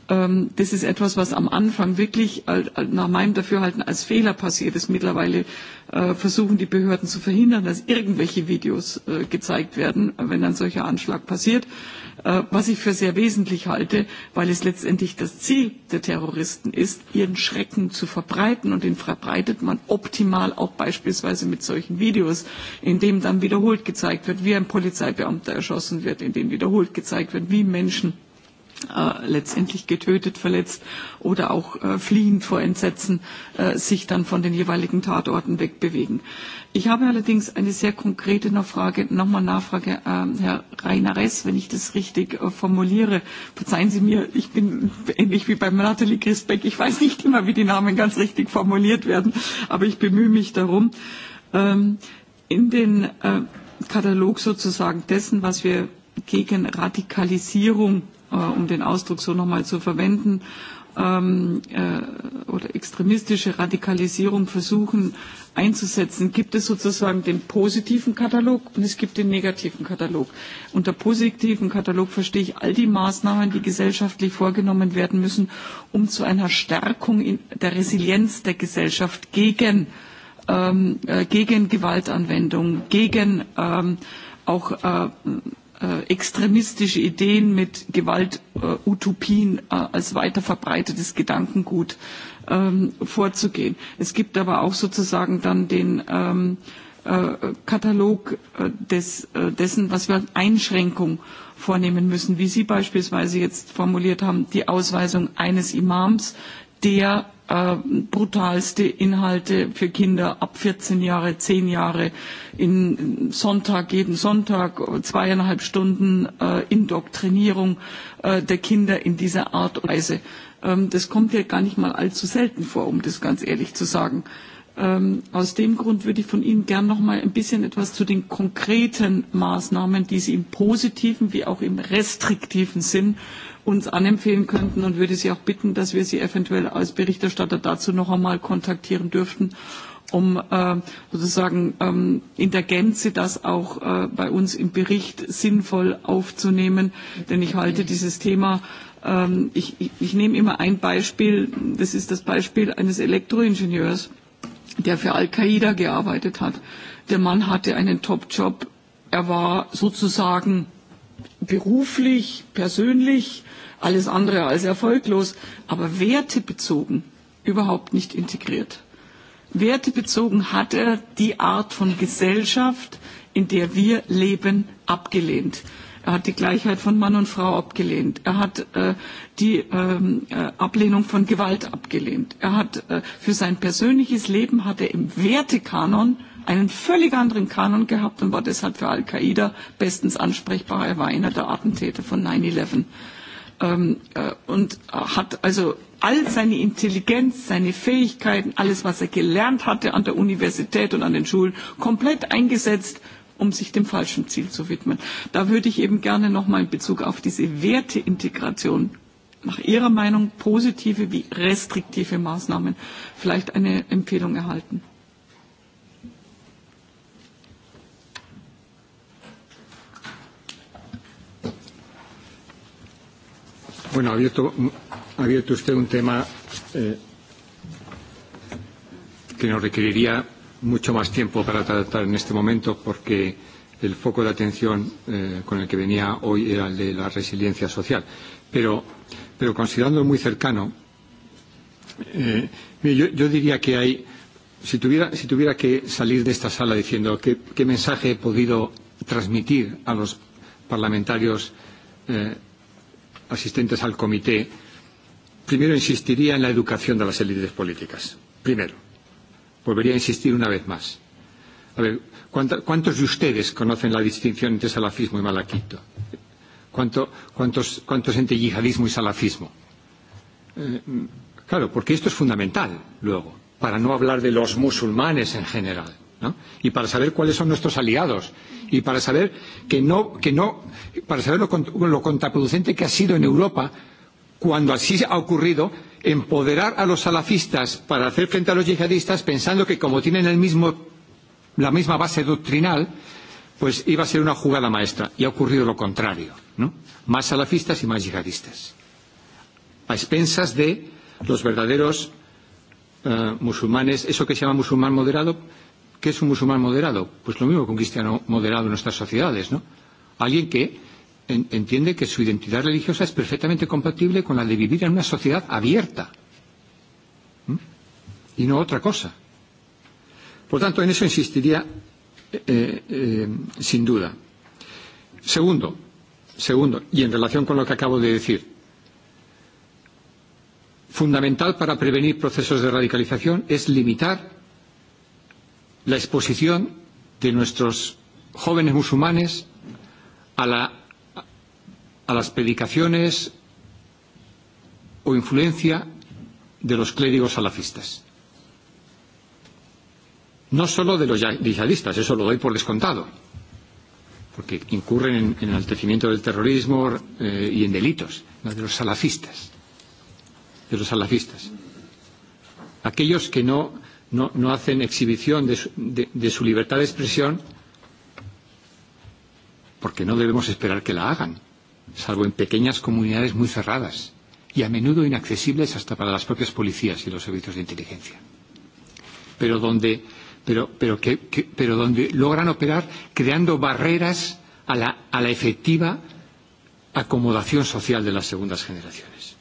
das ist etwas, was am Anfang wirklich nach meinem Dafürhalten als Fehler passiert ist. Mittlerweile versuchen die Behörden zu verhindern, dass irgendwelche Videos gezeigt werden, wenn ein solcher Anschlag passiert, was ich für sehr wesentlich halte, weil es letztendlich das Ziel der Terroristen ist, ihren Schrecken zu verbreiten und den verbreitet man optimal auch beispielsweise mit solchen Videos, in dem dann wiederholt gezeigt wird, wie ein Polizeibeamter erschossen wird, in dem wiederholt gezeigt wird, wie Menschen letztendlich getötet, verletzt oder auch fliehend vor Entsetzen sich dann von den jeweiligen Tatorten wegbewegen. Ich habe allerdings eine sehr konkrete Nachfrage, nochmal Nachfrage, Herr Reinares, wenn ich das richtig formuliere. Verzeihen Sie mir, ich bin ähnlich wie bei Nathalie Grisbeck, ich weiß nicht immer, wie die Namen ganz richtig formuliert werden, aber ich bemühe mich darum. in den Katalog sozusagen dessen, was wir gegen Radikalisierung um den Ausdruck so nochmal zu verwenden, oder extremistische Radikalisierung versuchen einzusetzen, gibt es sozusagen den positiven Katalog und es gibt den negativen Katalog. Unter positiven Katalog verstehe ich all die Maßnahmen, die gesellschaftlich vorgenommen werden müssen, um zu einer Stärkung der Resilienz der Gesellschaft gegen, gegen Gewaltanwendung, gegen auch extremistische Ideen mit Gewaltutopien als weiter verbreitetes Gedankengut vorzugehen. Es gibt aber auch sozusagen dann den Katalog dessen, was wir Einschränkung vornehmen müssen, wie Sie beispielsweise jetzt formuliert haben, die Ausweisung eines Imams, der brutalste Inhalte für Kinder ab 14 Jahre, 10 Jahre, in Sonntag, jeden Sonntag, zweieinhalb Stunden Indoktrinierung der Kinder in dieser Art und Weise. Das kommt ja gar nicht mal allzu selten vor, um das ganz ehrlich zu sagen. Aus dem Grund würde ich von Ihnen gern noch mal ein bisschen etwas zu den konkreten Maßnahmen, die Sie im positiven wie auch im restriktiven Sinn uns anempfehlen könnten und würde Sie auch bitten, dass wir Sie eventuell als Berichterstatter dazu noch einmal kontaktieren dürften, um sozusagen in der Gänze das auch bei uns im Bericht sinnvoll aufzunehmen. Denn ich halte dieses Thema ich, nehme immer ein Beispiel, das ist das Beispiel eines Elektroingenieurs, der für Al-Qaida gearbeitet hat. Der Mann hatte einen Top-Job, er war sozusagen beruflich, persönlich, alles andere als erfolglos, aber wertebezogen überhaupt nicht integriert. Wertebezogen hat er die Art von Gesellschaft, in der wir leben, abgelehnt. Er hat die Gleichheit von Mann und Frau abgelehnt. Er hat äh, die ähm, äh, Ablehnung von Gewalt abgelehnt. Er hat äh, für sein persönliches Leben hat er im Wertekanon äh, einen völlig anderen Kanon gehabt und war deshalb für Al-Qaida bestens ansprechbar. Er war einer der Attentäter von 9-11 und hat also all seine Intelligenz, seine Fähigkeiten, alles, was er gelernt hatte an der Universität und an den Schulen, komplett eingesetzt, um sich dem falschen Ziel zu widmen. Da würde ich eben gerne nochmal in Bezug auf diese Werteintegration nach Ihrer Meinung positive wie restriktive Maßnahmen vielleicht eine Empfehlung erhalten. Bueno, ha abierto, ha abierto usted un tema eh, que nos requeriría mucho más tiempo para tratar en este momento porque el foco de atención eh, con el que venía hoy era el de la resiliencia social. Pero, pero considerando muy cercano, eh, mire, yo, yo diría que hay, si tuviera, si tuviera que salir de esta sala diciendo qué, qué mensaje he podido transmitir a los parlamentarios eh, asistentes al comité, primero insistiría en la educación de las élites políticas. Primero. Volvería a insistir una vez más. A ver, ¿cuántos de ustedes conocen la distinción entre salafismo y malaquito? ¿Cuánto, cuántos, ¿Cuántos entre yihadismo y salafismo? Eh, claro, porque esto es fundamental luego, para no hablar de los musulmanes en general y para saber cuáles son nuestros aliados y para saber que no, que no para saber lo, lo contraproducente que ha sido en Europa cuando así ha ocurrido empoderar a los salafistas para hacer frente a los yihadistas pensando que como tienen el mismo, la misma base doctrinal pues iba a ser una jugada maestra y ha ocurrido lo contrario ¿no? más salafistas y más yihadistas a expensas de los verdaderos musulmanes, eso que se llama musulmán moderado, ¿Qué es un musulmán moderado? Pues lo mismo que un cristiano moderado en nuestras sociedades, ¿no? Alguien que en, entiende que su identidad religiosa es perfectamente compatible con la de vivir en una sociedad abierta ¿Mm? y no otra cosa. Por tanto, en eso insistiría eh, eh, sin duda. Segundo, segundo, y en relación con lo que acabo de decir, fundamental para prevenir procesos de radicalización es limitar la exposición de nuestros jóvenes musulmanes a, la, a las predicaciones o influencia de los clérigos salafistas. No solo de los yihadistas, eso lo doy por descontado, porque incurren en, en el altecimiento del terrorismo eh, y en delitos, no de los salafistas, de los salafistas. Aquellos que no no, no hacen exhibición de su, de, de su libertad de expresión porque no debemos esperar que la hagan, salvo en pequeñas comunidades muy cerradas y a menudo inaccesibles hasta para las propias policías y los servicios de inteligencia. Pero donde, pero, pero que, que, pero donde logran operar creando barreras a la, a la efectiva acomodación social de las segundas generaciones.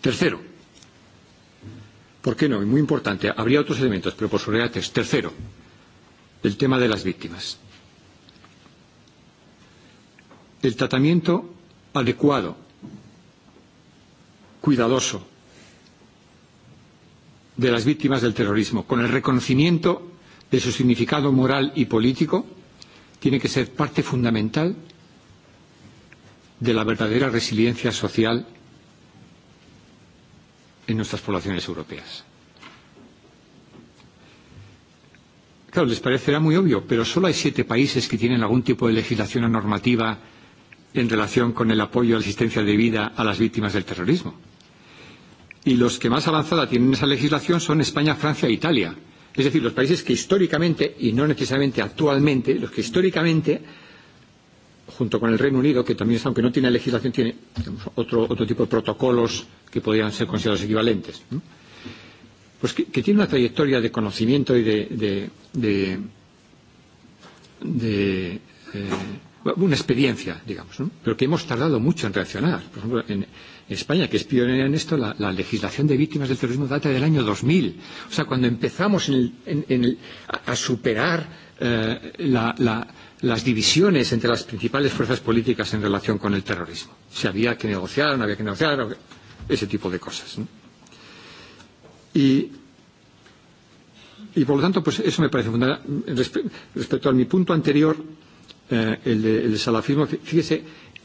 Tercero, ¿Por qué no? Y muy importante, habría otros elementos, pero por su es Tercero, el tema de las víctimas. El tratamiento adecuado, cuidadoso, de las víctimas del terrorismo, con el reconocimiento de su significado moral y político, tiene que ser parte fundamental de la verdadera resiliencia social en nuestras poblaciones europeas. Claro, les parecerá muy obvio, pero solo hay siete países que tienen algún tipo de legislación o normativa en relación con el apoyo a la asistencia debida a las víctimas del terrorismo. Y los que más avanzada tienen esa legislación son España, Francia e Italia. Es decir, los países que históricamente, y no necesariamente actualmente, los que históricamente junto con el Reino Unido, que también, aunque no tiene legislación, tiene digamos, otro, otro tipo de protocolos que podrían ser considerados equivalentes. ¿no? Pues que, que tiene una trayectoria de conocimiento y de, de, de, de eh, una experiencia, digamos, ¿no? pero que hemos tardado mucho en reaccionar. Por ejemplo, en España, que es pionera en esto, la, la legislación de víctimas del terrorismo data del año 2000. O sea, cuando empezamos en el, en, en el, a, a superar eh, la, la, las divisiones entre las principales fuerzas políticas en relación con el terrorismo. Si había que negociar, o no había que negociar, ese tipo de cosas. ¿no? Y, y por lo tanto, pues eso me parece fundamental. Respe respecto a mi punto anterior, eh, el, de, el salafismo, fíjese,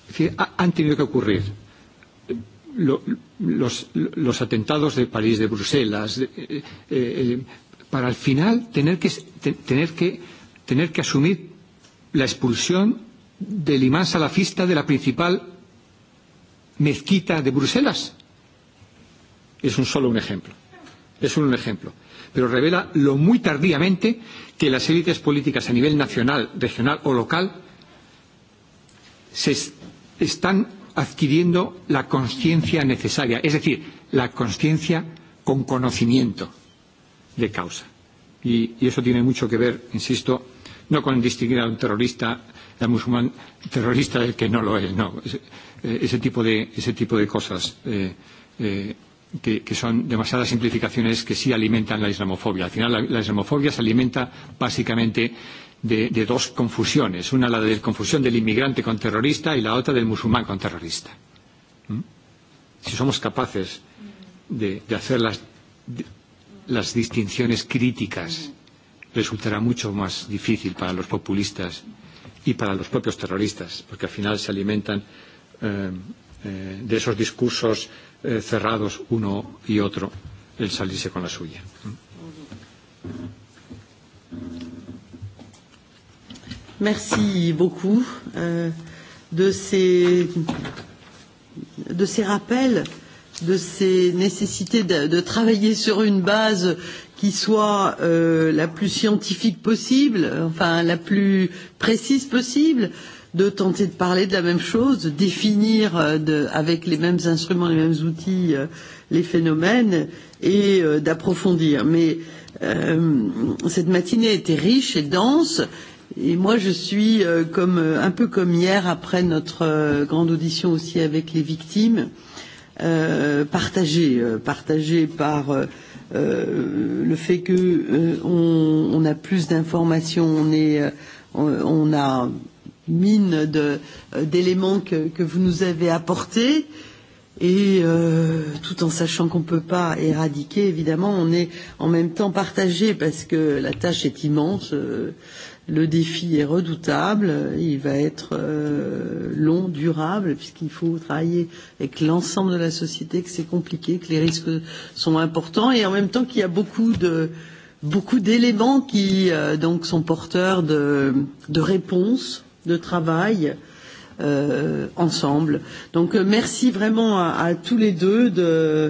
fíjese ha, han tenido que ocurrir lo, los, los atentados de París, de Bruselas, de, eh, eh, para al final tener que, te, tener que, tener que asumir la expulsión del imán salafista de la principal mezquita de Bruselas. Es un solo un ejemplo. Es un ejemplo. Pero revela lo muy tardíamente que las élites políticas a nivel nacional, regional o local se están adquiriendo la conciencia necesaria, es decir, la conciencia con conocimiento de causa. Y, y eso tiene mucho que ver, insisto, no con distinguir a un terrorista a musulmán terrorista del que no lo es, no. Ese, tipo, de, ese tipo de cosas eh, eh, que, que son demasiadas simplificaciones que sí alimentan la islamofobia. Al final, la, la islamofobia se alimenta básicamente de, de dos confusiones. Una, la de confusión del inmigrante con terrorista y la otra del musulmán con terrorista. ¿Mm? Si somos capaces de, de hacer las, de, las distinciones críticas resultará mucho más difícil para los populistas y para los propios terroristas, porque al final se alimentan eh, eh, de esos discursos eh, cerrados uno y otro el salirse con la suya. Merci beaucoup euh, de, ces, de ces rappels, de ces nécessités de, de travailler sur une base qui soit euh, la plus scientifique possible, enfin la plus précise possible, de tenter de parler de la même chose, de définir euh, de, avec les mêmes instruments, les mêmes outils, euh, les phénomènes et euh, d'approfondir. Mais euh, cette matinée était riche et dense. Et moi, je suis euh, comme, un peu comme hier, après notre euh, grande audition aussi avec les victimes, euh, partagée, euh, partagée par euh, le fait que euh, on, on a plus d'informations, on est, euh, on a mine d'éléments que, que vous nous avez apportés. Et euh, tout en sachant qu'on ne peut pas éradiquer, évidemment, on est en même temps partagé parce que la tâche est immense. Euh, Le défi est redoutable, il va être long, durable, puisqu'il faut travailler avec l'ensemble de la société, que c'est compliqué, que les risques sont importants, et en même temps qu'il y a beaucoup de beaucoup d'éléments qui euh, donc sont porteurs de, de réponses, de travail, euh, ensemble. Donc merci vraiment à, à tous les deux de, euh,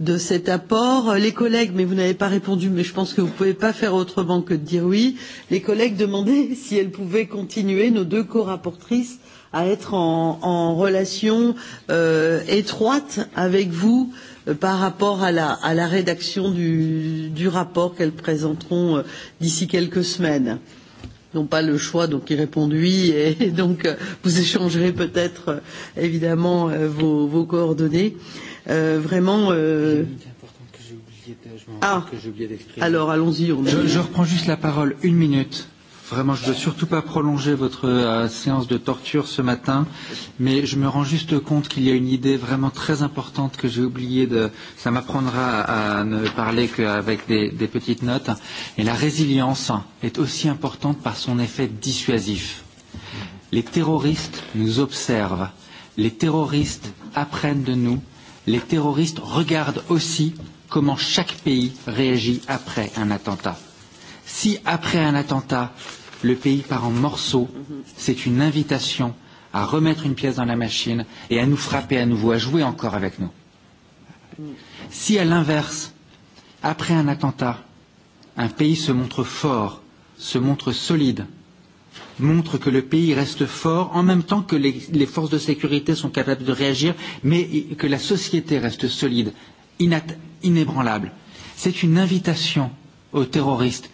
de cet apport. Les collègues, mais vous n'avez pas répondu, mais je pense que vous ne pouvez pas faire autrement que de dire oui. Les collègues demandaient si elles pouvaient continuer, nos deux co-rapportrices, à être en, en relation euh, étroite avec vous euh, par rapport à la, à la rédaction du, du rapport qu'elles présenteront euh, d'ici quelques semaines n'ont pas le choix, donc ils répondent oui, et donc vous échangerez peut-être évidemment vos, vos coordonnées. Euh, vraiment. Euh... Ah, alors allons-y. Je, je reprends juste la parole une minute. Vraiment, je ne veux surtout pas prolonger votre euh, séance de torture ce matin, mais je me rends juste compte qu'il y a une idée vraiment très importante que j'ai oublié de. Ça m'apprendra à, à ne parler qu'avec des, des petites notes. Et la résilience est aussi importante par son effet dissuasif. Les terroristes nous observent. Les terroristes apprennent de nous les terroristes regardent aussi comment chaque pays réagit après un attentat. Si après un attentat, le pays part en morceaux, c'est une invitation à remettre une pièce dans la machine et à nous frapper à nouveau, à jouer encore avec nous. Si à l'inverse, après un attentat, un pays se montre fort, se montre solide, montre que le pays reste fort, en même temps que les, les forces de sécurité sont capables de réagir, mais que la société reste solide, inébranlable. C'est une invitation aux terroristes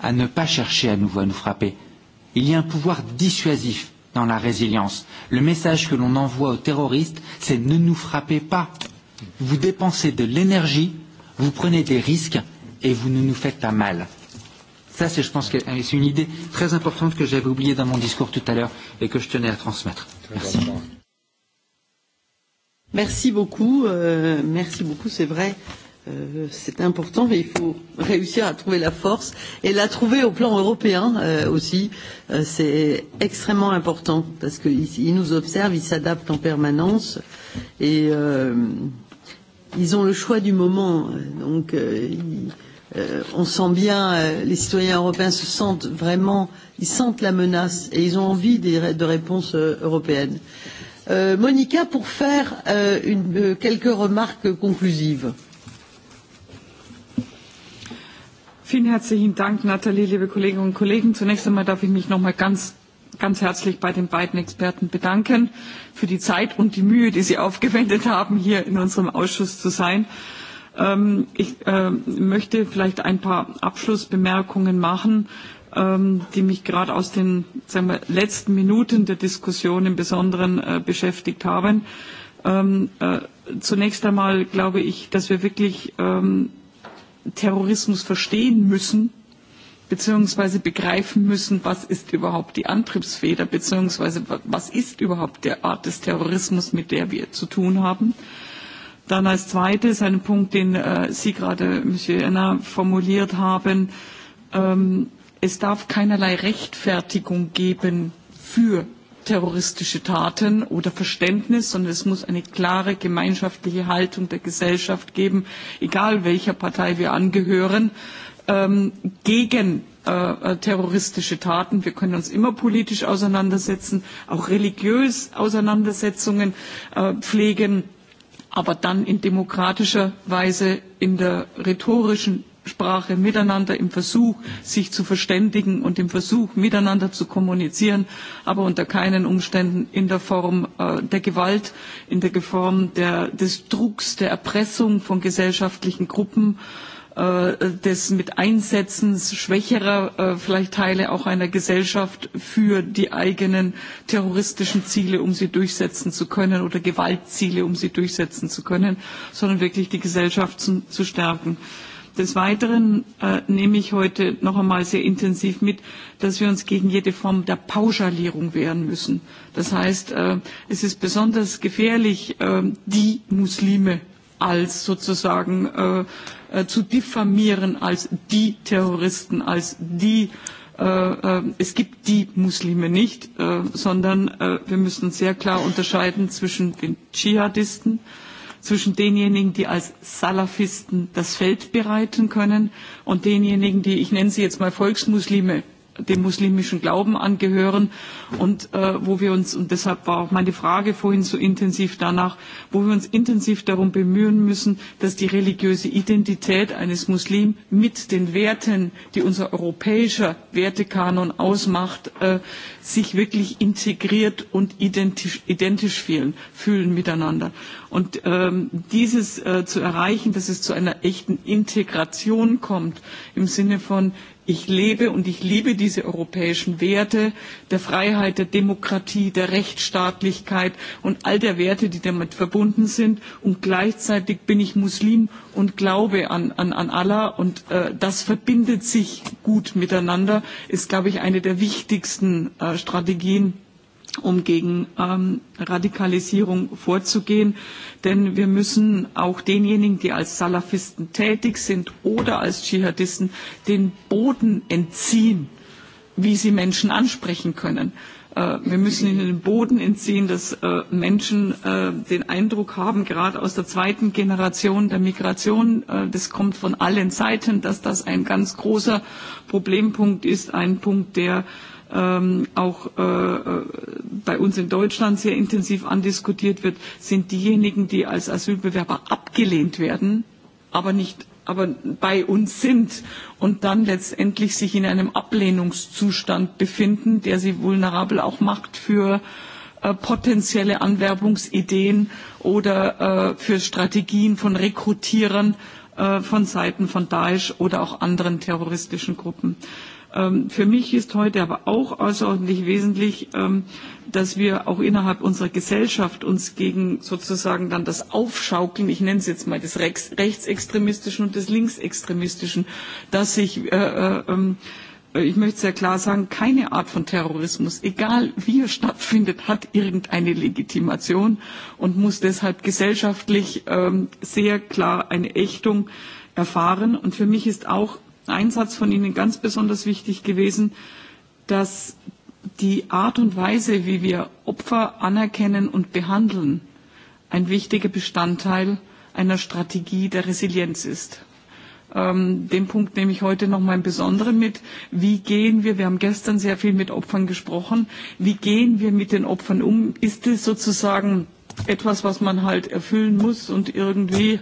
à ne pas chercher à nouveau à nous frapper. Il y a un pouvoir dissuasif dans la résilience. Le message que l'on envoie aux terroristes, c'est ne nous frappez pas. Vous dépensez de l'énergie, vous prenez des risques et vous ne nous faites pas mal. Ça, c'est, je pense, que c'est une idée très importante que j'avais oubliée dans mon discours tout à l'heure et que je tenais à transmettre. Merci. Merci beaucoup. Euh, merci beaucoup. C'est vrai, euh, c'est important, mais il faut réussir à trouver la force et la trouver au plan européen euh, aussi. Euh, c'est extrêmement important parce qu'ils nous observent, ils s'adaptent en permanence et euh, ils ont le choix du moment. Donc, euh, ils, euh, on sent bien, euh, les citoyens européens se sentent vraiment, ils sentent la menace et ils ont envie des, de réponses euh, européennes. Euh, Monica, pour faire euh, une, euh, quelques remarques conclusives. Vielen herzlichen Dank, Nathalie, liebe Kolleginnen und Kollegen. Zunächst einmal darf ich mich noch mal ganz ganz herzlich bei den beiden Experten bedanken für die Zeit und die Mühe, die sie aufgewendet haben, hier in unserem Ausschuss zu sein. Ich möchte vielleicht ein paar Abschlussbemerkungen machen, die mich gerade aus den sagen wir, letzten Minuten der Diskussion im Besonderen beschäftigt haben. Zunächst einmal glaube ich, dass wir wirklich Terrorismus verstehen müssen beziehungsweise begreifen müssen, was ist überhaupt die Antriebsfeder, beziehungsweise was ist überhaupt die Art des Terrorismus, mit der wir zu tun haben. Äh, Dann als zweites ein Punkt, den äh, Sie gerade, Monsieur Enna, formuliert haben. Ähm, es darf keinerlei Rechtfertigung geben für terroristische Taten oder Verständnis, sondern es muss eine klare gemeinschaftliche Haltung der Gesellschaft geben, egal welcher Partei wir angehören, gegen terroristische Taten. Wir können uns immer politisch auseinandersetzen, auch religiös Auseinandersetzungen pflegen aber dann in demokratischer Weise in der rhetorischen Sprache, miteinander im Versuch, sich zu verständigen und im Versuch, miteinander zu kommunizieren, aber unter keinen Umständen in der Form der Gewalt, in der Form des Drucks, der Erpressung von gesellschaftlichen Gruppen des mit Einsetzens schwächerer vielleicht Teile auch einer Gesellschaft für die eigenen terroristischen Ziele, um sie durchsetzen zu können oder Gewaltziele, um sie durchsetzen zu können, sondern wirklich die Gesellschaft zu stärken. Des Weiteren nehme ich heute noch einmal sehr intensiv mit, dass wir uns gegen jede Form der Pauschalierung wehren müssen. Das heißt, es ist besonders gefährlich, die Muslime als sozusagen zu diffamieren, als die Terroristen, als die es gibt die Muslime nicht, sondern wir müssen sehr klar unterscheiden zwischen den Dschihadisten, äh, zwischen denjenigen, die als Salafisten das Feld bereiten können und denjenigen, die, ich nenne sie jetzt mal Volksmuslime, dem muslimischen Glauben angehören und wo wir uns, und deshalb war auch meine Frage vorhin so intensiv danach, wo wir uns intensiv darum bemühen müssen, dass die religiöse Identität eines Muslims mit den Werten, die unser europäischer Wertekanon ausmacht, sich wirklich integriert und identisch fühlen miteinander. Und dieses zu erreichen, dass es zu einer echten Integration kommt, im Sinne von Ich lebe und ich liebe diese europäischen Werte der Freiheit, der Demokratie, der Rechtsstaatlichkeit und all der Werte, die damit verbunden sind. Und gleichzeitig bin ich Muslim und glaube an, Allah. Und das verbindet sich gut miteinander, ist, glaube ich, eine der wichtigsten Strategien, um gegen Radikalisierung vorzugehen. Denn wir müssen auch denjenigen, die als Salafisten tätig sind oder als Dschihadisten, den Boden entziehen, wie sie Menschen ansprechen können. Wir müssen ihnen den Boden entziehen, dass Menschen den Eindruck haben, gerade aus der zweiten Generation der Migration, das kommt von allen Seiten, dass das ein ganz großer Problempunkt ist, ein Punkt, der auch bei uns in Deutschland sehr intensiv andiskutiert wird, sind diejenigen, die als Asylbewerber abgelehnt werden, aber nicht aber bei uns sind und dann letztendlich sich in einem Ablehnungszustand befinden, der sie vulnerabel auch macht für potenzielle Anwerbungsideen oder für Strategien von Rekrutierern von Seiten von Daesh oder auch anderen terroristischen Gruppen. Für mich ist heute aber auch außerordentlich wesentlich, dass wir auch innerhalb unserer Gesellschaft uns gegen sozusagen dann das Aufschaukeln, ich nenne es jetzt mal des rechtsextremistischen und des linksextremistischen, dass sich ich möchte sehr klar sagen, keine Art von Terrorismus, egal wie er stattfindet, hat irgendeine Legitimation und muss deshalb gesellschaftlich sehr klar eine Ächtung erfahren. Und für mich ist auch ein Satz von Ihnen ganz besonders wichtig gewesen, dass die Art und Weise, wie wir Opfer anerkennen und behandeln, ein wichtiger Bestandteil einer Strategie der Resilienz ist. Den Punkt nehme ich heute noch mal im Besonderen mit. Wie gehen wir, wir haben gestern sehr viel mit Opfern gesprochen, wie gehen wir mit den Opfern um? Ist es sozusagen etwas, was man halt erfüllen muss und irgendwie äh,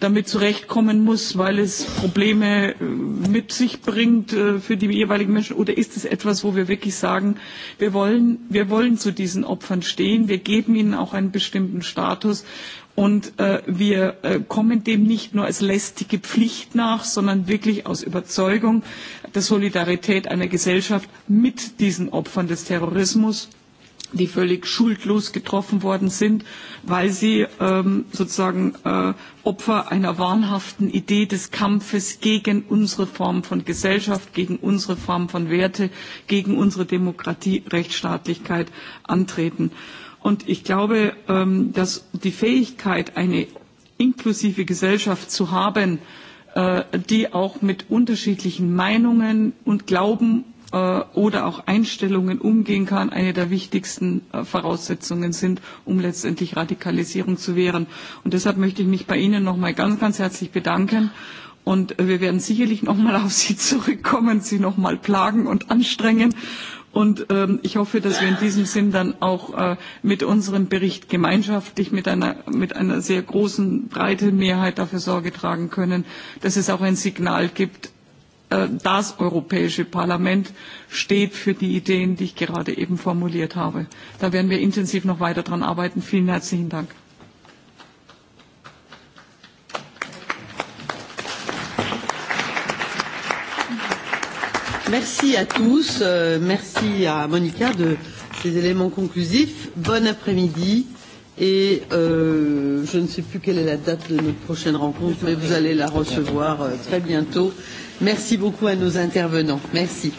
damit zurechtkommen muss, weil es Probleme mit sich bringt für die jeweiligen Menschen? Oder ist es etwas, wo wir wirklich sagen, wir wollen, wir wollen zu diesen Opfern stehen, wir geben ihnen auch einen bestimmten Status und wir kommen dem nicht nur als lästige Pflicht nach, sondern wirklich aus Überzeugung der Solidarität einer Gesellschaft mit diesen Opfern des Terrorismus die völlig schuldlos getroffen worden sind, weil sie sozusagen Opfer einer wahnhaften Idee des Kampfes gegen unsere Form von Gesellschaft, gegen unsere Form von Werte, gegen unsere Demokratie, Rechtsstaatlichkeit antreten. Und ich glaube, dass die Fähigkeit, eine inklusive Gesellschaft zu haben, die auch mit unterschiedlichen Meinungen und Glauben oder auch Einstellungen umgehen kann, eine der wichtigsten Voraussetzungen sind, um letztendlich Radikalisierung zu wehren. Und deshalb möchte ich mich bei Ihnen nochmal ganz, ganz herzlich bedanken. Und wir werden sicherlich noch einmal auf Sie zurückkommen, Sie nochmal plagen und anstrengen. Und ich hoffe, dass wir in diesem Sinn dann auch mit unserem Bericht gemeinschaftlich mit einer, sehr großen, breiten Mehrheit dafür Sorge tragen können, dass es auch ein Signal gibt das Europäische Parlament steht für die Ideen, die ich gerade eben formuliert habe. Da werden wir intensiv noch weiter daran arbeiten. Vielen herzlichen Dank. Merci à tous, merci à Monica de ces éléments conclusifs. Bon après-midi et euh, je ne sais plus quelle est la date de notre prochaine rencontre, mais vous allez la recevoir très bientôt. Merci beaucoup à nos intervenants. Merci.